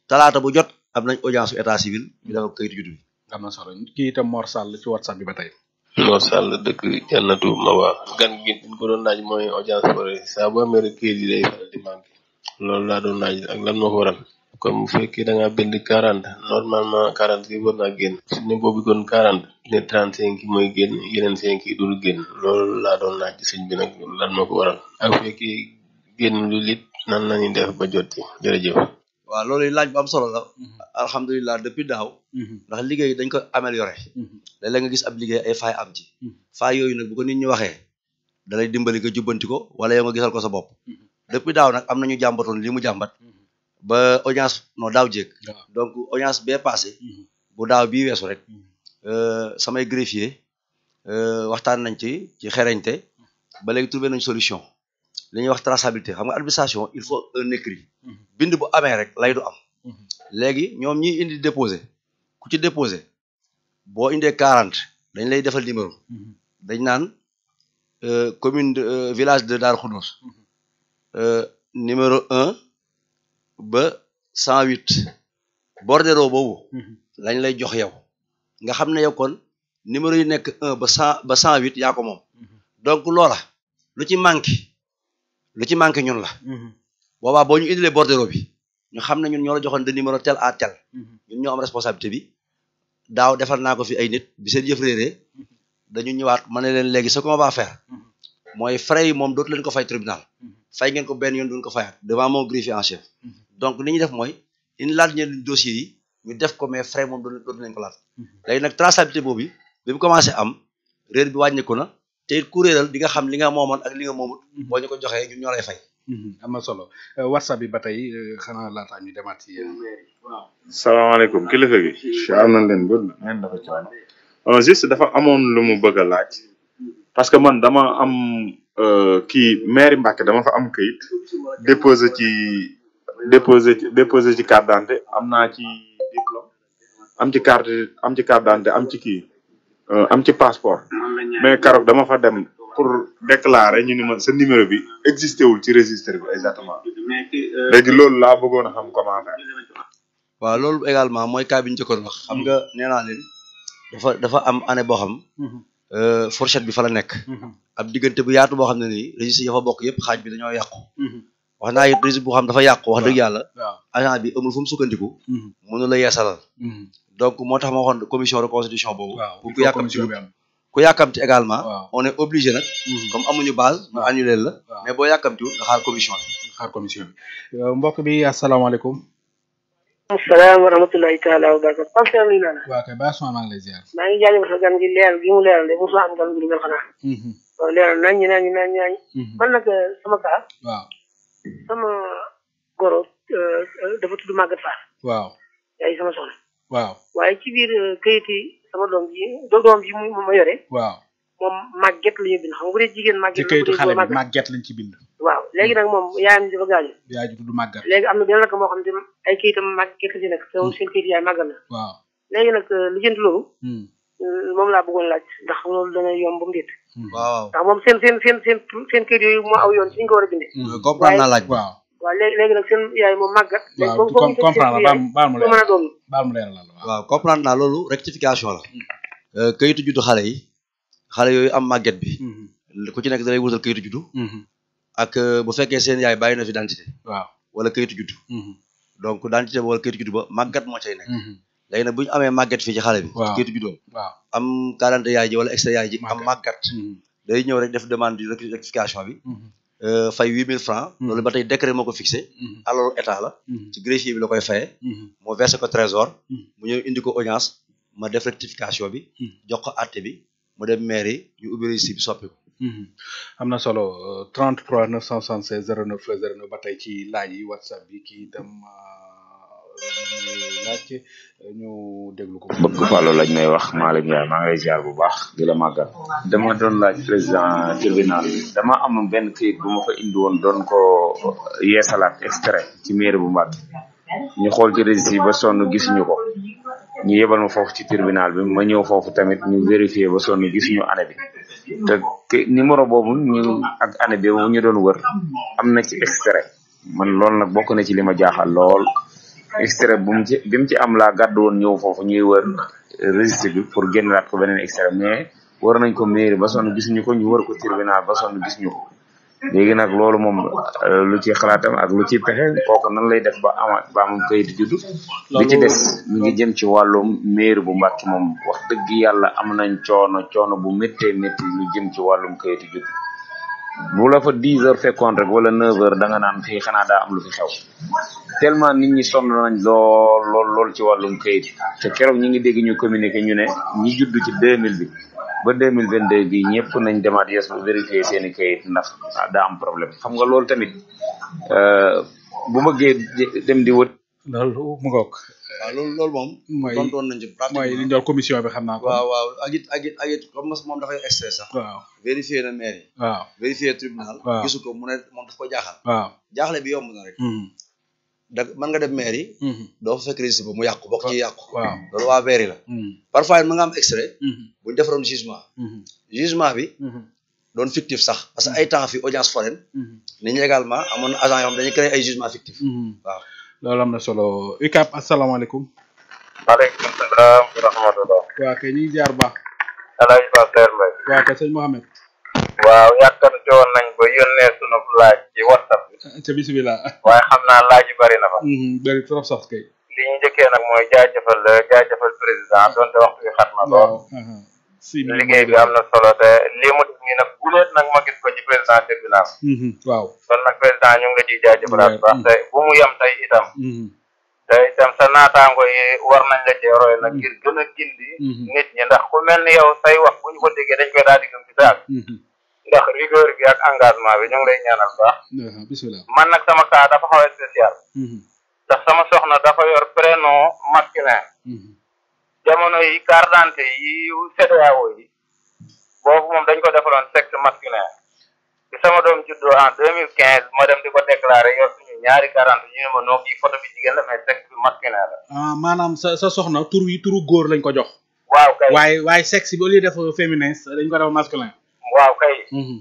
talaata bu jot am nañ audience état civil ñu defal ko kayitu juddu Sall ci WhatsApp bi ba tey. Mor Sall dëkk laaj mooy audience pare saa boo amee rek kayit yi laa doon laaj ak lan moo ko waral. kon bu fekkee da ngaa bind quarante normalement quarante yi war naa génn su ne boobu kon quarante ne trente cinq yi mooy génn yeneen cinq yi dul génn loolu laa doon laaj ci sëñ bi nag waral ak fekkee génn lu lit nan la ñuy def ba jotti jërëjëf waaw loolu laaj bu am solo la mhm. alhamdulilah depuis daaw mhm. ndax liggéey dañ ko amélioré mhm. léeg-léeg nga gis ab liggéey ay faay am ci faay yooyu nag bu ko nit ñi waxee da dimbali nga jubbanti wala yow nga gisal ko sa bopp depuis daaw nag am nañu jàmbatoon lii mu jàmbat ba audience non daaw jéeg donc audience bee passé bu daaw bi weesu rek euh, samay greffier euh, waxtaan nañ ci ci xereñte ba léegi trouvé nañ solution li ñuy wax traçabilité xam nga administration il faut un écrit mhm. bind bu amee rek lay du am mhm. léegi ñoom ñi indi déposé ku ci déposé boo indee quarante dañ lay defal numéro mhm. dañ naan euh, commune de euh, village de Darou Khoudoss euh, numéro un ba cent huit bordereau boobu lañ lay jox yow nga xam ne yow numéro yi nekk un ba cent huit yaa ko moom donc loola lu ci lu ci manqué ñun la mhm. boobaa boo ñu indilee bordereau bi ñu xam ne ñun ñoo la joxoon de numéro tel à tel mhm. ñun ñoo am responsabilité bi daaw defal naa ko fi ay nit bi seen yëf réeree mhm. dañu ñëwaat ma ne leen léegi ce qu'on va mooy frais yi moom dootu leen ko fay tribunal fay ngeen ko benn yoon duñ ko fayaat devant mon greffier en chef donc li ñuy def mooy in laat ñeen dossier yi ñu def ko mais frais moom dootu leen ko laat léegi nag traçabilité boobu bi mu am bi wàññeeku na te kuréelal di nga xam li nga moomoon ak li nga mhm. boo ñu ko joxee ñun ñoo lay fay mhm. am na solo euh, whatsapp bi ba tey euh, xanaa laataa ñu demaat ci yéen waaw salaamaaleykum kilifa gi am nañ leen bë ngeen dafa dafa amoon lu mu bëgg a laaj parce que man dama am euh, kii mairie Mbacke dama fa am këyit déposé ci déposé ci déposé ci carte d'identité am naa ci diplôme am ci carte am ci carte am ci kii Euh, am ci passeport mais Karok dama fa dem pour déclarer ñu ni ma sa numéro bi existé wul ci registre bi exactement léegi loolu laa bëggoon xam comment faire. waaw loolu également mooy cas bi ñu jëkkoon wax xam nga nee naa leen dafa dafa am année boo xam. Euh, fourchette bi fala la nekk. ab diggante bu yaatu boo xam ne ni registre yi fa bokk yëpp xaaj bi dañoo yàqu. wax naa it registre xam dafa yàqu wax dëgg yàlla. agent bi amul fu mu sukkandiku. Mhm. mënu la donc moo tax ma waxoon commission de constitution boobu. pour ku yàkkamti ku yàkkamti également. on est obligé nag. Mm-hmm. comme amuñu base. ñu annulé mais boo yàkkamtiwul nga xaar commission bi. xaar commission bi euh, mbokk bi asalaamaaleykum. asalaamaaleykum wa rahmatulahi taala wa ngi lay ngi jaajëfal leer gi mu soo am gan gi lu mel xanaa. Mm-hmm. waaw leeral naññi mm-hmm. man nag euh, sama kaa. waaw sama goro euh, dafa tudd Maguette Fall. waaw yaay sama soxna. waaw waaye ci biir euh, kayit yi sama doom ji doom ji mu ma yoree waaw moom màgget la ñuy bind xam nga bu dee jigéen màgget. ci kayitu xale bi màgget lañ ci bind. waaw léegi nag moom yaayam dafa gaañu. yaay ji tudd màggat. léegi am na benn rakk moo xam ay kayitam màgget la ci nekk. te hmm. seen léegi nag euh, li jënd loolu. Hmm. Euh, moom laa bëggoon laaj ndax loolu dana yomb mbir. Hmm. waaw ndax moom seen seen seen seen seen kayit yooyu moo aw yoon ci ñu war a bindee. comprendre naa laaj waaw waaw léegi léegi nag seen waaw comprendre baal loolu rectification la. Euh, kayitu juddu xale yi xale yooyu am màgget bi. Mhm. ku ci nekk da lay wutal kayitu juddu. Mhm. ak euh, bu fekkee seen yaay bàyyi na fi dentité. waaw wala kayitu juddu. Mhm. donc dentité wala kayitu juddu ba màggat moo cay nekk. léegi buñ amee màgget fii ci xale bi. waaw kayitu juddoom. waaw am quarante yaay ji wala extra yaay ji. am màggat. day ñëw rek def demande rectification bi. Euh, fay huit mille francs mm-hmm. loolu ba tey décret moo ko fixé mm-hmm. alalu état la mm-hmm. ci bi la koy faye moo versé ko trésor mu ñëw indi audience ma def rectification bi jox ko àtte bi mu dem mairie ñu ubbi registre bi am na solo 33 976 09 09 ba tey ci laaj yi bi kii itam bëgg Fallou lañ may wax maa ngi lay ziar bu baax di la màggal doon laaj président dama amoon benn këyit bu ko indi woon doon ci mairie bu Mbacké ñu xool ci registre yi ba sonn gisuñu ko ñu yebal ma foofu ci tribunal bi ma ñëw foofu tamit ñu vérifié ba sonn gisuñu année bi numéro boobu ñu ak année bi mu ñu doon wër am na ci extrait man loolu nag bokk na ci li ma jaaxal lool extrait bu mu ci bi mu ci am laa gàddu woon ñëw foofu ñuy wër registre bi pour génnaat ko beneen extrait mais war nañ ko mairie ba sonn gisuñu ko ñu wër ko tribunal ba sonn gisuñu ko léegi nag loolu moom euh, lu ci xalaatam ak lu ci pexe kooku nan lay def ba amaat ba amam kayit juddu li ci des mi ngi jëm ci wàllum mairie bu Mbàkke moom wax dëgg yàlla am nañ coono coono bu méttee métti lu jëm ci wàllum kayit juddu bu la fa dix heures fekkoon rek wala neuf heures da nga naan fii xana daa am lu fi xew tellement ni ñi sonn nañ lool lool lool ci wàllum kayit te keroog ñi ngi dégg ñu communiqué ñu ne ñi judd ci deux mille bi ba deux mille vingt deux bi ñëpp nañ demaat yes bu vérifier seen i këyit ndax daa am problème xam nga loolu tamit euh, bu bëggee dem di wët. loolu mu waaw loolu loolu moom. mooy tontoon nañ ci pratiquement mooy li ñu doon commission bi xam naa ko. waaw waaw ak it ak it ak it moom dafay extrait sax. vérifier na maire vérifier tribunal. mu moom daf ko jaaxal. jaaxle bi yomb na rek. Hmm. da mën nga dem maire yi. Hmm. doo fa fekk registre ba mu yàqu bokk ci yàqu. waaw loolu waa maire la. Hmm. parfois mën nga am extrait. bu ñu defaroon jugement. jugement bi. doon fictif sax parce que ay temps fi audience foraine. nit également amoon na agent yoo xam ay jugement fictif. waaw. loolu am na solo UCAB asalaamaaleykum. maaleykum salaam wa rahmatulah. waa kay ñu ngi jaar baax. El Hadj Pasteur Mbaye. waa kay sëñ Mohamed. waaw yàkkan joon nañ ko yónnee laaj ci WhatsApp bi. Ah, ca waaye xam naa laaj yu fa. Mm-hmm, bëri trop sax li ñu njëkkee nag mooy jaajëfal jaajëfal président donte waxtu bi xat na lool. Uh-huh. liggéey bi am na solo te lii mu def nii nag guleet nag ma gis ko ci président tribunal mhm, waaw kon nag président ñu nga ciy jaajëfalaat baax te mhm. bu mu yem tey itam mhm. te itam sa naataango war nañ la cee nag ngir gën a nit ñi ndax ku mel ni yow say wax bu ñu ko déggee dañ koy daal di gëm ndax rigueur bi ak engagement bi ñu ngi ñaanal baax man nag sama kaa dafa xaw a ndax sama soxna dafa yor prénom masculin jamono yi carte d'identité yi CEDEAO yi boobu moom dañ ko defaloon sexe masculin bi sama doom juddoo en deux mille quinze ma dem di ko déclaré yor suñu ñaari quarante ñu ne ma noo kii photo bi jigéen la mais sexe bi masculin ah, maanaam sa sa soxna tur yi góor lañ ko jox waaw kay waaye waaye sexe bi au lieu def féminin dañ ko def masculin waaw kay mhm.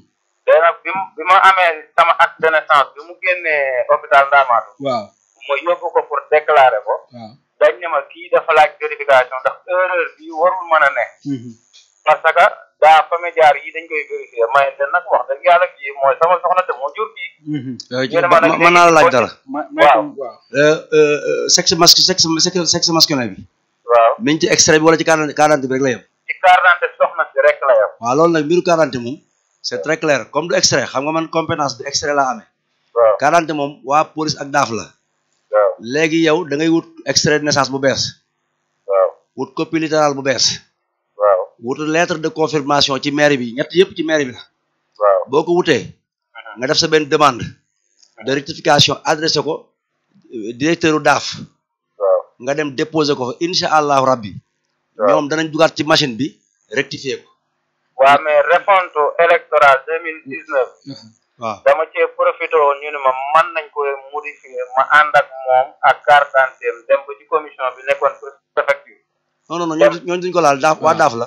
bi bi ma amee sama acte de naissance bi mu génnee hôpital Ndamatou waaw ma yóbbu ko pour déclarer ko waaw dañ ne ma kii dafa laaj vérification ndax erreur bi warul mën a ne parce que daa fa ma jaar te naa la laaj dara waaw sexe masque sexe sexe masculin bi waaw mi ngi ci extrait bi wala ci quarante quarante bi rek la ci quarante soxna si rek la yem waaw loolu nag mbiru quarante moom c'est très clair comme du extrait xam nga man compétence bi extrait la amee quarante moom waa police ak daaf la waaw léegi yow da ngay wut extrait de naissance bu bees. wut copie bu bees. waaw wut lettre de confirmation ci mairie bi ñett yëpp ci mairie bi la. boo ko wutee. nga def sa benn demande. de rectification adressé ko euh, directeur daaf. waaw nga dem déposer ko fa incha allahu rabbi. waaw ñoom danañ dugaat ci machine bi rectifier ko. waaw mais électorale waaw dama cee profité woon ko modifier ma ànd ko laal daaf waa hmm. daaf la. a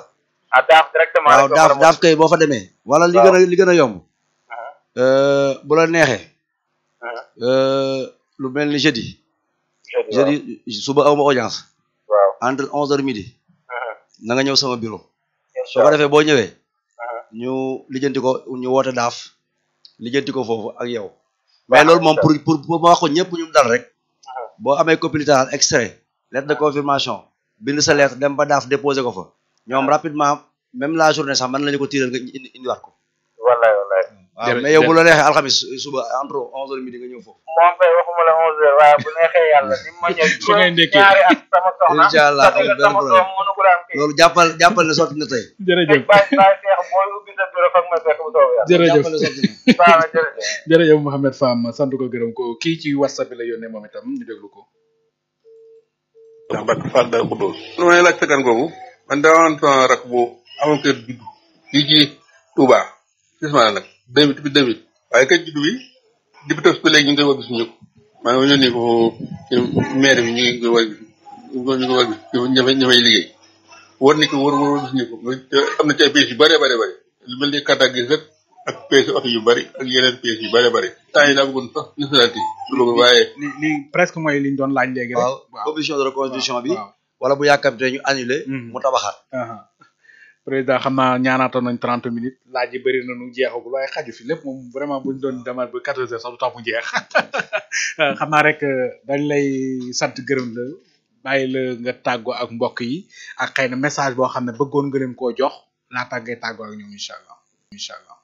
ah, daaf directement waaw daaf daaf kay boo fa demee. wala li gën a li gën a yomb. Uh-huh. Euh, bu la neexee. Uh-huh. Euh, lu mel ni jeudi. jeudi suba aw ma audience. waaw entre onze heures midi. Uh-huh. na ñëw sama bureau. soo boo ñëwee. ñu lijjanti ko ñu woote daaf. lijjanti ko foofu ak yow. mais loolu moom pour pour pour ma wax ko ñëpp ñu dal rek. Ah. boo amee copie littéraire extrait lettre de confirmation bind sa lettre dem ba daaf déposé ko fa ñoom ah. rapidement même la journée sax man lañu ko tiiral nga indiwaat ko. wallaay wallaay waaw mais yow bu la neexee alxamis suba entre onze heures midi nga ñëw foofu. moom kay waxuma la onze heures waaye bu neexee yàlla ni ma ñëw. su ngeen dékkee sama soxna incha allah amul benn problème loolu jàppal jàppal ne sotti na tey. jërëjëf bàyyi bàyyi seex booy ubbi sa bureau fekk ma fekk mu soobee yàlla. jërëjëf jàppal ne sotti na. jërëjëf Mouhamed Fam sant ko gërëm ko kii ci whatsapp bi la yónnee moom itam ñu déglu ko. Mbacke Fall Darou Khoudoss. lu may laaj sa gan googu man daawoon sama rakk bu amoon kër juddu fii ci 2008 bi 2008 waaye kër juddu bi depuis léegi ñu ngi koy war a gis ñu maa ngi ko maire bi ñu ngi koy war a gis ñu ngi war liggéey war nañ ko war war gis ñu ko am na ci ay pièces yu bëree bëri bëri lu mel ni carte grise rek ak pièces oto yu bëri ak yeneen pièces yu bëree bëri yi daa bëggoon sax nisalaati loolu waaye li li presque mooy liñ doon laaj léegi rek waaw obligation de reconstitution bi wala bu yàkkamtee ñu annulé mhm. mu tabaxaat président xam naa ñaanaatoon nañ trente minutes laaj yi bëri na nu jeexagul waaye xaju fi lépp vraiment bu ñu doon demaat ba quatorze heures sax du tax mu jeex xam naa rek euh, dañ lay sant gërëm la bàyyi la nga tàggoo ak mbokk yi ak xëy na message boo xam ne bëggoon nga leen koo jox laata ngay tàggoo ak ñoom incha allah incha allah.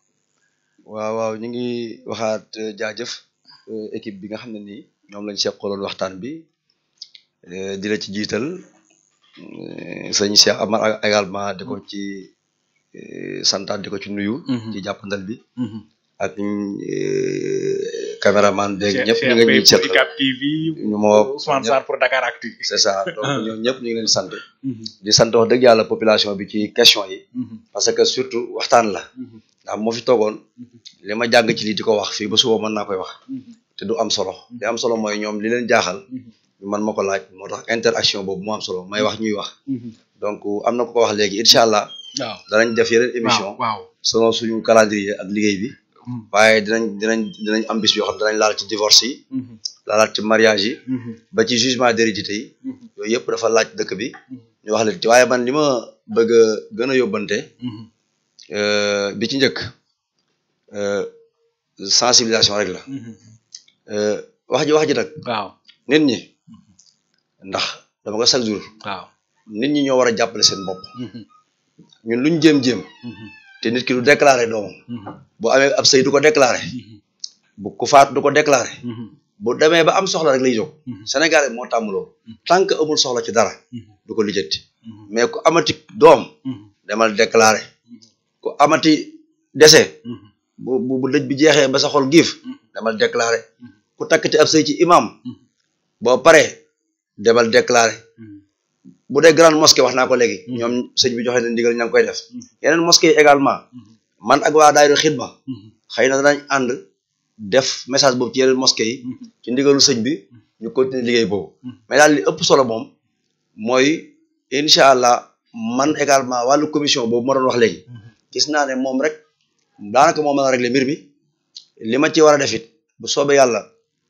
waaw waaw ñu ngi waxaat euh, jaajëf euh, équipe bi nga xam ne nii ñoom lañ seqaloon waxtaan bi di la ci jiital. Eh, sëñ Cheikh Amar également di ko mm-hmm. ci eh, santaat di ko ci nuyu. Mm-hmm. ci jàppandal bi. Mm-hmm. ak eh, caméraman beeg ñëpp ñu ngi leen moo Ousmane Sarr pour Dakar ñoom ñëpp ñu ngi leen sant. di sant dëgg yàlla population bi ci question yi. parce que surtout waxtaan la. moo fi toogoon li ma jàng ci lii di ko wax fii ba suba mën naa koy wax. te du am solo. li am solo mooy ñoom li leen jaaxal. man ma ko laaj moo tax interaction boobu moo am solo may wax ñuy wax mm-hmm. donc am na ko wax léegi incha allah waaw danañ def yeneen émission waaw selon suñu calendrier ak liggéey bi mm-hmm. waaye dinañ dinañ dinañ am bis yoo xam danañ laal ci divorce yi mm-hmm. laalaat ci mariage yi ba ci jugement d'hérédité yi yooyu yëpp dafa laaj dëkk bi ñu wax leen ci waaye man li ma bëgg gën a yóbbante euh, bi ci njëkk euh, sensibilisation rek la euh, wax ji wax ji nag waaw nit ñi ndax dama ko chaque jour. nit ñi ñoo war a jàppale seen bopp. Mhm. ñun luñ jéem jéem. Mhm. te nit ki du déclaré doomam. Mhm. bu amee ab sëy du ko déclaré. bu ku faat du ko déclaré. bu demee ba am soxla rek lay jóg. moo tàmm loolu. tant que amul soxla ci dara. du ko lijjanti. mais ku amati doom. demal déclaré. ku amati dese. bu bu bu bi jeexee ba sa xol giif. demal déclaré. ku takkati ab sëy ci imam. boo paree demal déclaré hmm. bu dee grande mosquée wax naa ko léegi hmm. ñoom sëñ bi joxe na ndigal ña koy def hmm. yeneen mosquée également man ak waa daayira xidma xëy na danañ ànd def message boobu ci yeneen mosquée yi ci ndigalu sëñ bi ñu continuer liggéey boobu mais daal li ëpp solo moom mooy incha allah man également wàllu commission boobu ma doon wax léegi gis naa ne moom rek daanaka moo mën a régler li ma ci war defit bu soobee yàlla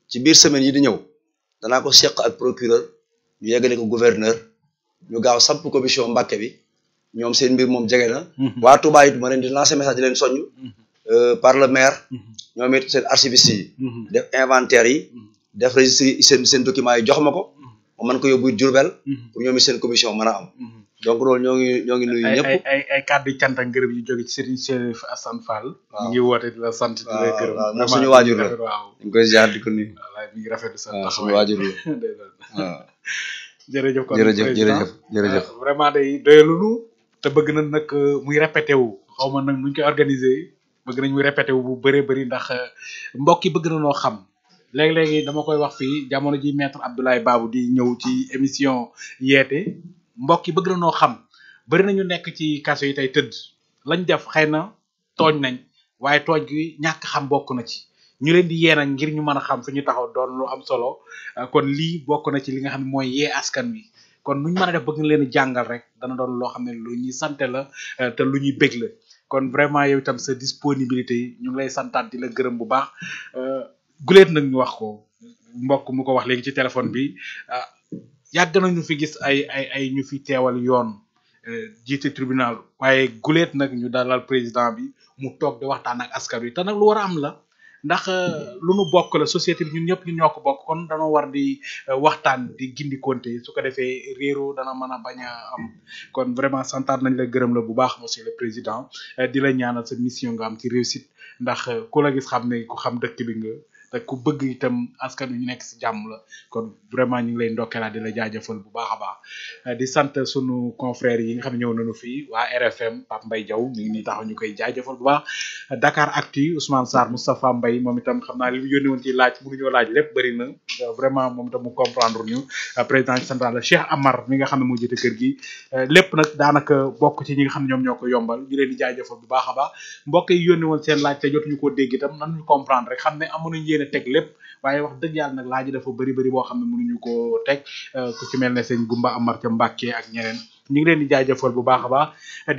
ci biir semaine yi di ñëw danaa ko ak ñu yeggale ko gouverneur ñu gaaw samp commission Mbàkke bi ñoom seen mbir moom jege na. Mhm. waa Touba it ma leen di lancer message di leen soññ. Mhm. Euh, par le mhm. ñoom it seen archiviste def inventaire yi. def registre seen seen documents yi jox ma ko. man ko yóbbu Diourbel. pour ñoom seen commission mën am. donc loolu ñoo ngi ñoo ngi nuyu cant ak ngërëm yu jóge ci Serigne Chérif Assane di la sant di la gërëm. waaw la ñu ngi koy ziar di ko sa taxawaay waaw suñu jërëjëf kon jërëjëf jërëjëf vraiment euh, vraiment day doyalunu te bëgg na nag euh, muy répété wu xaw ma nag nuñ koy organisé bëgg nañ muy répété wu bu bëree bëri ndax euh, mbokk yi bëgg na noo xam léegi-léegi dama koy wax fii jamono ji maître Abdoulaye Babou di ñëw ci émission yeete mbokk yi bëgg na noo xam bëri nañu nekk ci kaso yi tey tëdd lañ def xëy na tooñ nañ waaye tooñ gi ñàkk xam bokk na ci ñu leen di yee ngir ñu mën a xam fi ñu taxaw doon lu am solo euh, kon lii bokk na ci li nga xam ne mooy yee askan wi kon nu ñu mën a def bëgg leen jàngal rek dana doon loo xam ne lu ñuy sante la euh, te lu ñuy bég kon vraiment yow itam sa disponibilité yi ñu lay santaat di la gërëm bu baax euh, guleet nag ñu wax ko mbokk mu ko wax léegi ci téléphone bi yàgg ñu fi gis ay ay ay ñu fi teewal yoon jiite tribunal waaye guleet nag ñu dalal président bi mu toog di waxtaan ak askan wi te nag lu war a am la. ndax euh, lu nu bokk la société bi ñun ñëpp ñun ñoo ko bokk kon dañoo war di euh, waxtaan di gindi konte su ko defee réeroo dana mën a bañ a am kon vraiment santaat nañ la gërëm la bu baax monsieur le président euh, di la ñaanal sa mission nga am ci réussite ndax ku la gis xam ne ku xam dëkk bi nga. te ku bëgg itam askan wi ñu nekk si jàmm la kon vraiment ñu ngi lay ndokkeelaat di la jaajëfal bu baax a baax euh, di sant sunu confrères yi nga xam ne ñëw nañu fii waa RFM Pape Mbaye Diaw ñu ngi nii taxaw ñu koy jaajëfal bu baax Dakar Actu Ousmane Sarr Moustapha Mbaye moom itam xam naa li mu yónnee woon ci laaj mënuñoo laaj lépp bëri na euh, vraiment moom itam mu comprendre ñu euh, président central la Cheikh Amar mi nga xam ne moo jiite kër gi lépp nag bokk ci ñi xam ñoom ñoo ko yombal ñu leen di jaajëfal bu baax a baax mbokk yi yónnee woon seen laaj te jotuñu koo dégg itam nan ñu comprendre xam ne amuñu yéene teg lépp waaye wax dëgg yàlla nag laaj dafa bëri bari boo xam ne mënuñu koo teg ku ci mel ne sëñ Gumba Amar ca Mbàkke ak ñeneen ñu ngi leen di jaajëfal bu baax a baax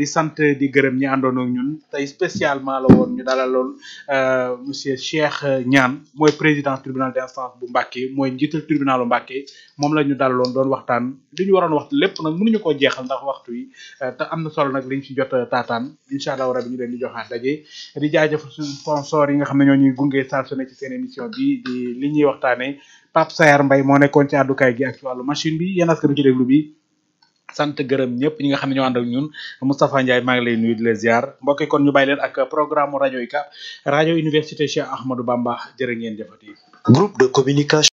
di sant di gërëm ñi àndoon ñun tey spécialement la woon ñu dalaloon euh, monsieur Cheikh ñaan mooy président tribunal d'instance bu Mbacké mooy njiital tribunalu Mbacké moom la ñu dalaloon doon waxtaan li ñu waroon waxtu lépp nag ñu koo jeexal ndax waxtu yi euh, te am na solo nag li liñ ci jot taataan incha allah rabi ñu leen di joxaat daje di jaajëfal suñu sponsor yi nga xam ne ñoo ñuy gunge saa su ne ci seen émission bi li ñuy waxtaanee Pape Sayar Mbaye moo nekkoon ci àddukaay gi wàllu machine bi yéen askan ci déglu bi. sant gërëm ñëpp ñi nga xam ne ñoo ànd ak ñun Moustapha Ndiaye maa ngi lay nuyu di la ziar mbokki kon ñu bàyyi leen ak programme rajo UCAB rajo université Cheikh Ahmadou Bamba jërë ngeen jëfati groupe de communication